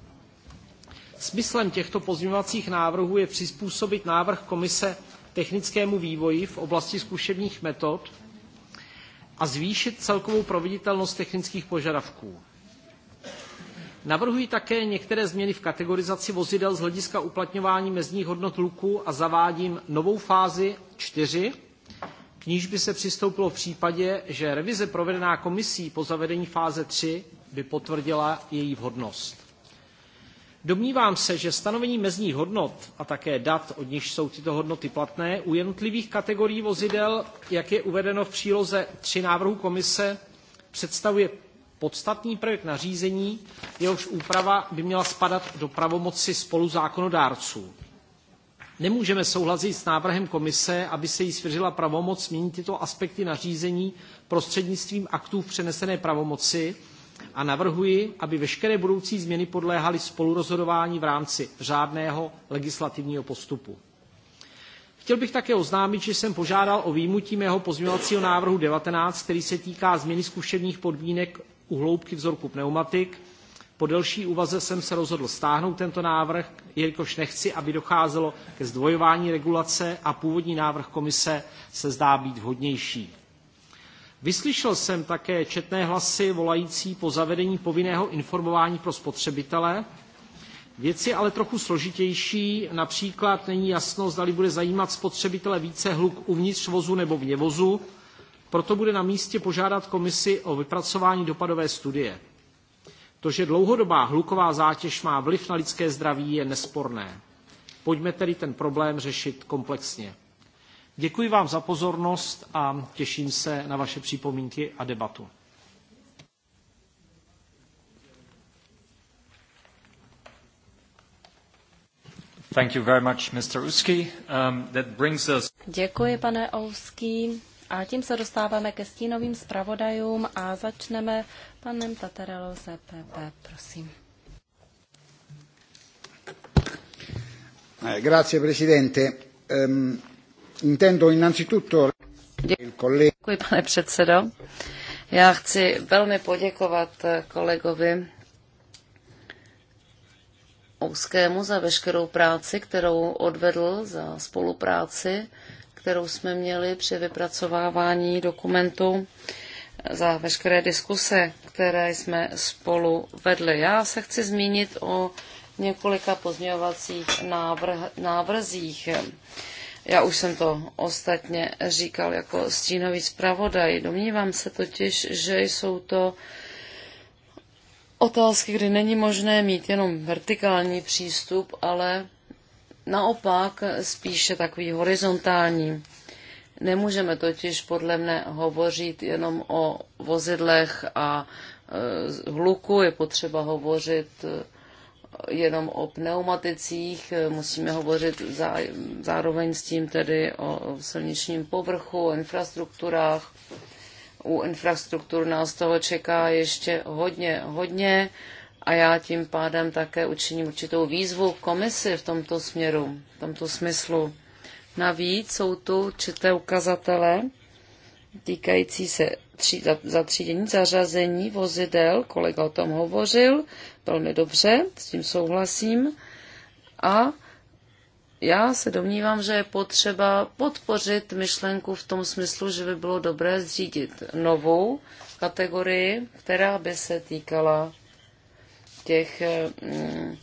Smyslem těchto pozměňovacích návrhů je přizpůsobit návrh komise technickému vývoji v oblasti zkušebních metod a zvýšit celkovou proveditelnost technických požadavků. Navrhují také některé změny v kategorizaci vozidel z hlediska uplatňování mezních hodnot luku a zavádím novou fázi 4, k níž by se přistoupilo v případě, že revize provedená komisí po zavedení fáze 3 by potvrdila její vhodnost. Domnívám se, že stanovení mezních hodnot a také dat, od nichž jsou tyto hodnoty platné, u jednotlivých kategorií vozidel, jak je uvedeno v příloze 3 návrhu komise, představuje podstatný prvek nařízení, jehož úprava by měla spadat do pravomoci spoluzákonodárců. Nemůžeme souhlasit s návrhem komise, aby se jí svěřila pravomoc měnit tyto aspekty nařízení prostřednictvím aktů v přenesené pravomoci a navrhuji, aby veškeré budoucí změny podléhaly spolurozhodování v rámci řádného legislativního postupu. Chtěl bych také oznámit, že jsem požádal o výjimutí mého pozměňovacího návrhu 19, který se týká změny zkušebních podmínek uhloubky vzorku pneumatik. Po delší úvaze jsem se rozhodl stáhnout tento návrh, jelikož nechci, aby docházelo ke zdvojování regulace a původní návrh komise se zdá být vhodnější. Vyslyšel jsem také četné hlasy volající po zavedení povinného informování pro spotřebitele. Věc je ale trochu složitější, například není jasno, zdali bude zajímat spotřebitele více hluk uvnitř vozu nebo vně vozu, proto bude na místě požádat komisi o vypracování dopadové studie. To, že dlouhodobá hluková zátěž má vliv na lidské zdraví, je nesporné. Pojďme tedy ten problém řešit komplexně. Děkuji vám za pozornost a těším se na vaše připomínky a debatu. Thank you very much, Mr. Um, that brings us... Děkuji, pane Ouský. A tím se dostáváme ke stínovým zpravodajům a začneme panem Tatarelo z EPP, prosím. Eh, grazie Presidente. Um, intendo innanzitutto Děkuji, pane předsedo. Já chci velmi poděkovat eh, kolegovi Ouskému za veškerou práci, kterou odvedl za spolupráci kterou jsme měli při vypracovávání dokumentu za veškeré diskuse, které jsme spolu vedli. Já se chci zmínit o několika pozměňovacích návrh, návrzích. Já už jsem to ostatně říkal jako stínový zpravodaj. Domnívám se totiž, že jsou to otázky, kdy není možné mít jenom vertikální přístup, ale naopak spíše takový horizontální. Nemůžeme totiž podle mne hovořit jenom o vozidlech a e, hluku, je potřeba hovořit e, jenom o pneumaticích, e, musíme hovořit zároveň s tím tedy o silničním povrchu, o infrastrukturách. U infrastruktur nás toho čeká ještě hodně, hodně a já tím pádem také učiním určitou výzvu komisi v tomto směru, v tomto smyslu. Navíc jsou tu určité ukazatele týkající se tří, zatřídění, zařazení vozidel. Kolega o tom hovořil velmi dobře, s tím souhlasím. A já se domnívám, že je potřeba podpořit myšlenku v tom smyslu, že by bylo dobré zřídit novou kategorii, která by se týkala těch eh, mm,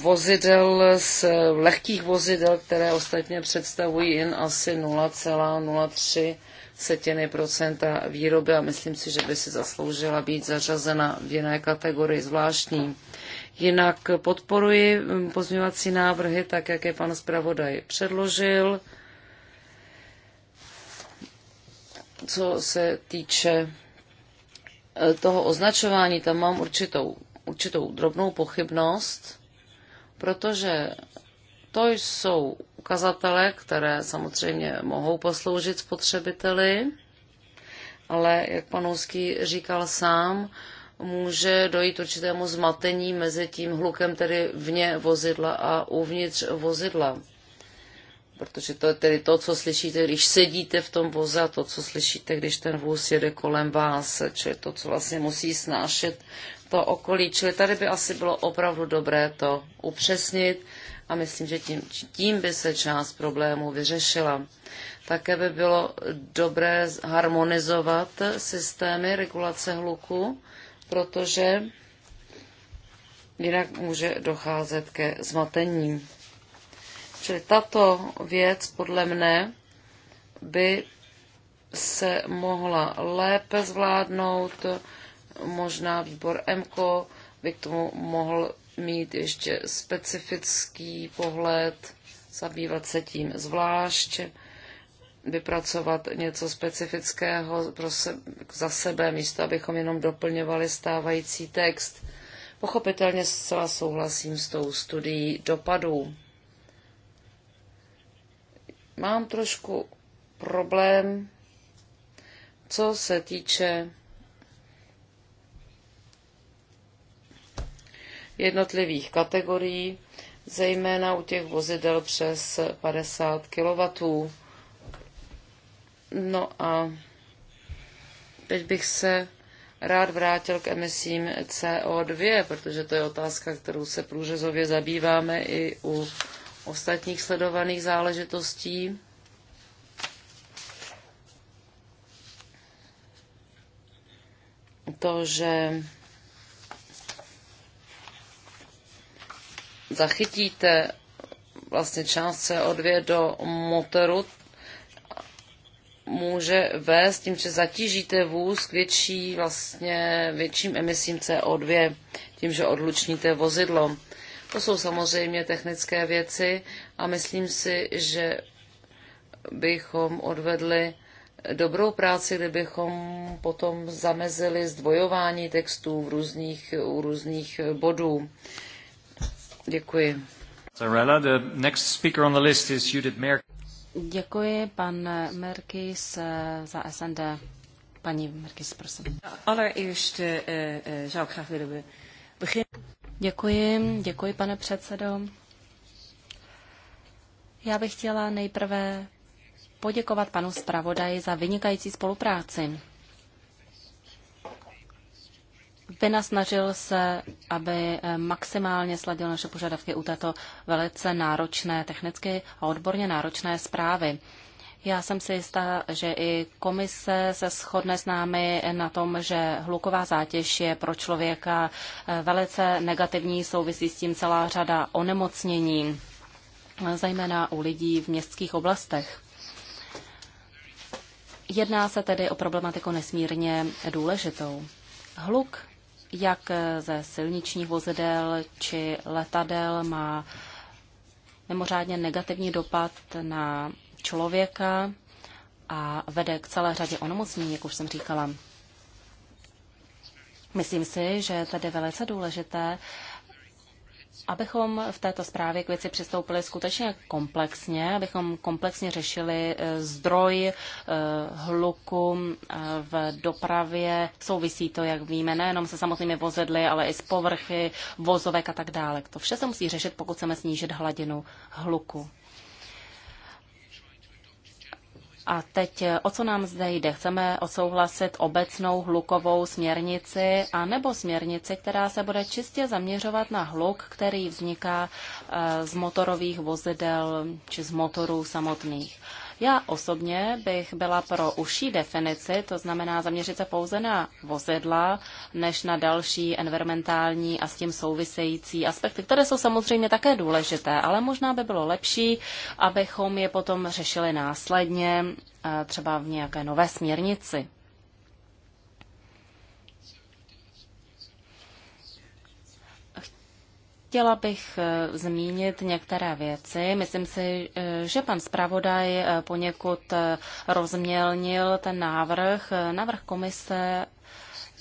vozidel, z eh, lehkých vozidel, které ostatně představují jen asi 0,03 setiny procenta výroby a myslím si, že by si zasloužila být zařazena v jiné kategorii zvláštní. Jinak podporuji mm, pozměňovací návrhy, tak jak je pan zpravodaj předložil. Co se týče toho označování tam mám určitou, určitou drobnou pochybnost, protože to jsou ukazatele, které samozřejmě mohou posloužit spotřebiteli, ale jak pan Ouský říkal sám, může dojít určitému zmatení mezi tím hlukem tedy vně vozidla a uvnitř vozidla protože to je tedy to, co slyšíte, když sedíte v tom voze a to, co slyšíte, když ten vůz jede kolem vás, čili to, co vlastně musí snášet to okolí. Čili tady by asi bylo opravdu dobré to upřesnit a myslím, že tím, tím by se část problémů vyřešila. Také by bylo dobré harmonizovat systémy regulace hluku, protože jinak může docházet ke zmatením. Čili tato věc podle mne by se mohla lépe zvládnout, možná výbor MKO by k tomu mohl mít ještě specifický pohled, zabývat se tím zvlášť, vypracovat něco specifického pro se, za sebe, místo abychom jenom doplňovali stávající text. Pochopitelně zcela souhlasím s tou studií dopadů. Mám trošku problém, co se týče jednotlivých kategorií, zejména u těch vozidel přes 50 kW. No a teď bych se rád vrátil k emisím CO2, protože to je otázka, kterou se průřezově zabýváme i u ostatních sledovaných záležitostí. To, že zachytíte vlastně část CO2 do motoru, může vést tím, že zatížíte vůz k větší, vlastně, větším emisím CO2, tím, že odlučníte vozidlo. To jsou samozřejmě technické věci a myslím si, že bychom odvedli dobrou práci, kdybychom potom zamezili zdvojování textů v různých, u různých bodů. Děkuji. Děkuji, pan Merkis eh, za SND. Paní Merkis, prosím. Allereerst eh, eh, zou ik graag willen beginnen. Děkuji, děkuji pane předsedo. Já bych chtěla nejprve poděkovat panu zpravodaji za vynikající spolupráci. Vynasnažil se, aby eh, maximálně sladil naše požadavky u této velice náročné, technicky a odborně náročné zprávy. Já jsem si jistá, že i komise se shodne s námi na tom, že hluková zátěž je pro člověka eh, velice negativní, souvisí s tím celá řada onemocnění, zejména u lidí v městských oblastech. Jedná se tedy o problematiku nesmírně důležitou. Hluk, jak ze silničních vozidel či letadel, má mimořádně negativní dopad na člověka a vede k celé řadě onemocnění, jak už jsem říkala. Myslím si, že je tedy velice důležité, abychom v této zprávě k věci přistoupili skutečně komplexně, abychom komplexně řešili eh, zdroj eh, hluku eh, v dopravě. Souvisí to, jak víme, nejenom se samotnými vozidly, ale i z povrchy, vozovek a tak dále. To vše se musí řešit, pokud chceme snížit hladinu hluku. A teď, eh, o co nám zde jde? Chceme odsouhlasit obecnou hlukovou směrnici a nebo směrnici, která se bude čistě zaměřovat na hluk, který vzniká eh, z motorových vozidel či z motorů samotných. Já osobně bych byla pro užší definici, to znamená zaměřit se pouze na vozidla, než na další environmentální a s tím související aspekty, které jsou samozřejmě také důležité, ale možná by bylo lepší, abychom je potom řešili následně, eh, třeba v nějaké nové směrnici. Chtěla bych eh, zmínit některé věci. Myslím si, eh, že pan zpravodaj eh, poněkud rozmělnil ten návrh. Návrh komise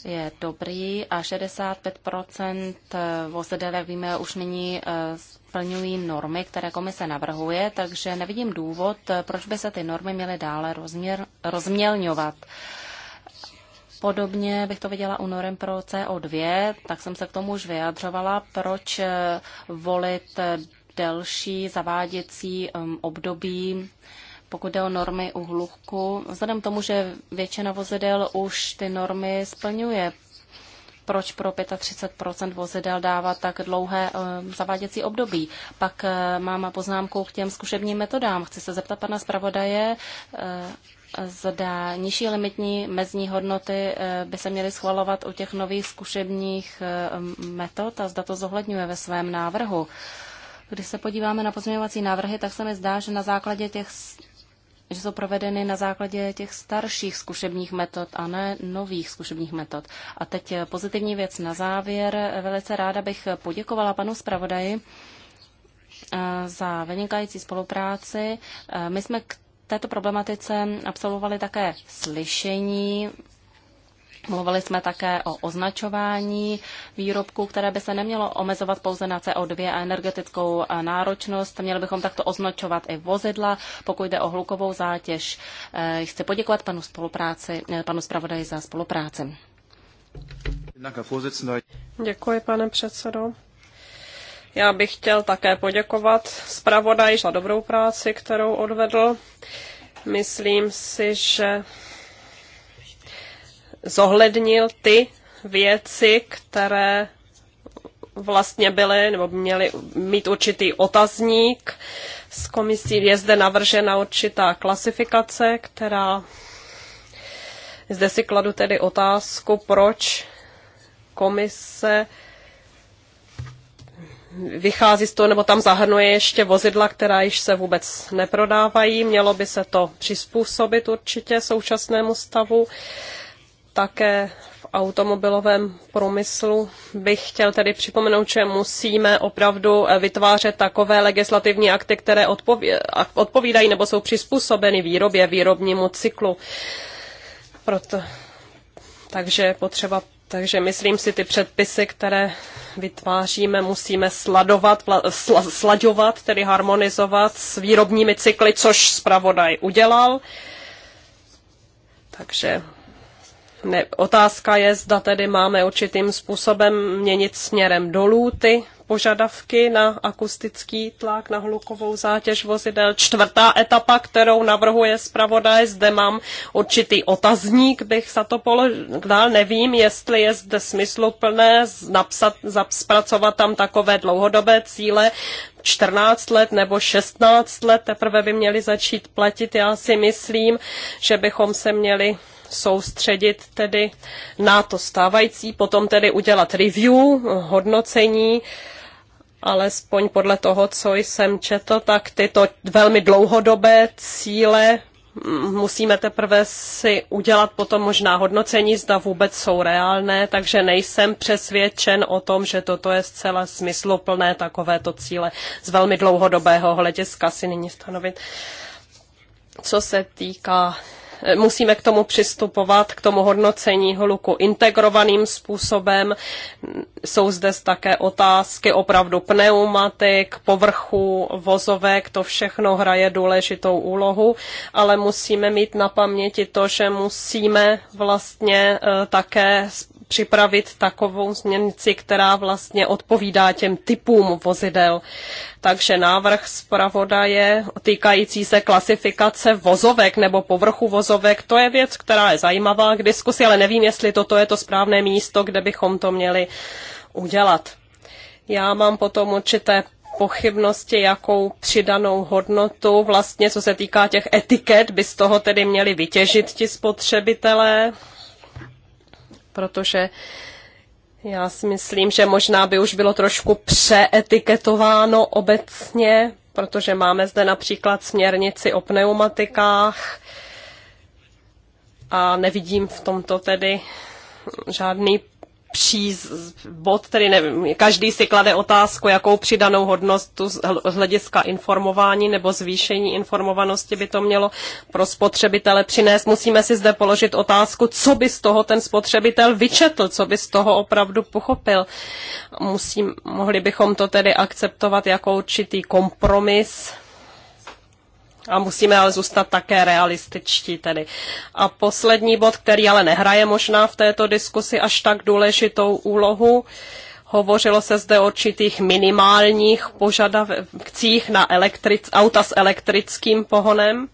je dobrý a 65 vozidel, jak víme, už nyní splňují normy, které komise navrhuje, takže nevidím důvod, proč by se ty normy měly dále rozměr, rozmělňovat. Podobně bych to viděla u norem pro CO2, tak jsem se k tomu už vyjadřovala, proč eh, volit eh, delší zaváděcí období pokud jde o normy u hluku, vzhledem tomu, že většina vozidel už ty normy splňuje, proč pro 35 vozidel dávat tak dlouhé zaváděcí období. Pak eh, mám poznámku k těm zkušebním metodám. Chci se zeptat pana zpravodaje, zda nižší limitní mezní hodnoty eh, by se měly schvalovat u těch nových zkušebních eh, metod a zda to zohledňuje ve svém návrhu. Když se podíváme na pozměňovací návrhy, tak se mi zdá, že na základě těch že jsou provedeny na základě těch starších zkušebních metod a ne nových zkušebních metod. A teď eh, pozitivní věc na závěr. Velice ráda bych poděkovala panu zpravodaji za vynikající spolupráci. My jsme k této problematice absolvovali také slyšení. Mluvili jsme také o označování výrobků, které by se nemělo omezovat pouze na CO2 a energetickou náročnost. Měli bychom takto označovat i vozidla, pokud jde o hlukovou zátěž. Eh, chci poděkovat panu, spolupráci, eh, panu zpravodaji za spolupráci. Děkuji, pane předsedo. Já bych chtěl také poděkovat zpravodaji za dobrou práci, kterou odvedl. Myslím si, že zohlednil ty věci, které vlastně byly nebo měly mít určitý otazník. S komisí je zde navržena určitá klasifikace, která zde si kladu tedy otázku, proč komise vychází z toho, nebo tam zahrnuje ještě vozidla, která již se vůbec neprodávají. Mělo by se to přizpůsobit určitě současnému stavu. Také v automobilovém průmyslu bych chtěl tedy připomenout, že musíme opravdu vytvářet takové legislativní akty, které odpovídají nebo jsou přizpůsobeny výrobě, výrobnímu cyklu. Proto, takže potřeba takže myslím si, ty předpisy, které vytváříme, musíme sladovat, sla, slaďovat, tedy harmonizovat s výrobními cykly, což zpravodaj udělal. Takže ne, otázka je, zda tedy máme určitým způsobem měnit směrem dolů ty požadavky na akustický tlak, na hlukovou zátěž vozidel. Čtvrtá etapa, kterou navrhuje zpravodaj, zde mám určitý otazník, bych za to položil. nevím, jestli je zde smysluplné napsat, zpracovat tam takové dlouhodobé cíle, 14 let nebo 16 let teprve by měli začít platit. Já si myslím, že bychom se měli soustředit tedy na to stávající, potom tedy udělat review, hodnocení alespoň podle toho, co jsem četl, tak tyto velmi dlouhodobé cíle mm, musíme teprve si udělat potom možná hodnocení, zda vůbec jsou reálné, takže nejsem přesvědčen o tom, že toto je zcela smysluplné takovéto cíle z velmi dlouhodobého hlediska si nyní stanovit. Co se týká musíme k tomu přistupovat, k tomu hodnocení hluku integrovaným způsobem. Jsou zde také otázky opravdu pneumatik, povrchu, vozovek, to všechno hraje důležitou úlohu, ale musíme mít na paměti to, že musíme vlastně eh, také připravit takovou změnici, která vlastně odpovídá těm typům vozidel. Takže návrh zpravodaje týkající se klasifikace vozovek nebo povrchu vozovek, to je věc, která je zajímavá k diskusi, ale nevím, jestli toto je to správné místo, kde bychom to měli udělat. Já mám potom určité pochybnosti, jakou přidanou hodnotu vlastně, co se týká těch etiket, by z toho tedy měli vytěžit ti spotřebitelé protože já si myslím, že možná by už bylo trošku přeetiketováno obecně, protože máme zde například směrnici o pneumatikách a nevidím v tomto tedy žádný příz, bod, tedy nevím, každý si klade otázku, jakou přidanou hodnost tu z hlediska informování nebo zvýšení informovanosti by to mělo pro spotřebitele přinést. Musíme si zde položit otázku, co by z toho ten spotřebitel vyčetl, co by z toho opravdu pochopil. Musím, mohli bychom to tedy akceptovat jako určitý kompromis a musíme ale zůstat také realističtí tedy. A poslední bod, který ale nehraje možná v této diskusi až tak důležitou úlohu, Hovořilo se zde o určitých minimálních požadavcích na elektric, auta s elektrickým pohonem.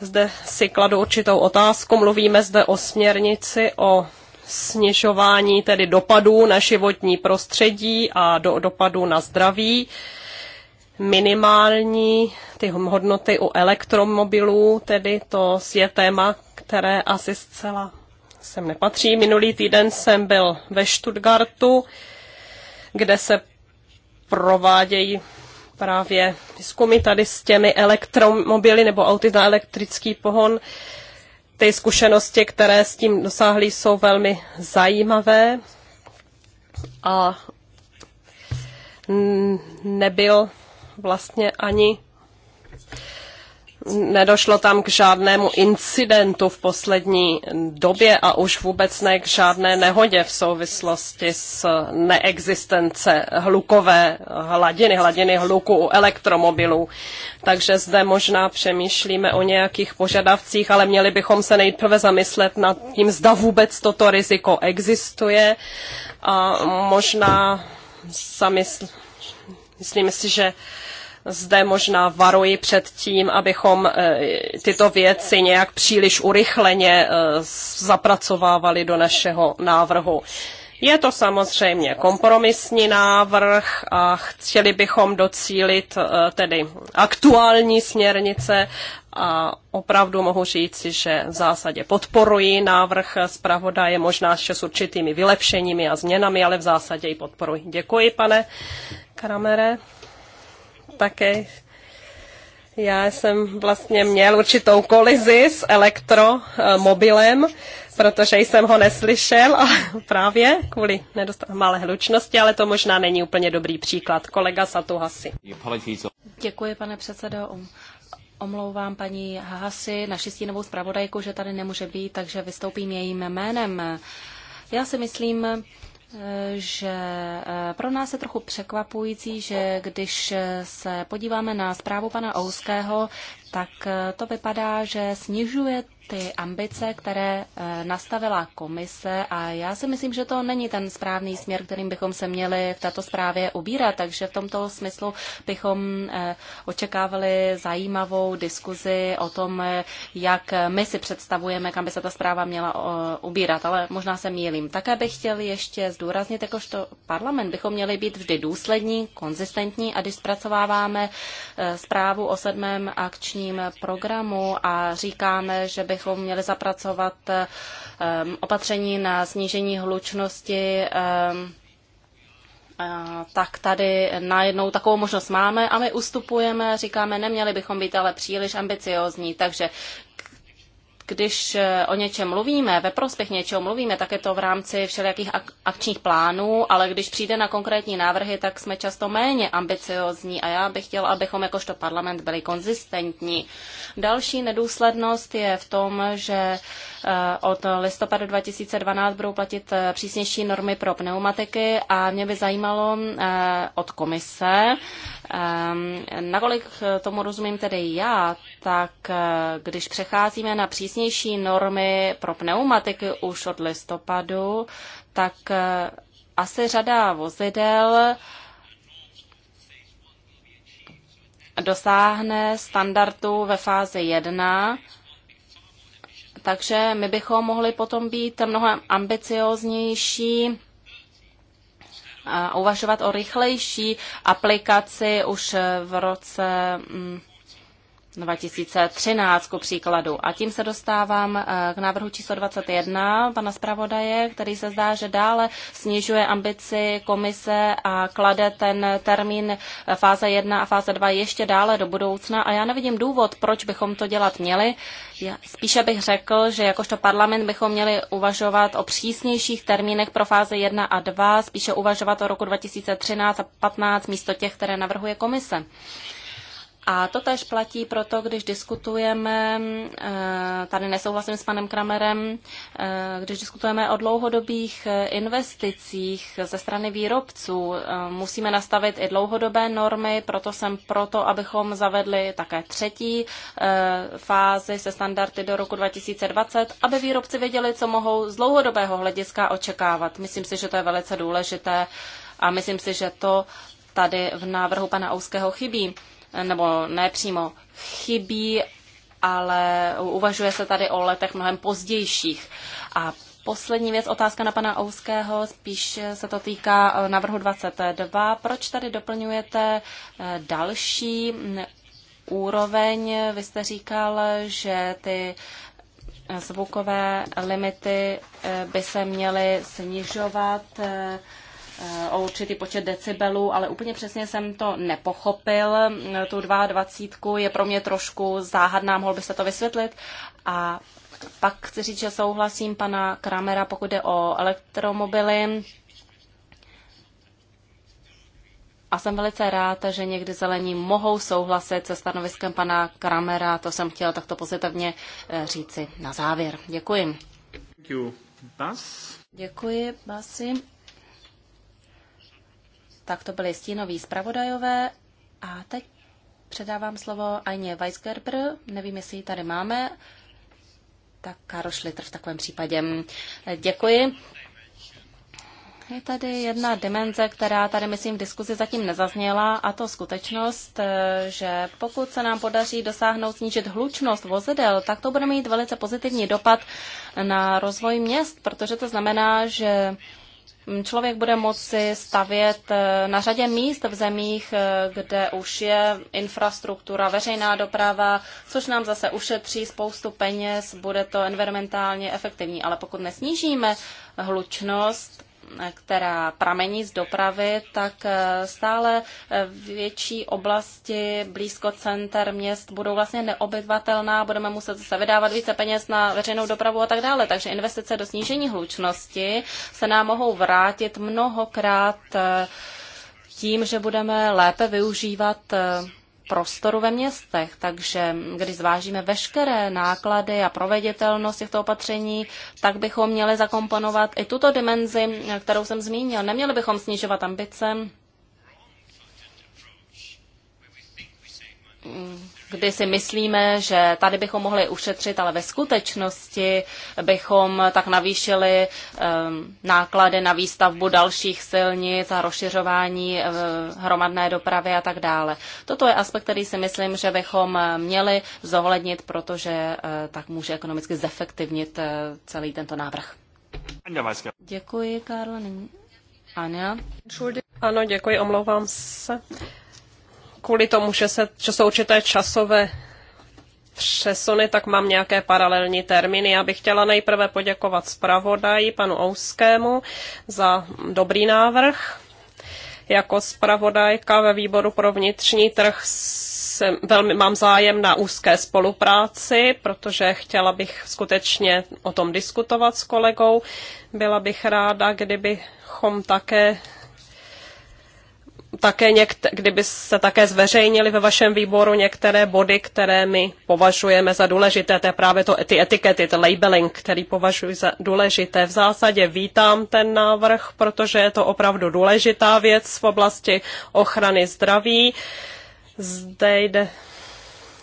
Zde si kladu určitou otázku. Mluvíme zde o směrnici, o snižování tedy dopadů na životní prostředí a do, dopadů na zdraví. Uh, minimální ty hodnoty u elektromobilů, tedy to je téma, které asi zcela sem nepatří. Minulý týden jsem byl ve Stuttgartu, kde se provádějí právě výzkumy tady s těmi elektromobily nebo auty na elektrický pohon. Ty zkušenosti, které s tím dosáhly, jsou velmi zajímavé a nebyl vlastně ani nedošlo tam k žádnému incidentu v poslední době a už vůbec ne k žádné nehodě v souvislosti s neexistence hlukové hladiny, hladiny hluku u elektromobilů. Takže zde možná přemýšlíme o nějakých požadavcích, ale měli bychom se nejprve zamyslet nad tím, zda vůbec toto riziko existuje a možná zamysl... myslím si, že zde možná varuji před tím, abychom eh, tyto věci nějak příliš urychleně eh, zapracovávali do našeho návrhu. Je to samozřejmě kompromisní návrh a chtěli bychom docílit eh, tedy aktuální směrnice a opravdu mohu říci, že v zásadě podporuji návrh zpravodaje, možná ještě s určitými vylepšeními a změnami, ale v zásadě ji podporuji. Děkuji, pane Kramere také já jsem vlastně měl určitou kolizi s elektromobilem, protože jsem ho neslyšel a <laughs> právě kvůli nedostatku malé hlučnosti, ale to možná není úplně dobrý příklad. Kolega Satuhasi. Děkuji, pane předsedo. Omlouvám paní Hasi, naši stínovou zpravodajku, že tady nemůže být, takže vystoupím jejím jménem. Já si myslím, že eh, pro nás je trochu překvapující, že když se podíváme na zprávu pana Ouského, tak eh, to vypadá, že snižuje ty ambice, které eh, nastavila komise a já si myslím, že to není ten správný směr, kterým bychom se měli v této zprávě ubírat, takže v tomto smyslu bychom eh, očekávali zajímavou diskuzi o tom, eh, jak my si představujeme, kam by se ta zpráva měla ubírat, ale možná se mílím. Také bych chtěl ještě zdůraznit, jakožto parlament bychom měli být vždy důslední, konzistentní a když zpracováváme zprávu o sedmém akčním programu a říkáme, že bych bychom měli zapracovat ehm, opatření na snížení hlučnosti ehm, tak tady najednou takovou možnost máme a my ustupujeme, říkáme, neměli bychom být ale příliš ambiciozní. Takže když eh, o něčem mluvíme, ve prospěch něčeho mluvíme, tak je to v rámci všelijakých ak- akčních plánů, ale když přijde na konkrétní návrhy, tak jsme často méně ambiciozní a já bych chtěl, abychom jakožto parlament byli konzistentní. Další nedůslednost je v tom, že eh, od listopadu 2012 budou platit eh, přísnější normy pro pneumatiky a mě by zajímalo od komise, Ehm, nakolik eh, tomu rozumím tedy já, tak eh, když přecházíme na přísnější normy pro pneumatiky už od listopadu, tak eh, asi řada vozidel dosáhne standardu ve fázi 1, takže my bychom mohli potom být mnohem ambicioznější uvažovat o rychlejší aplikaci už v roce mm, 2013 ku příkladu. A tím se dostávám eh, k návrhu číslo 21 pana zpravodaje, který se zdá, že dále snižuje ambici komise a klade ten termín eh, fáze 1 a fáze 2 ještě dále do budoucna. A já nevidím důvod, proč bychom to dělat měli. Já spíše bych řekl, že jakožto parlament bychom měli uvažovat o přísnějších termínech pro fáze 1 a 2, spíše uvažovat o roku 2013 a 15 místo těch, které navrhuje komise. A to tež platí proto, když diskutujeme, eh, tady nesouhlasím s panem Kramerem, eh, když diskutujeme o dlouhodobých eh, investicích ze strany výrobců, musíme nastavit i dlouhodobé normy, proto jsem proto, abychom zavedli také třetí fázi se standardy do roku 2020, aby výrobci věděli, co mohou z dlouhodobého hlediska očekávat. Myslím si, že to je velice důležité a myslím si, že to tady v návrhu pana Auského chybí nebo nepřímo chybí, ale uvažuje se tady o letech mnohem pozdějších. A poslední věc, otázka na pana Ouského, spíš se to týká eh, navrhu 22. Proč tady doplňujete eh, další úroveň? Vy jste říkal, že ty eh, zvukové limity by se měly snižovat o určitý počet decibelů, ale úplně přesně jsem to nepochopil. Tu 22 je pro mě trošku záhadná, mohl byste to vysvětlit. A pak chci říct, že souhlasím pana Kramera, pokud jde o elektromobily. A jsem velice rád, že někdy zelení mohou souhlasit se stanoviskem pana Kramera. To jsem chtěla takto pozitivně eh, říci na závěr. Děkuji. Děkuji, Bas. Děkuji, Basi. Tak to byly stínoví zpravodajové a teď předávám slovo Ajně Weisgerber. Nevím, jestli ji tady máme. Tak Karo Schlitter v takovém případě. Děkuji. Je tady jedna dimenze, která tady, myslím, v diskuzi zatím nezazněla, a to skutečnost, eh, že pokud se nám podaří dosáhnout snížit hlučnost vozidel, tak to bude mít velice pozitivní dopad na rozvoj měst, protože to znamená, že člověk bude moci stavět eh, na řadě míst v zemích, eh, kde už je infrastruktura, veřejná doprava, což nám zase ušetří spoustu peněz, bude to environmentálně efektivní. Ale pokud nesnížíme hlučnost, která pramení z dopravy, tak eh, stále eh, větší oblasti blízko center měst budou vlastně neobyvatelná, budeme muset se vydávat více peněz na veřejnou dopravu a tak dále. Takže investice do snížení hlučnosti se nám mohou vrátit mnohokrát eh, tím, že budeme lépe využívat prostoru ve městech. Takže když zvážíme veškeré náklady a proveditelnost těchto opatření, tak bychom měli zakomponovat i tuto dimenzi, kterou jsem zmínil. Neměli bychom snižovat ambice kdy si myslíme, že tady bychom mohli ušetřit, ale ve skutečnosti bychom tak navýšili ehm, náklady na výstavbu dalších silnic a rozšiřování eh, hromadné dopravy a tak dále. Toto je aspekt, který si myslím, že bychom měli zohlednit, protože eh, tak může ekonomicky zefektivnit eh, celý tento návrh. Děkuji, Karlo. Ano, děkuji, omlouvám se kvůli tomu, že, se, že jsou určité časové přesuny, tak mám nějaké paralelní termíny. Já bych chtěla nejprve poděkovat zpravodaji panu Ouskému za dobrý návrh. Jako zpravodajka ve výboru pro vnitřní trh jsem, velmi mám zájem na úzké spolupráci, protože chtěla bych skutečně o tom diskutovat s kolegou. Byla bych ráda, kdybychom také také někte- kdyby se také zveřejnili ve vašem výboru některé body, které my považujeme za důležité, to je právě to, ty etikety, ten labeling, který považuji za důležité. V zásadě vítám ten návrh, protože je to opravdu důležitá věc v oblasti ochrany zdraví. Zde jde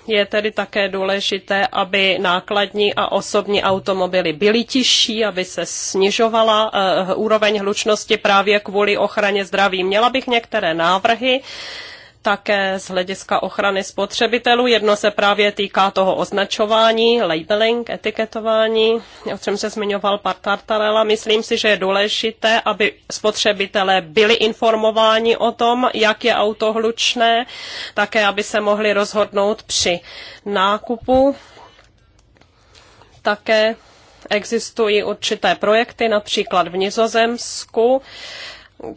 je tedy také důležité, aby nákladní a osobní automobily byly tižší, aby se snižovala eh, úroveň hlučnosti právě kvůli ochraně zdraví. Měla bych některé návrhy také z hlediska ochrany spotřebitelů. Jedno se právě týká toho označování, labeling, etiketování, o čem se zmiňoval pan Tartarella. Myslím si, že je důležité, aby spotřebitelé byli informováni o tom, jak je auto hlučné, také aby se mohli rozhodnout při nákupu. Také existují určité projekty, například v Nizozemsku,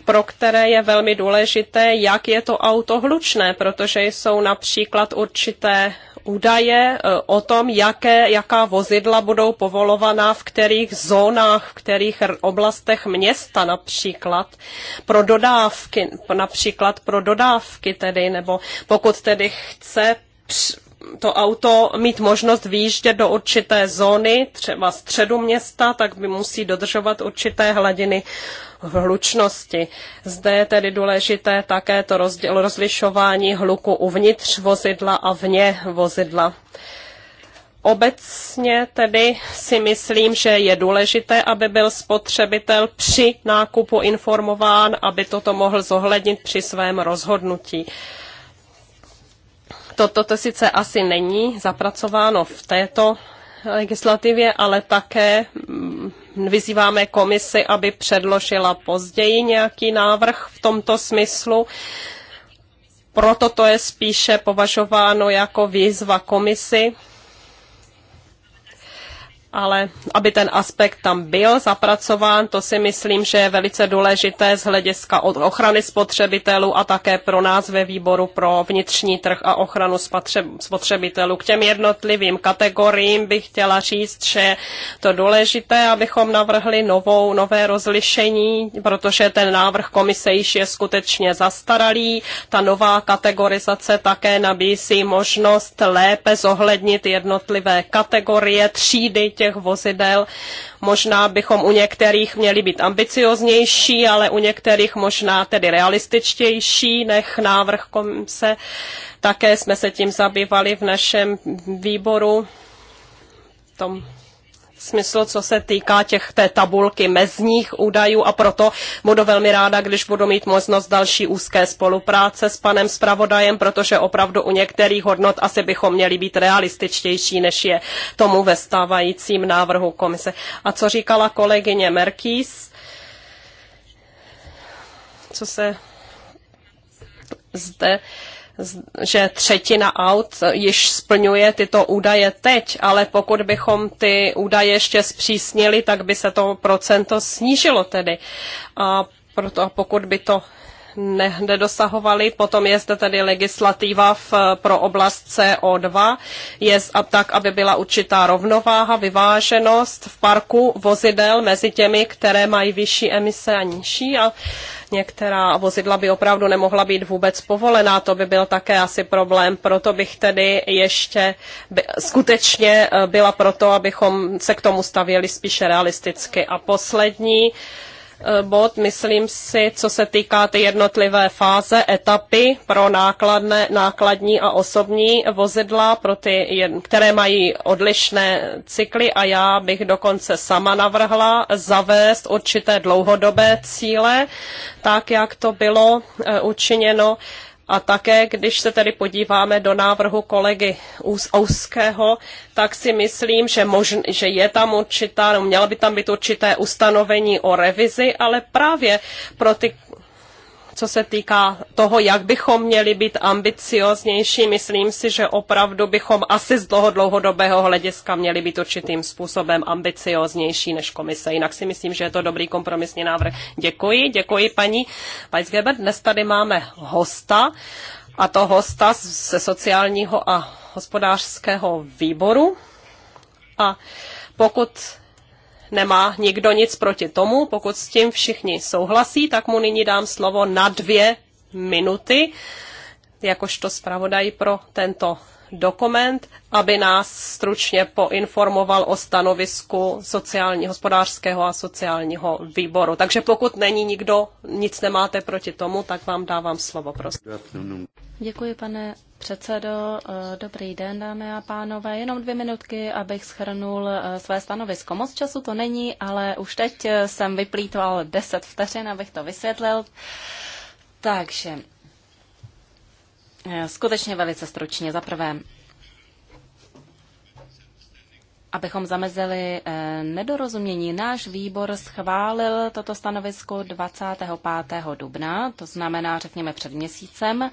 pro které je velmi důležité, jak je to auto hlučné, protože jsou například určité údaje e, o tom, jaké, jaká vozidla budou povolovaná v kterých zónách, v kterých oblastech města například pro dodávky, například pro dodávky tedy, nebo pokud tedy chce to auto mít možnost výjíždět do určité zóny, třeba středu města, tak by musí dodržovat určité hladiny hlučnosti. Zde je tedy důležité také to rozděl, rozlišování hluku uvnitř vozidla a vně vozidla. Obecně tedy si myslím, že je důležité, aby byl spotřebitel při nákupu informován, aby toto mohl zohlednit při svém rozhodnutí. Uh, Toto to sice asi není zapracováno v této legislativě, ale také mm, vyzýváme komisi, aby předložila později nějaký návrh v tomto smyslu. Proto to je spíše považováno jako výzva komisi, ale aby ten aspekt tam byl zapracován, to si myslím, že je velice důležité z hlediska od ochrany spotřebitelů a také pro nás ve výboru pro vnitřní trh a ochranu spotřebitelů. K těm jednotlivým kategoriím bych chtěla říct, že to důležité, abychom navrhli novou, nové rozlišení, protože ten návrh komise již je skutečně zastaralý. Ta nová kategorizace také nabízí možnost lépe zohlednit jednotlivé kategorie, třídy těch vozidel. Možná bychom u některých měli být ambicioznější, ale u některých možná tedy realističtější nech návrh komise. Také jsme se tím zabývali v našem výboru tom smysl, co se týká těch té tabulky mezních údajů a proto budu velmi ráda, když budu mít možnost další úzké spolupráce s panem zpravodajem, protože opravdu u některých hodnot asi bychom měli být realističtější, než je tomu ve stávajícím návrhu komise. A co říkala kolegyně Merkýs? Co se zde že třetina aut již splňuje tyto údaje teď, ale pokud bychom ty údaje ještě zpřísnili, tak by se to procento snížilo tedy. A proto pokud by to ne, nedosahovaly. Potom je zde tedy legislativa v, pro oblast CO2, je a tak, aby byla určitá rovnováha, vyváženost v parku vozidel mezi těmi, které mají vyšší emise a nižší. A některá vozidla by opravdu nemohla být vůbec povolená, to by byl také asi problém, proto bych tedy ještě by, skutečně eh, byla proto, abychom se k tomu stavěli spíše realisticky. A poslední, uh, Eh, bod, myslím si, co se týká ty jednotlivé fáze, etapy pro nákladné, nákladní a osobní vozidla, pro ty, které mají odlišné cykly a já bych dokonce sama navrhla zavést určité dlouhodobé cíle, tak jak to bylo eh, učiněno a také, když se tedy podíváme do návrhu kolegy Ouského, tak si myslím, že, možn, že je tam určitá, no, měla by tam být určité ustanovení o revizi, ale právě pro ty co se týká toho, jak bychom měli být ambicioznější, myslím si, že opravdu bychom asi z toho dlouhodobého hlediska měli být určitým způsobem ambicioznější než komise. Jinak si myslím, že je to dobrý kompromisní návrh. Děkuji, děkuji paní Weisgeber. Dnes tady máme hosta a to hosta ze sociálního a hospodářského výboru. A pokud nemá nikdo nic proti tomu. Pokud s tím všichni souhlasí, tak mu nyní dám slovo na dvě minuty, jakožto zpravodaj pro tento dokument, aby nás stručně poinformoval o stanovisku sociální, hospodářského a sociálního výboru. Takže pokud není nikdo, nic nemáte proti tomu, tak vám dávám slovo, prosím. Děkuji, pane předsedo. Eh, dobrý den, dámy a pánové. Jenom dvě minutky, abych schrnul eh, své stanovisko. Moc času to není, ale už teď eh, jsem vyplýtoval 10 vteřin, abych to vysvětlil. Takže Eh, skutečně velice stručně. Za prvé, abychom zamezili eh, nedorozumění, náš výbor schválil toto stanovisko 25. dubna, to znamená, řekněme, před měsícem.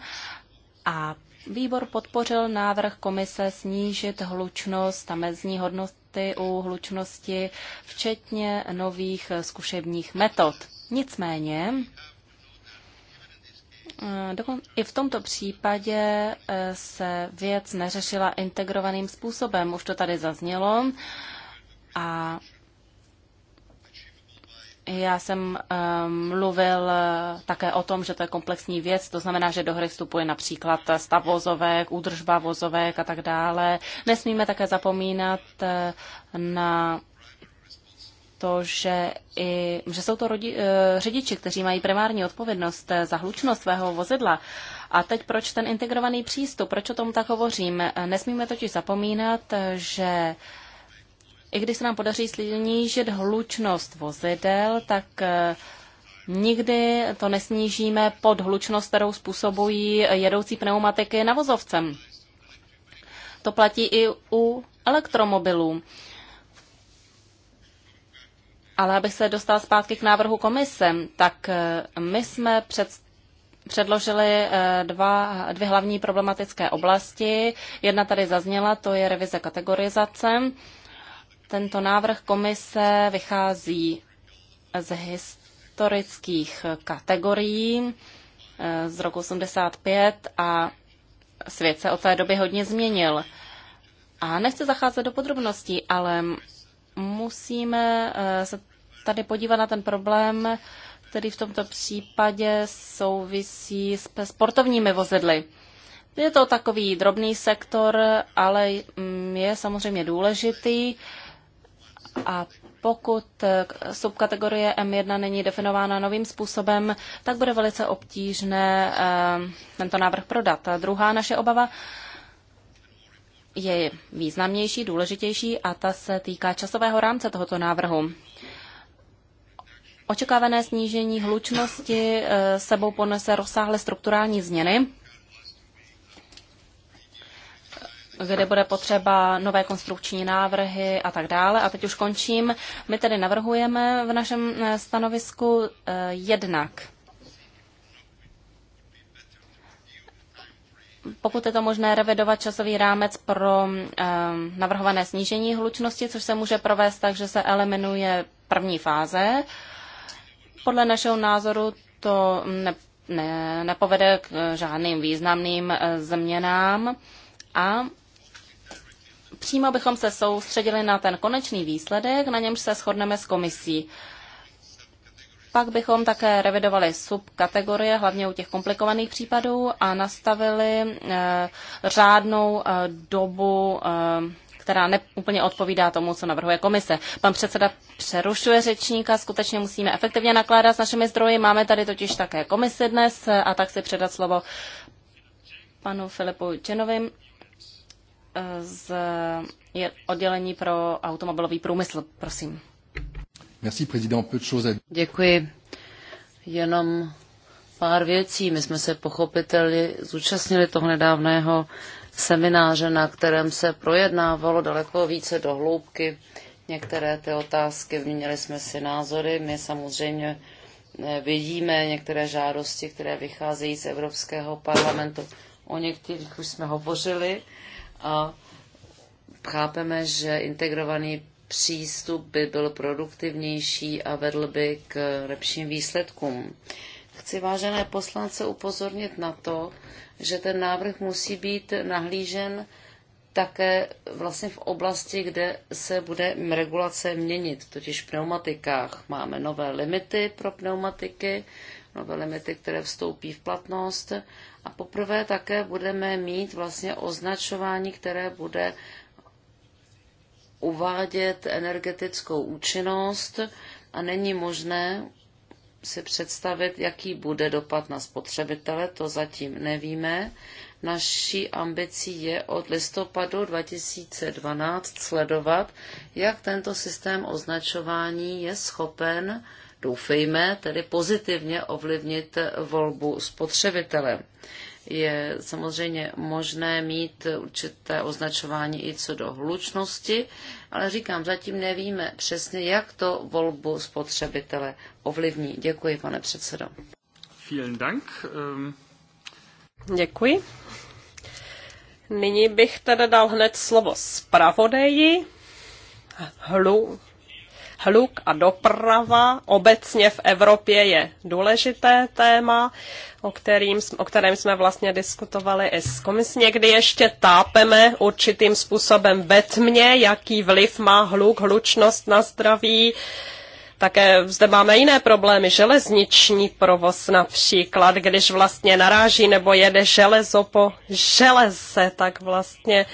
A výbor podpořil návrh komise snížit hlučnost a mezní hodnoty u hlučnosti, včetně nových zkušebních metod. Nicméně Eh, I v tomto případě eh, se věc neřešila integrovaným způsobem, už to tady zaznělo. A já jsem eh, mluvil také o tom, že to je komplexní věc, to znamená, že do hry vstupuje například stav vozovek, údržba vozovek a tak dále. Nesmíme také zapomínat na to, že, i, že jsou to rodi, eh, řidiči, kteří mají primární odpovědnost eh, za hlučnost svého vozidla. A teď proč ten integrovaný přístup, proč o tom tak hovořím? Eh, nesmíme totiž zapomínat, že i když se nám podaří snížit hlučnost vozidel, tak nikdy to nesnížíme pod hlučnost, kterou způsobují jedoucí pneumatiky navozovcem. To platí i u elektromobilů. Ale abych se dostal zpátky k návrhu komise, tak eh, my jsme před, předložili eh, dva, dvě hlavní problematické oblasti. Jedna tady zazněla, to je revize kategorizace. Tento návrh komise vychází z historických kategorií eh, z roku 85 a svět se od té doby hodně změnil. A nechci zacházet do podrobností, ale musíme eh, se tady podívat na ten problém, který v tomto případě souvisí s sportovními vozidly. Je to takový drobný sektor, ale mm, je samozřejmě důležitý. A pokud eh, subkategorie M1 není definována novým způsobem, tak bude velice obtížné eh, tento návrh prodat. A druhá naše obava je významnější, důležitější a ta se týká časového rámce tohoto návrhu. Očekávané snížení hlučnosti e, sebou ponese rozsáhlé strukturální změny, kde bude potřeba nové konstrukční návrhy a tak dále. A teď už končím. My tedy navrhujeme v našem e, stanovisku e, jednak pokud je to možné, revidovat časový rámec pro um, navrhované snížení hlučnosti, což se může provést tak, že se eliminuje první fáze. Podle našeho názoru to ne, ne, nepovede k žádným významným eh, změnám a přímo bychom se soustředili na ten konečný výsledek, na němž se shodneme s komisí. Pak bychom také revidovali subkategorie, hlavně u těch komplikovaných případů, a nastavili eh, řádnou eh, dobu eh, která neúplně odpovídá tomu, co navrhuje komise. Pan předseda přerušuje řečníka, skutečně musíme efektivně nakládat s našimi zdroji. Máme tady totiž také komisi dnes a tak si předat slovo panu Filipu Čenovým z oddělení pro automobilový průmysl. Prosím. Děkuji. Jenom pár věcí. My jsme se pochopiteli zúčastnili toho nedávného semináře, na kterém se projednávalo daleko více dohloubky některé ty otázky, vyměnili jsme si názory. My samozřejmě eh, vidíme některé žádosti, které vycházejí z Evropského parlamentu. O některých už jsme hovořili a chápeme, že integrovaný přístup by byl produktivnější a vedl by k lepším výsledkům. Chci vážené poslance upozornit na to, že ten návrh musí být nahlížen také vlastně v oblasti, kde se bude regulace měnit, totiž v pneumatikách. Máme nové limity pro pneumatiky, nové limity, které vstoupí v platnost a poprvé také budeme mít vlastně označování, které bude uvádět energetickou účinnost a není možné si představit, jaký bude dopad na spotřebitele, to zatím nevíme. Naší ambicí je od listopadu 2012 sledovat, jak tento systém označování je schopen, doufejme, tedy pozitivně ovlivnit volbu spotřebitele je samozřejmě možné mít určité označování i co do hlučnosti, ale říkám, zatím nevíme přesně, jak to volbu spotřebitele ovlivní. Děkuji, pane předsedo. Vielen Dank. Ehm, Děkuji. Nyní bych teda dal hned slovo zpravodeji. Hlu, Hluk a doprava obecně v Evropě je důležité téma, o, kterým, o kterém jsme vlastně diskutovali i s komisí. Někdy ještě tápeme určitým způsobem ve tmě, jaký vliv má hluk, hlučnost na zdraví. Také zde máme jiné problémy, železniční provoz například, když vlastně naráží nebo jede železo po železe, tak vlastně uh,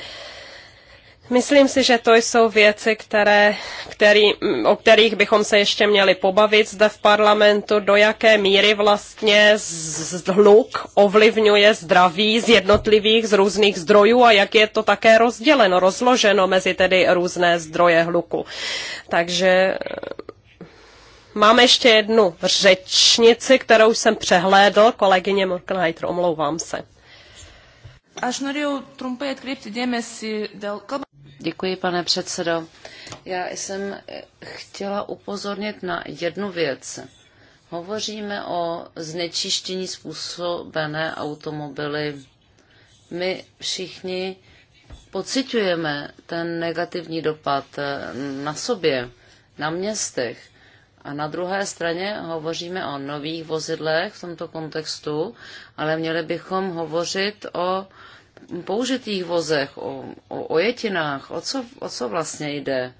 Myslím si, že to jsou věci, které, který, o kterých bychom se ještě měli pobavit zde v parlamentu, do jaké míry vlastně hluk ovlivňuje zdraví z jednotlivých, z různých zdrojů a jak je to také rozděleno, rozloženo mezi tedy různé zdroje hluku. Takže eh, mám ještě jednu řečnici, kterou jsem přehlédl, kolegyně Morkenheiter, omlouvám se. Až norėjau trumpai atkreipti dėmesį dėl Děkuji, pane předsedo. Já jsem eh, chtěla upozornit na jednu věc. Hovoříme o znečištění způsobené automobily. My všichni pociťujeme ten negativní dopad eh, na sobě, na městech. A na druhé straně hovoříme o nových vozidlech v tomto kontextu, ale měli bychom hovořit o použitých vozech, o, o ojetinách, o co, o co vlastně jde?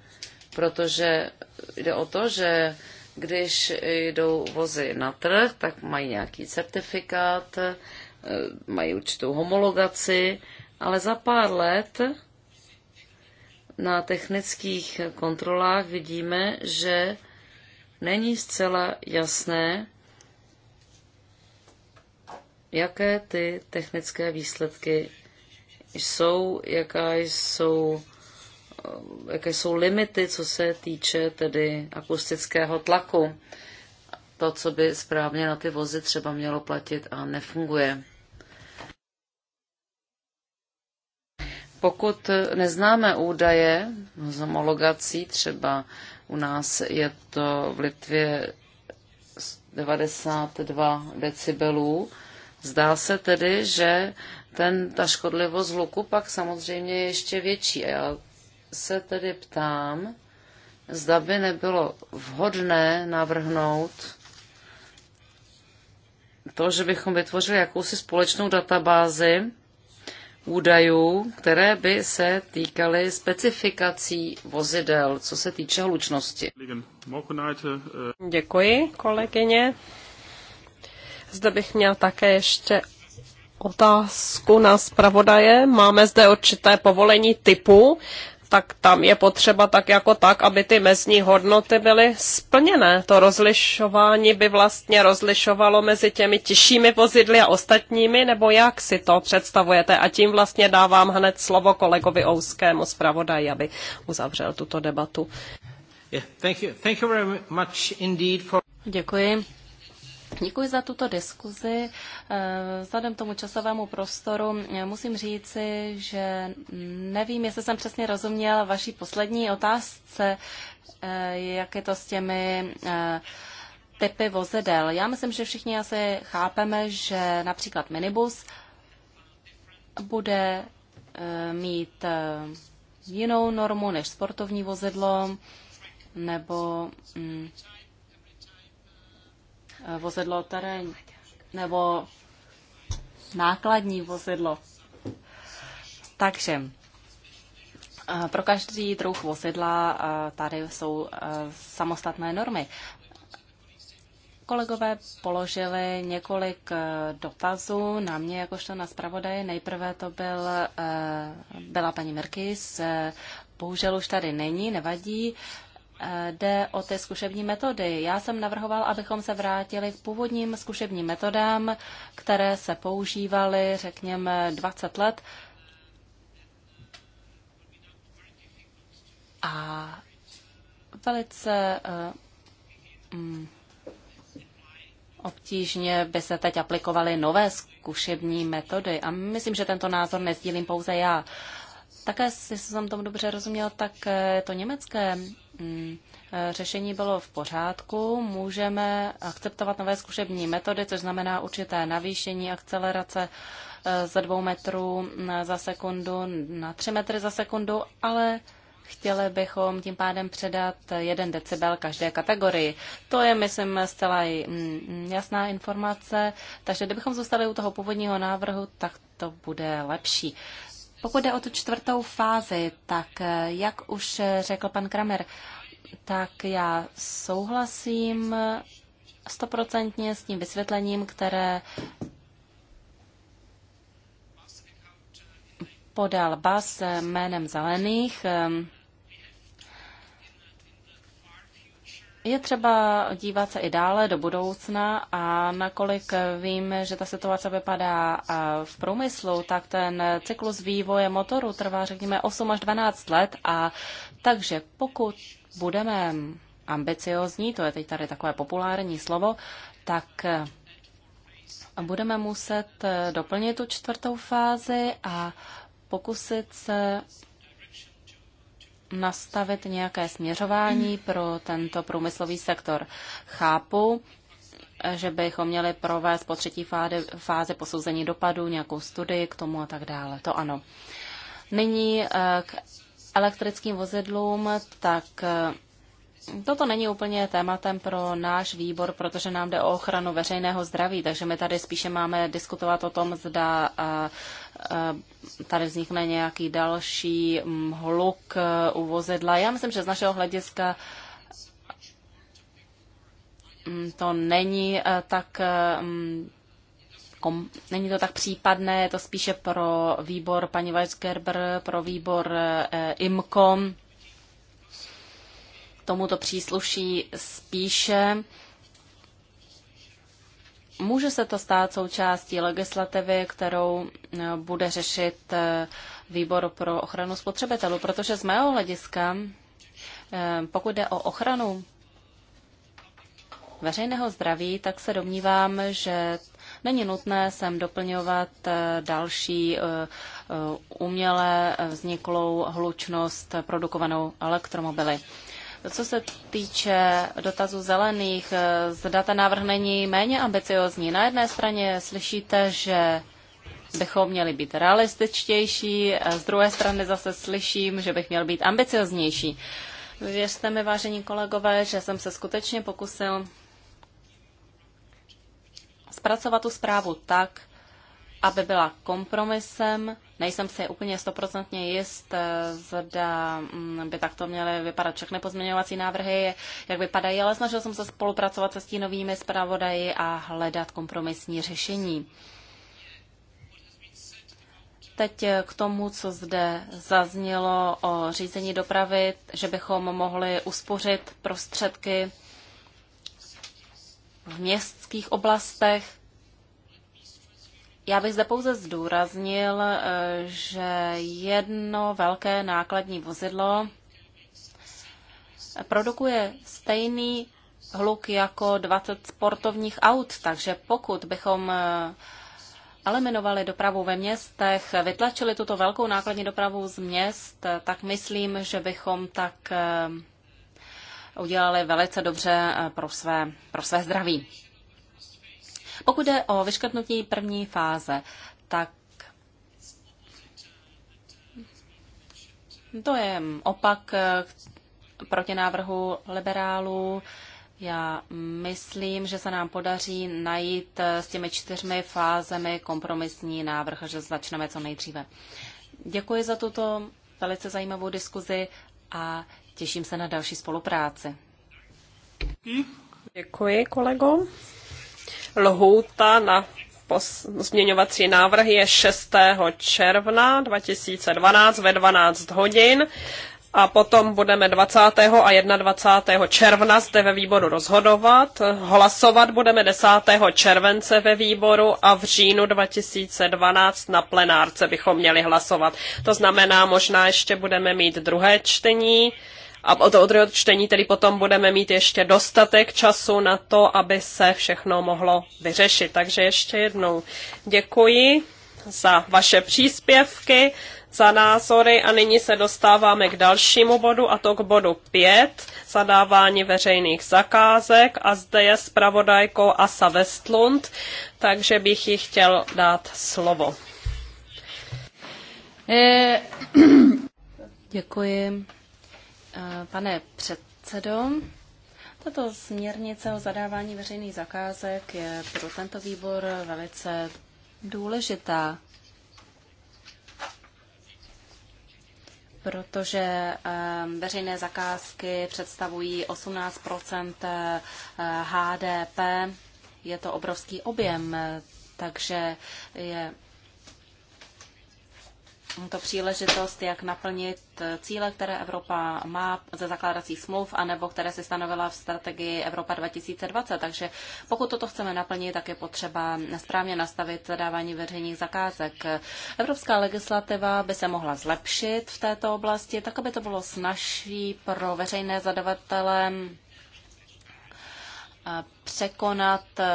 Protože jde o to, že když jdou vozy na trh, tak mají nějaký certifikát, e, mají určitou homologaci, ale za pár let na technických kontrolách vidíme, že není zcela jasné, jaké ty technické výsledky jsou, jaká jsou, jaké jsou limity, co se týče tedy akustického tlaku. To, co by správně na ty vozy třeba mělo platit a nefunguje. Pokud neznáme údaje z homologací, třeba u nás je to v Litvě 92 decibelů, zdá se tedy, že ten, ta škodlivost hluku pak samozřejmě je ještě větší. A já se tedy ptám, zda by nebylo vhodné navrhnout to, že bychom vytvořili jakousi společnou databázi údajů, které by se týkaly specifikací vozidel, co se týče hlučnosti. Děkuji, kolegyně. Zde bych měl také ještě otázku na zpravodaje. Máme zde určité povolení typu, tak tam je potřeba tak jako tak, aby ty mezní hodnoty byly splněné. To rozlišování by vlastně rozlišovalo mezi těmi těžšími vozidly a ostatními, nebo jak si to představujete? A tím vlastně dávám hned slovo kolegovi Ouskému zpravodaji, aby uzavřel tuto debatu. Děkuji Děkuji za tuto diskuzi. Eh, vzhledem tomu časovému prostoru eh, musím říci, že nevím, jestli jsem přesně rozuměla vaší poslední otázce, eh, jak je to s těmi typy vozidel. Já myslím, že všichni asi chápeme, že například minibus bude mít jinou normu než sportovní vozidlo nebo mm, Eh, vozidlo terén nebo nákladní vozidlo. Takže eh, pro každý druh vozidla eh, tady jsou samostatné normy. Kolegové položili několik dotazů na mě, jakožto na zpravodaj. Nejprve to byl, byla paní Merkis, bohužel už tady není, nevadí jde o ty zkušební metody. Já jsem navrhoval, abychom se vrátili k původním zkušebním metodám, které se používaly, řekněme, 20 let. A velice eh, mm, obtížně by se teď aplikovaly nové zkušební metody. A myslím, že tento názor nezdílím pouze já. Také, jestli jsem tomu dobře rozuměl, tak eh, to německé Mm, e, řešení bylo v pořádku, můžeme akceptovat nové zkušební metody, což znamená určité navýšení akcelerace e, ze dvou metrů za sekundu na tři metry za sekundu, ale chtěli bychom tím pádem předat jeden decibel každé kategorii. To je, myslím, zcela mm, jasná informace, takže kdybychom zůstali u toho původního návrhu, tak to bude lepší. Pokud jde o tu čtvrtou fázi, tak eh, jak už eh, řekl pan Kramer, tak já souhlasím stoprocentně s tím vysvětlením, které podal Bas jménem Zelených. Ehm, Je třeba dívat se i dále do budoucna a nakolik vím, že ta situace vypadá v průmyslu, tak ten cyklus vývoje motoru trvá řekněme 8 až 12 let a takže pokud budeme ambiciozní, to je teď tady takové populární slovo, tak eh, budeme muset eh, doplnit tu čtvrtou fázi a pokusit se nastavit nějaké směřování pro tento průmyslový sektor. Chápu, že bychom měli provést po třetí fáze, fáze posouzení dopadu, nějakou studii k tomu a tak dále. To ano. Nyní eh, k elektrickým vozidlům, tak eh, Toto není úplně tématem pro náš výbor, protože nám jde o ochranu veřejného zdraví, takže my tady spíše máme diskutovat o tom, zda eh, Eh, tady vznikne nějaký další mm, hluk eh, u vozidla. Já myslím, že z našeho hlediska mm, to není eh, tak mm, kom, není to tak případné, je to spíše pro výbor paní Weisgerber, pro výbor IMKOM. Tomu to přísluší spíše. Může se to stát součástí legislativy, kterou eh, bude řešit eh, výbor pro ochranu spotřebitelů, protože z mého hlediska, eh, pokud jde o ochranu veřejného zdraví, tak se domnívám, že není nutné sem doplňovat další uměle vzniklou hlučnost produkovanou elektromobily. Co se týče dotazu zelených, eh, zda ten návrh není méně ambiciozní. Na jedné straně slyšíte, že bychom měli být realističtější, eh, z druhé strany zase slyším, že bych měl být ambicioznější. Věřte mi, vážení kolegové, že jsem se skutečně pokusil zpracovat tu zprávu tak, aby byla kompromisem. Nejsem si úplně stoprocentně jist, eh, zda mm, by takto měly vypadat všechny pozměňovací návrhy, jak vypadají, ale snažil jsem se spolupracovat se stínovými zpravodaji a hledat kompromisní řešení. Teď eh, k tomu, co zde zaznělo o řízení dopravy, že bychom mohli uspořit prostředky v městských oblastech. Já bych zde pouze zdůraznil, eh, že jedno velké nákladní vozidlo produkuje stejný hluk jako 20 sportovních aut, takže pokud bychom eh, eliminovali dopravu ve městech, vytlačili tuto velkou nákladní dopravu z měst, eh, tak myslím, že bychom tak udělali velice dobře pro své, pro své zdraví. Pokud jde o vyškrtnutí první fáze, tak to je opak eh, proti návrhu liberálů. Já myslím, že se nám podaří najít eh, s těmi čtyřmi fázemi kompromisní návrh, že začneme co nejdříve. Děkuji za tuto velice zajímavou diskuzi a těším se na další spolupráci. Děkuji, kolego. Lhůta na změňovací návrhy je 6. června 2012 ve 12 hodin a potom budeme 20. a 21. června zde ve výboru rozhodovat. Hlasovat budeme 10. července ve výboru a v říjnu 2012 na plenárce bychom měli hlasovat. To znamená, možná ještě budeme mít druhé čtení a to druhého čtení tedy potom budeme mít ještě dostatek času na to, aby se všechno mohlo vyřešit. Takže ještě jednou děkuji za vaše příspěvky, za názory a nyní se dostáváme k dalšímu bodu a to k bodu 5, zadávání veřejných zakázek a zde je pravodajkou Asa Westlund, takže bych jí chtěl dát slovo. Eh, <clears throat> děkuji. Eh, pane předsedo, tato směrnice o zadávání veřejných zakázek je pro tento výbor velice důležitá, protože eh, veřejné zakázky představují 18 eh, HDP. Je to obrovský objem, takže je to příležitost, jak naplnit cíle, které Evropa má ze zakládacích smluv, anebo které se stanovila v strategii Evropa 2020. Takže pokud toto chceme naplnit, tak je potřeba správně nastavit zadávání veřejných zakázek. Evropská legislativa by se mohla zlepšit v této oblasti, tak aby to bylo snažší pro veřejné zadavatele eh, překonat eh,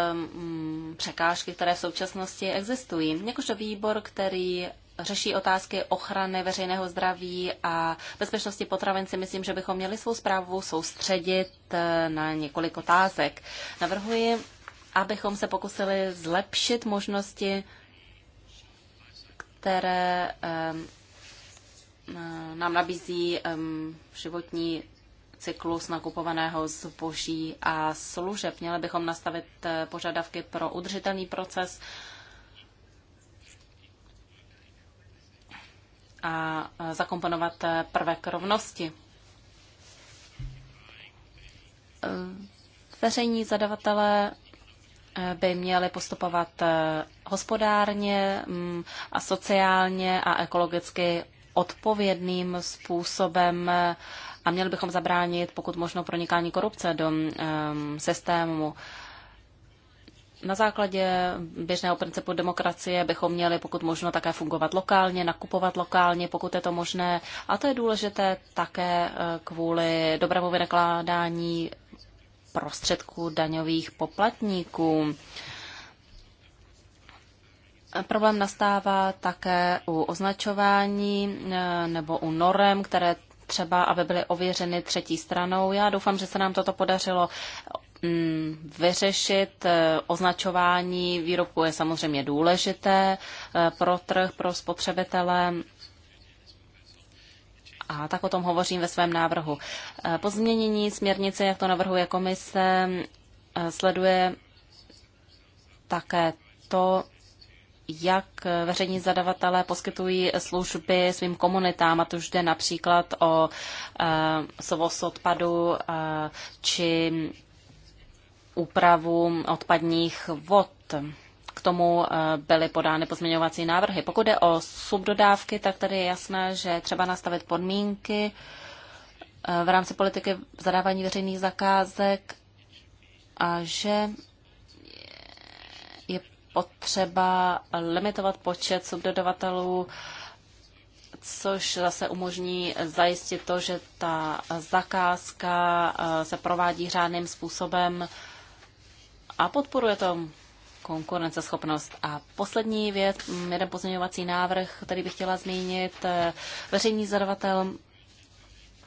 překážky, které v současnosti existují. Jakožto výbor, který řeší otázky ochrany veřejného zdraví a bezpečnosti potravin, si myslím, že bychom měli svou zprávu soustředit eh, na několik otázek. Navrhuji, abychom se pokusili zlepšit možnosti, které eh, nám nabízí eh, životní cyklus nakupovaného zboží a služeb. Měli bychom nastavit požadavky pro udržitelný proces a zakomponovat eh, prvek rovnosti. Eh, veřejní zadavatelé eh, by měli postupovat hospodárně mm, a sociálně a ekologicky odpovědným způsobem a měli bychom zabránit pokud možno pronikání korupce do um, systému na základě běžného principu demokracie bychom měli pokud možno také fungovat lokálně, nakupovat lokálně, pokud je to možné. A to je důležité také eh, kvůli dobrému vynakládání prostředků daňových poplatníků. Problém nastává také u označování eh, nebo u norem, které třeba, aby byly ověřeny třetí stranou. Já doufám, že se nám toto podařilo Mm, vyřešit. Eh, označování výrobku je samozřejmě důležité eh, pro trh, pro spotřebitele. A tak o tom hovořím ve svém návrhu. Eh, po změnění směrnice, jak to navrhuje komise, sleduje také to, jak veřejní zadavatelé poskytují služby svým komunitám, a to jde například o e, sovoz odpadu e, či úpravu odpadních vod. K tomu eh, byly podány pozměňovací návrhy. Pokud jde o subdodávky, tak tady je jasné, že třeba nastavit podmínky eh, v rámci politiky zadávání veřejných zakázek a že je potřeba limitovat počet subdodavatelů, což zase umožní zajistit to, že ta zakázka eh, se provádí řádným způsobem a podporuje to konkurenceschopnost. A poslední věc, mm, jeden pozměňovací návrh, který bych chtěla zmínit. Eh, veřejný zadavatel,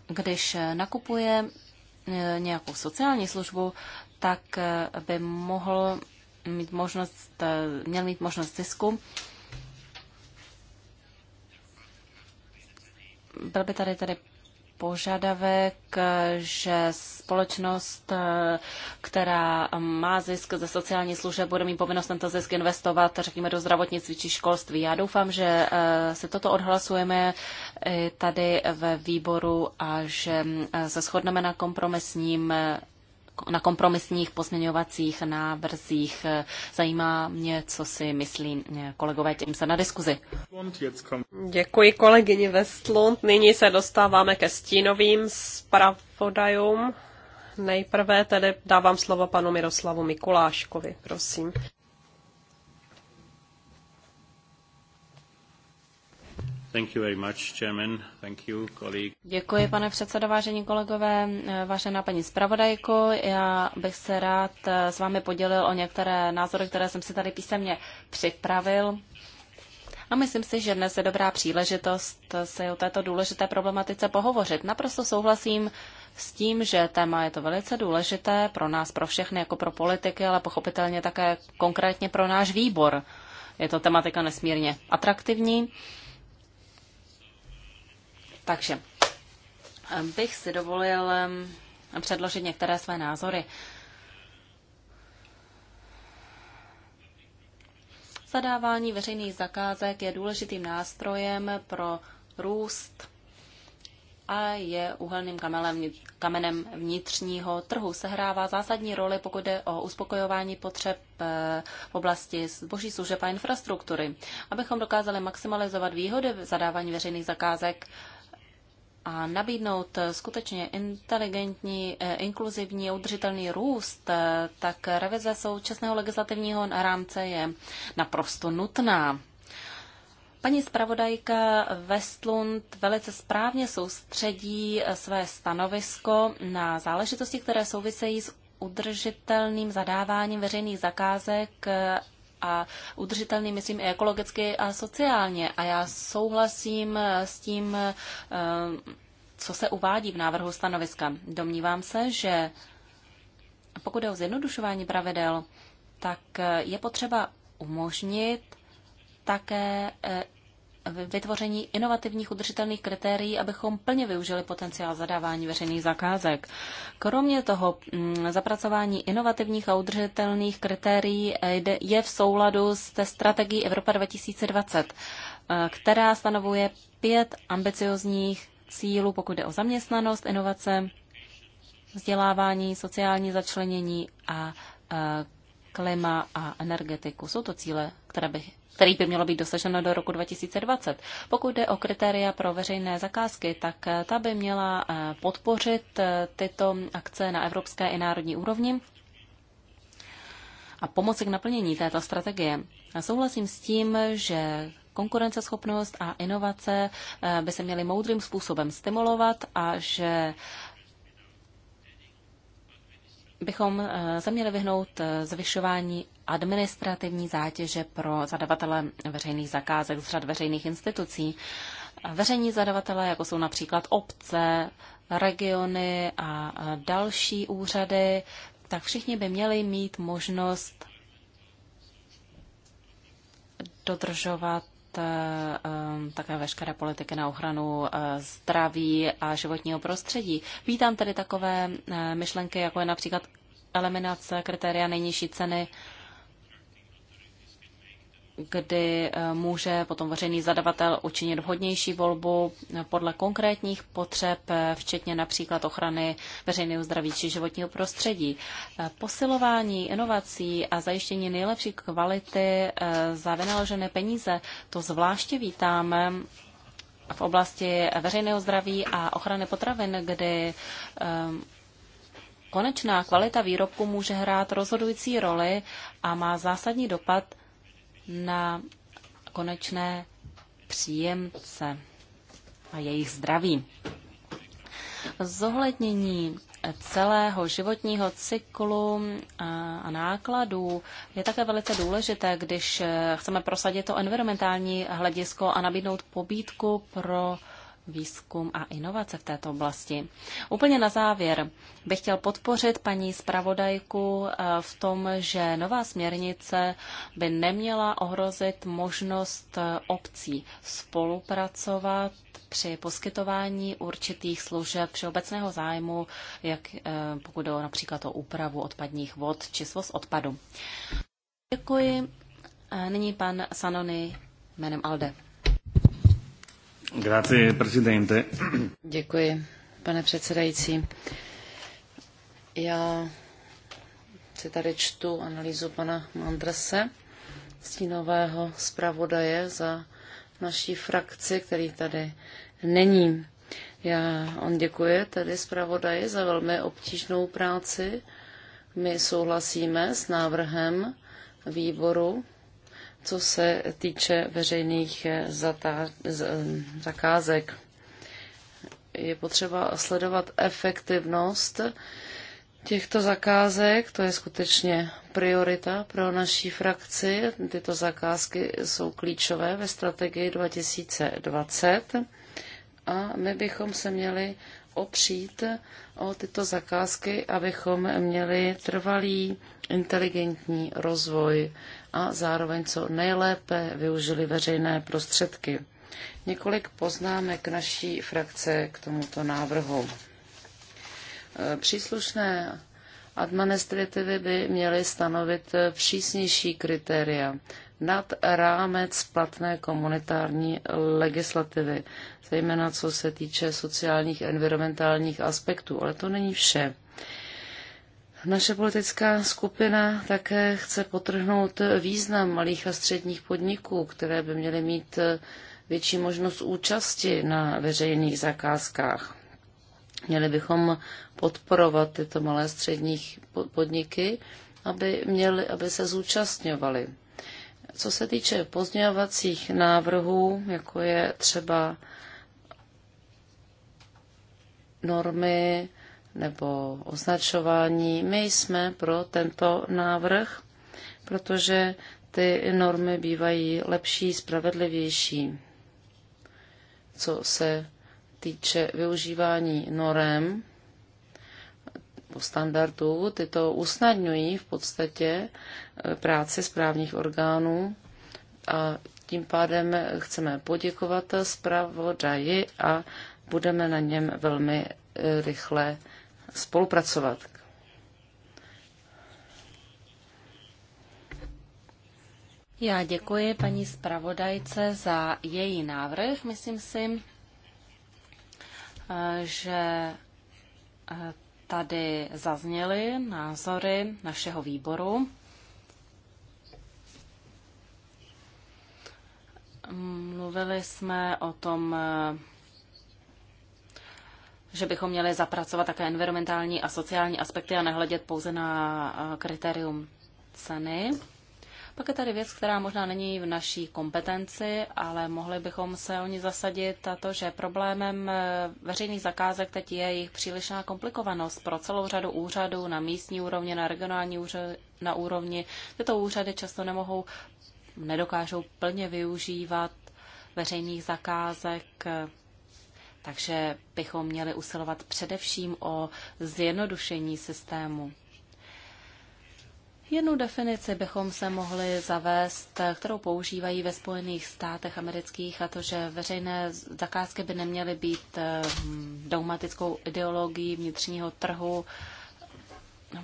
když eh, nakupuje eh, nějakou sociální službu, tak by mohl mít možnost, měl mít možnost zisku. Byl by tady tady požadavek, že společnost, která má zisk ze sociální služeb, bude mít povinnost tento zisk investovat, řekněme, do zdravotnictví či školství. Já doufám, že eh, se toto odhlasujeme tady ve výboru a že eh, se shodneme na kompromisním eh, na kompromisních pozměňovacích návrzích. Eh, zajímá mě, co si myslí eh, kolegové, tím se na diskuzi. Děkuji kolegyni Westlund. Nyní se dostáváme ke stínovým zpravodajům. Nejprve tedy dávám slovo panu Miroslavu Mikuláškovi, prosím. Děkuji, pane předsedo, vážení kolegové, vážená paní zpravodajko. Já bych se rád eh, s vámi podělil o některé názory, které jsem si tady písemně připravil. A myslím si, že dnes je dobrá příležitost si o této důležité problematice pohovořit. Naprosto souhlasím s tím, že téma je to velice důležité pro nás, pro všechny, jako pro politiky, ale pochopitelně také konkrétně pro náš výbor. Je to tematika nesmírně atraktivní. Takže eh, bych si dovolil eh, předložit některé své názory. Zadávání veřejných zakázek je důležitým nástrojem pro růst a je uhelným kamenem vnitřního trhu. Sehrává zásadní roli, pokud jde o uspokojování potřeb eh, v oblasti zboží služeb a infrastruktury. Abychom dokázali maximalizovat výhody v zadávání veřejných zakázek, a nabídnout skutečně inteligentní, eh, inkluzivní a udržitelný růst, eh, tak revize současného legislativního rámce je naprosto nutná. Paní zpravodajka Westlund velice správně soustředí eh, své stanovisko na záležitosti, které souvisejí s udržitelným zadáváním veřejných zakázek a udržitelný, myslím, i ekologicky a sociálně. A já souhlasím s tím, eh, co se uvádí v návrhu stanoviska. Domnívám se, že pokud je o zjednodušování pravidel, tak eh, je potřeba umožnit také eh, vytvoření inovativních udržitelných kritérií, abychom plně využili potenciál zadávání veřejných zakázek. Kromě toho mm, zapracování inovativních a udržitelných kritérií eh, je v souladu s té strategií Evropa 2020, eh, která stanovuje pět ambiciozních cílů, pokud jde o zaměstnanost, inovace, vzdělávání, sociální začlenění a eh, klima a energetiku. Jsou to cíle, které by který by mělo být dosaženo do roku 2020. Pokud jde o kritéria pro veřejné zakázky, tak eh, ta by měla eh, podpořit eh, tyto akce na evropské i národní úrovni a pomoci k naplnění této strategie. A souhlasím s tím, že konkurenceschopnost a inovace by se měly moudrým způsobem stimulovat a že bychom eh, se měli vyhnout eh, zvyšování administrativní zátěže pro zadavatele veřejných zakázek z řad veřejných institucí. Veřejní zadavatele, jako jsou například obce, regiony a eh, další úřady, tak všichni by měli mít možnost dodržovat Eh, eh, také veškeré politiky na ochranu eh, zdraví a životního prostředí. Vítám tedy takové myšlenky, jako je například eliminace kritéria nejnižší ceny kdy eh, může potom veřejný zadavatel učinit vhodnější volbu podle konkrétních potřeb, eh, včetně například ochrany veřejného zdraví či životního prostředí. Eh, posilování inovací a zajištění nejlepší kvality za vynaložené peníze, to zvláště vítáme v oblasti veřejného zdraví a ochrany potravin, kdy Konečná kvalita výrobku může hrát rozhodující roli a má zásadní dopad na konečné příjemce a jejich zdraví. Zohlednění celého životního cyklu a nákladů je také velice důležité, když chceme prosadit to environmentální hledisko a nabídnout pobídku pro výzkum a inovace v této oblasti. Úplně na závěr bych chtěl podpořit paní zpravodajku eh, v tom, že nová směrnice by neměla ohrozit možnost eh, obcí spolupracovat při poskytování určitých služeb všeobecného zájmu, jak eh, pokud jde například o úpravu odpadních vod či svoz odpadu. Děkuji. Nyní pan Sanony jménem Alde. Děkuji, pane předsedající. Já si tady čtu analýzu pana Mandrase, stínového zpravodaje za naší frakci, který tady není. Já, on děkuje tedy zpravodaji za velmi obtížnou práci. My souhlasíme s návrhem výboru co se týče veřejných eh, eh, zakázek. Je potřeba sledovat efektivnost těchto zakázek, to je skutečně priorita pro naší frakci. Tyto zakázky jsou klíčové ve strategii 2020 a my bychom se měli opřít o tyto zakázky, abychom měli trvalý inteligentní rozvoj a zároveň co nejlépe využili veřejné prostředky. Několik poznámek naší frakce k tomuto návrhu. E, příslušné administrativy by měly stanovit přísnější kritéria nad rámec platné komunitární legislativy, zejména co se týče sociálních, environmentálních aspektů. Ale to není vše. Naše politická skupina také chce potrhnout význam malých a středních podniků, které by měly mít eh, větší možnost účasti na veřejných zakázkách. Měli bychom podporovat tyto malé střední podniky, aby, měli, aby se zúčastňovali. Co se týče pozměňovacích návrhů, jako je třeba normy, nebo označování. My jsme pro tento návrh, protože ty normy bývají lepší, spravedlivější, co se týče využívání norem standardů. Tyto usnadňují v podstatě eh, práci správních orgánů a tím pádem chceme poděkovat zpravodaji a budeme na něm velmi eh, rychle spolupracovat. Já děkuji paní zpravodajce za její návrh. Myslím si, eh, že eh, tady zazněly názory našeho výboru. Mluvili jsme o tom eh, že bychom měli zapracovat také environmentální a sociální aspekty a nehledět pouze na eh, kritérium ceny. Pak je tady věc, která možná není v naší kompetenci, ale mohli bychom se o ní zasadit a to, že problémem eh, veřejných zakázek teď je jejich přílišná komplikovanost pro celou řadu úřadů na místní úrovni, na regionální úře, na úrovni. Tyto úřady často nemohou, nedokážou plně využívat veřejných zakázek eh, takže bychom měli usilovat především o zjednodušení systému. Jednu definici bychom se mohli zavést, kterou používají ve Spojených státech amerických, a to, že veřejné zakázky by neměly být hm, dogmatickou ideologií vnitřního trhu.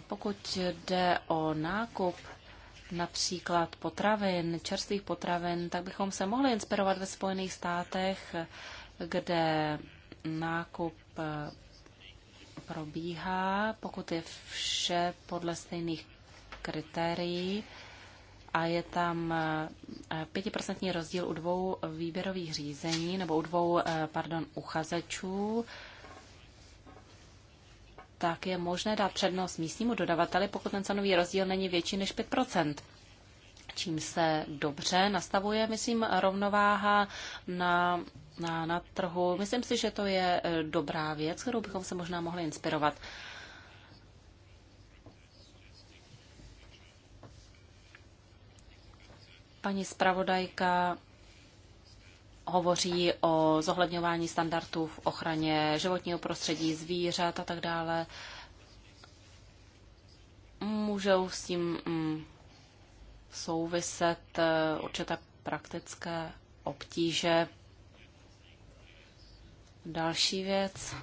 Pokud jde o nákup například potravin, čerstvých potravin, tak bychom se mohli inspirovat ve Spojených státech kde nákup eh, probíhá, pokud je vše podle stejných kritérií a je tam eh, pětiprocentní rozdíl u dvou výběrových řízení nebo u dvou, eh, pardon, uchazečů, tak je možné dát přednost místnímu dodavateli, pokud ten cenový rozdíl není větší než 5 čím se dobře nastavuje, myslím, rovnováha na platná na trhu. Myslím si, že to je e, dobrá věc, kterou bychom se možná mohli inspirovat. Paní zpravodajka hovoří o zohledňování standardů v ochraně životního prostředí, zvířat a tak dále. Můžou s tím mm, souviset e, určité praktické obtíže. Další věc.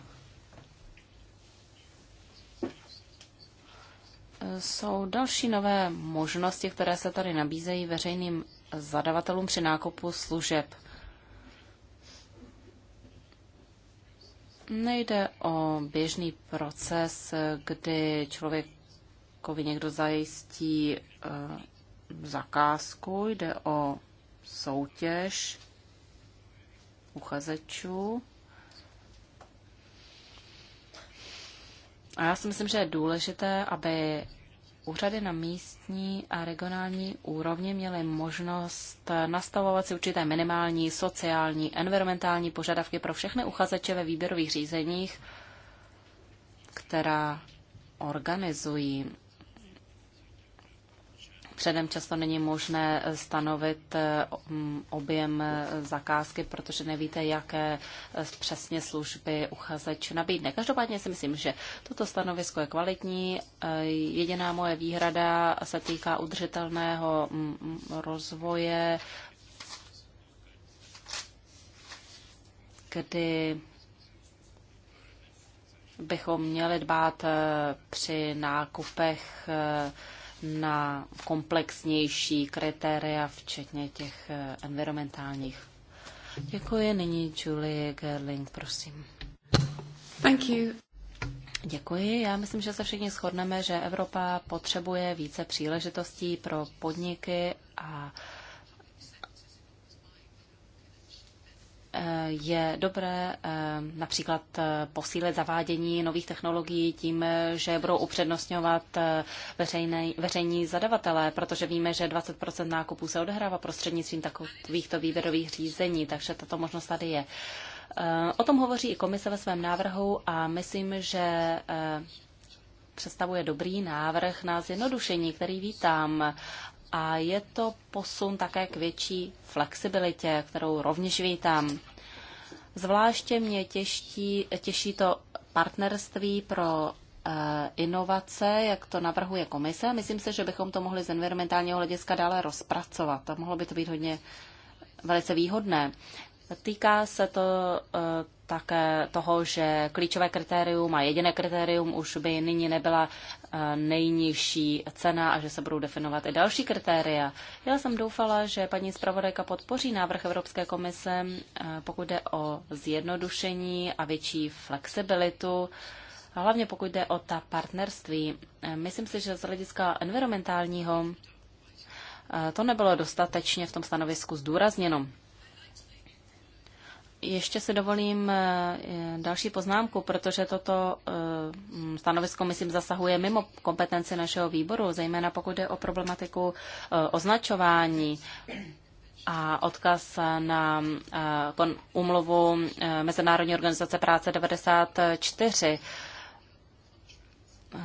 Jsou další nové možnosti, které se tady nabízejí veřejným zadavatelům při nákupu služeb. Nejde o běžný proces, kdy člověkovi někdo zajistí eh, zakázku, jde o soutěž uchazečů. A já si myslím, že je důležité, aby úřady na místní a regionální úrovni měly možnost nastavovat si určité minimální sociální, environmentální požadavky pro všechny uchazeče ve výběrových řízeních, která organizují. Předem často není možné eh, stanovit eh, objem eh, zakázky, protože nevíte, jaké přesně služby uchazeč nabídne. Každopádně si myslím, že toto stanovisko je kvalitní. Jediná moje výhrada se týká udržitelného rozvoje, kdy bychom měli dbát při nákupech na komplexnější kritéria, včetně těch eh, environmentálních. Děkuji. Nyní Julie Gerling, prosím. Thank you. Děkuji. Já myslím, že se všichni shodneme, že Evropa potřebuje více příležitostí pro podniky a uh, je dobré eh, například eh, posílit zavádění nových technologií tím, že budou upřednostňovat eh, veřejné, veřejní zadavatelé, protože víme, že 20 nákupů se odehrává prostřednictvím takovýchto výběrových řízení, takže tato možnost tady je. O tom hovoří i komise ve svém návrhu a myslím, že představuje dobrý návrh na zjednodušení, který vítám a je to posun také k větší flexibilitě, kterou rovněž vítám. Zvláště mě těší, těší to partnerství pro eh, inovace, jak to navrhuje komise. Myslím se, že bychom to mohli z environmentálního hlediska dále rozpracovat. To mohlo by to být hodně velice výhodné. Týká se to eh, také toho, že klíčové kritérium a jediné kritérium už by nyní nebyla eh, nejnižší cena a že se budou definovat i další kritéria. Já jsem doufala, že paní zpravodajka podpoří návrh Evropské komise, eh, pokud jde o zjednodušení a větší flexibilitu, a hlavně pokud jde o ta partnerství. Eh, myslím si, že z hlediska environmentálního to nebylo dostatečně v tom stanovisku zdůrazněno. Ještě si dovolím eh, eh, další poznámku, protože toto eh, mm, stanovisko, myslím, zasahuje mimo kompetenci našeho výboru, zejména pokud jde o problematiku označování a odkaz na umluvu Mezinárodní organizace práce 94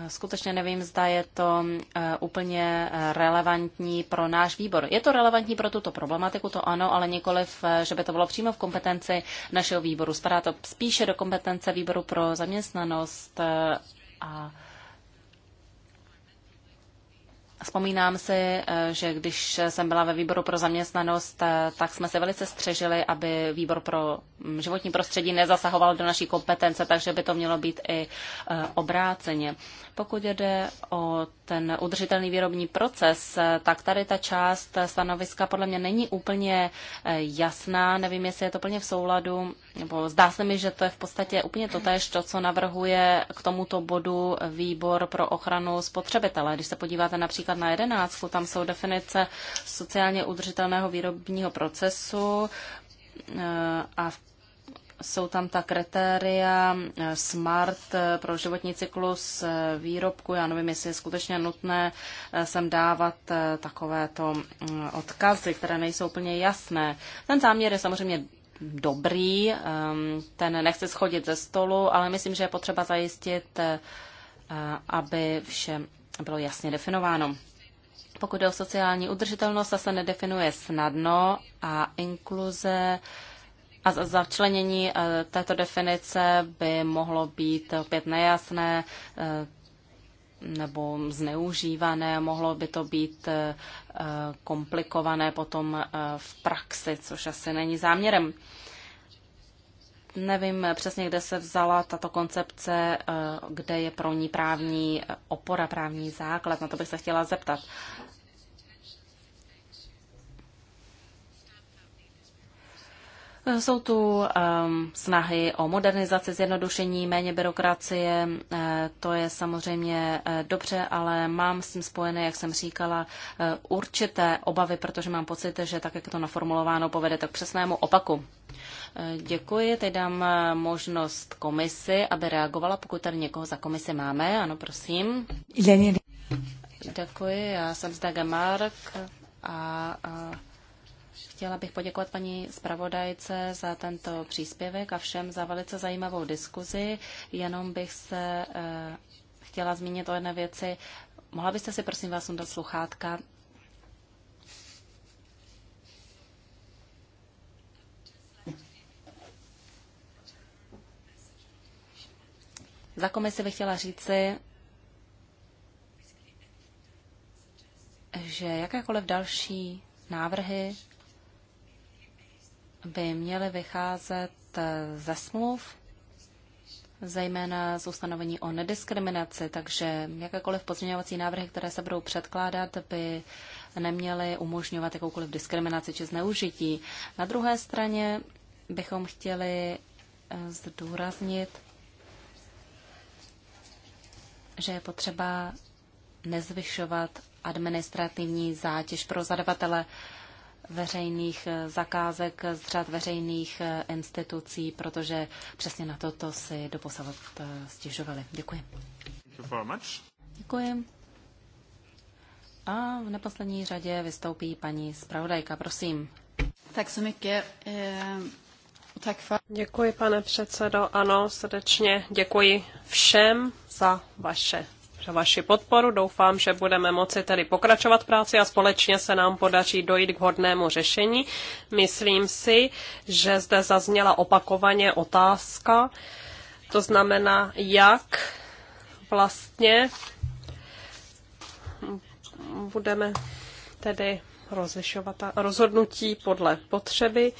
skutečně nevím, zda je to eh, úplně eh, relevantní pro náš výbor. Je to relevantní pro tuto problematiku, to ano, ale nikoliv, eh, že by to bylo přímo v kompetenci našeho výboru. Spadá to spíše do kompetence výboru pro zaměstnanost a Vzpomínám si, eh, že když jsem byla ve výboru pro zaměstnanost, eh, tak jsme se velice střežili, aby výbor pro mm, životní prostředí nezasahoval do naší kompetence, takže by to mělo být i eh, obráceně. Pokud jde o ten udržitelný výrobní proces, tak tady ta část stanoviska podle mě není úplně jasná. Nevím, jestli je to plně v souladu nebo zdá se mi, že to je v podstatě úplně tež, to, co navrhuje k tomuto bodu výbor pro ochranu spotřebitele. Když se podíváte například na jedenáctku, tam jsou definice sociálně udržitelného výrobního procesu eh, a jsou tam ta kritéria eh, smart eh, pro životní cyklus výrobku. Já nevím, jestli je skutečně nutné sem dávat takovéto mm, odkazy, které nejsou úplně jasné. Ten záměr je samozřejmě dobrý, ehm, ten nechci schodit ze stolu, ale myslím, že je potřeba zajistit, eh, aby vše bylo jasně definováno. Pokud je o sociální udržitelnost, se nedefinuje snadno a inkluze a začlenění eh, této definice by mohlo být opět nejasné, eh, nebo zneužívané, mohlo by to být eh, komplikované potom eh, v praxi, což asi není záměrem. Nevím přesně, kde se vzala tato koncepce, eh, kde je pro ní právní opora, právní základ. Na to bych se chtěla zeptat. Jsou tu snahy o modernizaci, zjednodušení, méně byrokracie, eh, to je samozřejmě eh, dobře, ale mám s tím spojené, jak jsem říkala, eh, určité obavy, protože mám pocit, že tak, jak to naformulováno, povede tak přesnému opaku. Děkuji, teď dám možnost komisi, aby reagovala, pokud tady někoho za komisi máme. Ano, prosím. Děkuji, já jsem zde Gamark a, a Chtěla bych poděkovat paní zpravodajce za tento příspěvek a všem za velice zajímavou diskuzi. Jenom bych se eh, chtěla zmínit o jedné věci. Mohla byste si prosím vás sundat sluchátka? Za komisi bych chtěla říci, že jakékoliv další návrhy by měly vycházet eh, ze smluv, zejména z ustanovení o nediskriminaci, takže jakékoliv pozměňovací návrhy, které se budou předkládat, by neměly umožňovat jakoukoliv diskriminaci či zneužití. Na druhé straně bychom chtěli eh, zdůraznit, že je potřeba nezvyšovat administrativní zátěž pro zadavatele veřejných eh, zakázek z řad veřejných eh, institucí, protože přesně na toto si doposavat eh, stěžovali. Děkuji. Děkuji. A v neposlední řadě vystoupí paní zpravodajka. Prosím. Tak se mycket. Děkuji, pane předsedo. Ano, srdečně děkuji všem za vaše za vaši podporu. Doufám, že budeme moci tedy pokračovat práci a společně se nám podaří dojít k hodnému řešení. Myslím si, že zde zazněla opakovaně otázka, to znamená, jak vlastně budeme tedy rozlišovat rozhodnutí podle potřeby. Uh,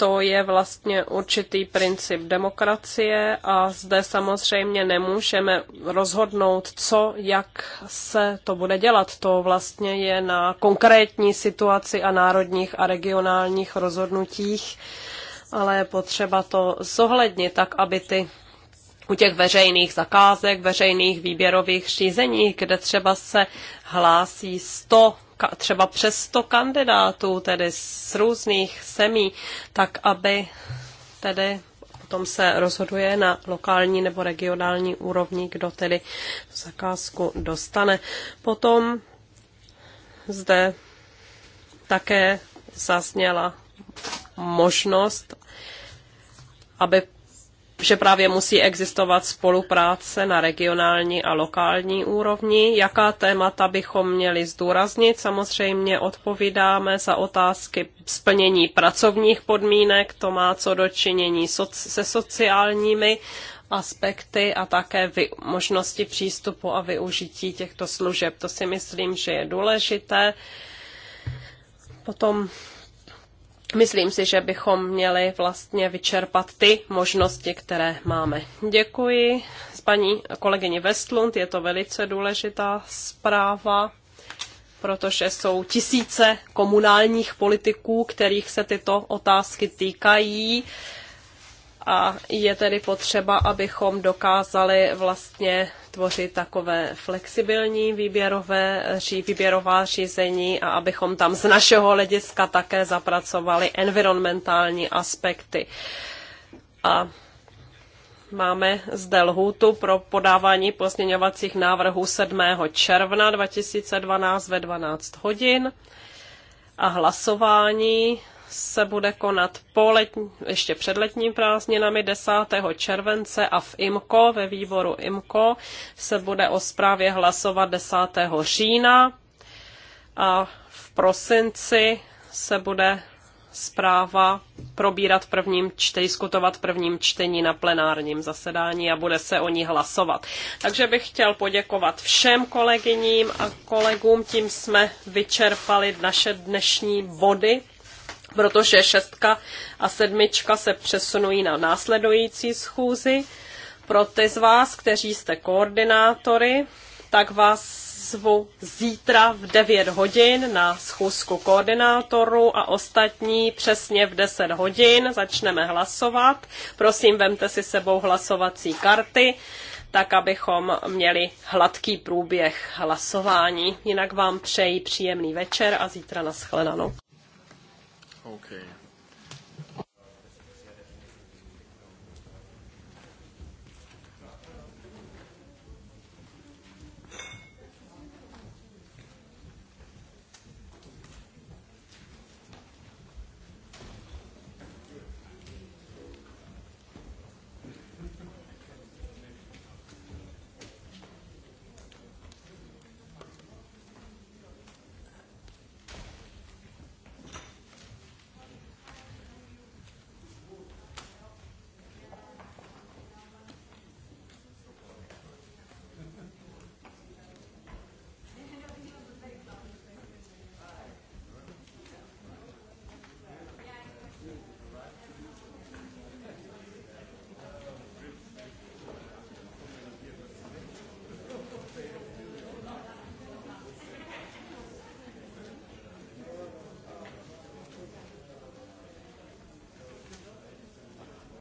to je vlastně určitý princip demokracie a zde samozřejmě nemůžeme rozhodnout, co, jak se to bude dělat. To vlastně je na konkrétní situaci a národních a regionálních rozhodnutích, ale je potřeba to zohlednit tak, aby ty u těch veřejných zakázek, veřejných výběrových řízení, kde třeba se hlásí 100 třeba přes 100 kandidátů, tedy z různých semí, tak aby tedy potom se rozhoduje na lokální nebo regionální úrovni, kdo tedy zakázku dostane. Potom zde také zazněla možnost, aby že právě musí existovat spolupráce na regionální a lokální úrovni. Jaká témata bychom měli zdůraznit? Samozřejmě odpovídáme za otázky splnění pracovních podmínek, to má co dočinění se sociálními aspekty a také vy, možnosti přístupu a využití těchto služeb. To si myslím, že je důležité. Potom Myslím si, že bychom měli vlastně vyčerpat ty možnosti, které máme. Děkuji s paní kolegyni Westlund, je to velice důležitá zpráva, protože jsou tisíce komunálních politiků, kterých se tyto otázky týkají a je tedy potřeba, abychom dokázali vlastně tvořit takové flexibilní výběrové, ří, výběrová řízení a abychom tam z našeho hlediska také zapracovali environmentální aspekty. A Máme zde lhůtu pro podávání pozměňovacích návrhů 7. června 2012 ve 12 hodin a hlasování se bude konat po letní, ještě před letním prázdninami 10. července a v IMKO, ve výboru IMKO, se bude o zprávě hlasovat 10. října a v prosinci se bude zpráva probírat prvním čtení, diskutovat prvním čtení na plenárním zasedání a bude se o ní hlasovat. Takže bych chtěl poděkovat všem kolegyním a kolegům, tím jsme vyčerpali naše dnešní body protože šestka a sedmička se přesunují na následující schůzi. Pro ty z vás, kteří jste koordinátory, tak vás zvu zítra v 9 hodin na schůzku koordinátorů a ostatní přesně v 10 hodin začneme hlasovat. Prosím, vemte si sebou hlasovací karty, tak abychom měli hladký průběh hlasování. Jinak vám přeji příjemný večer a zítra naschledanou. Okay.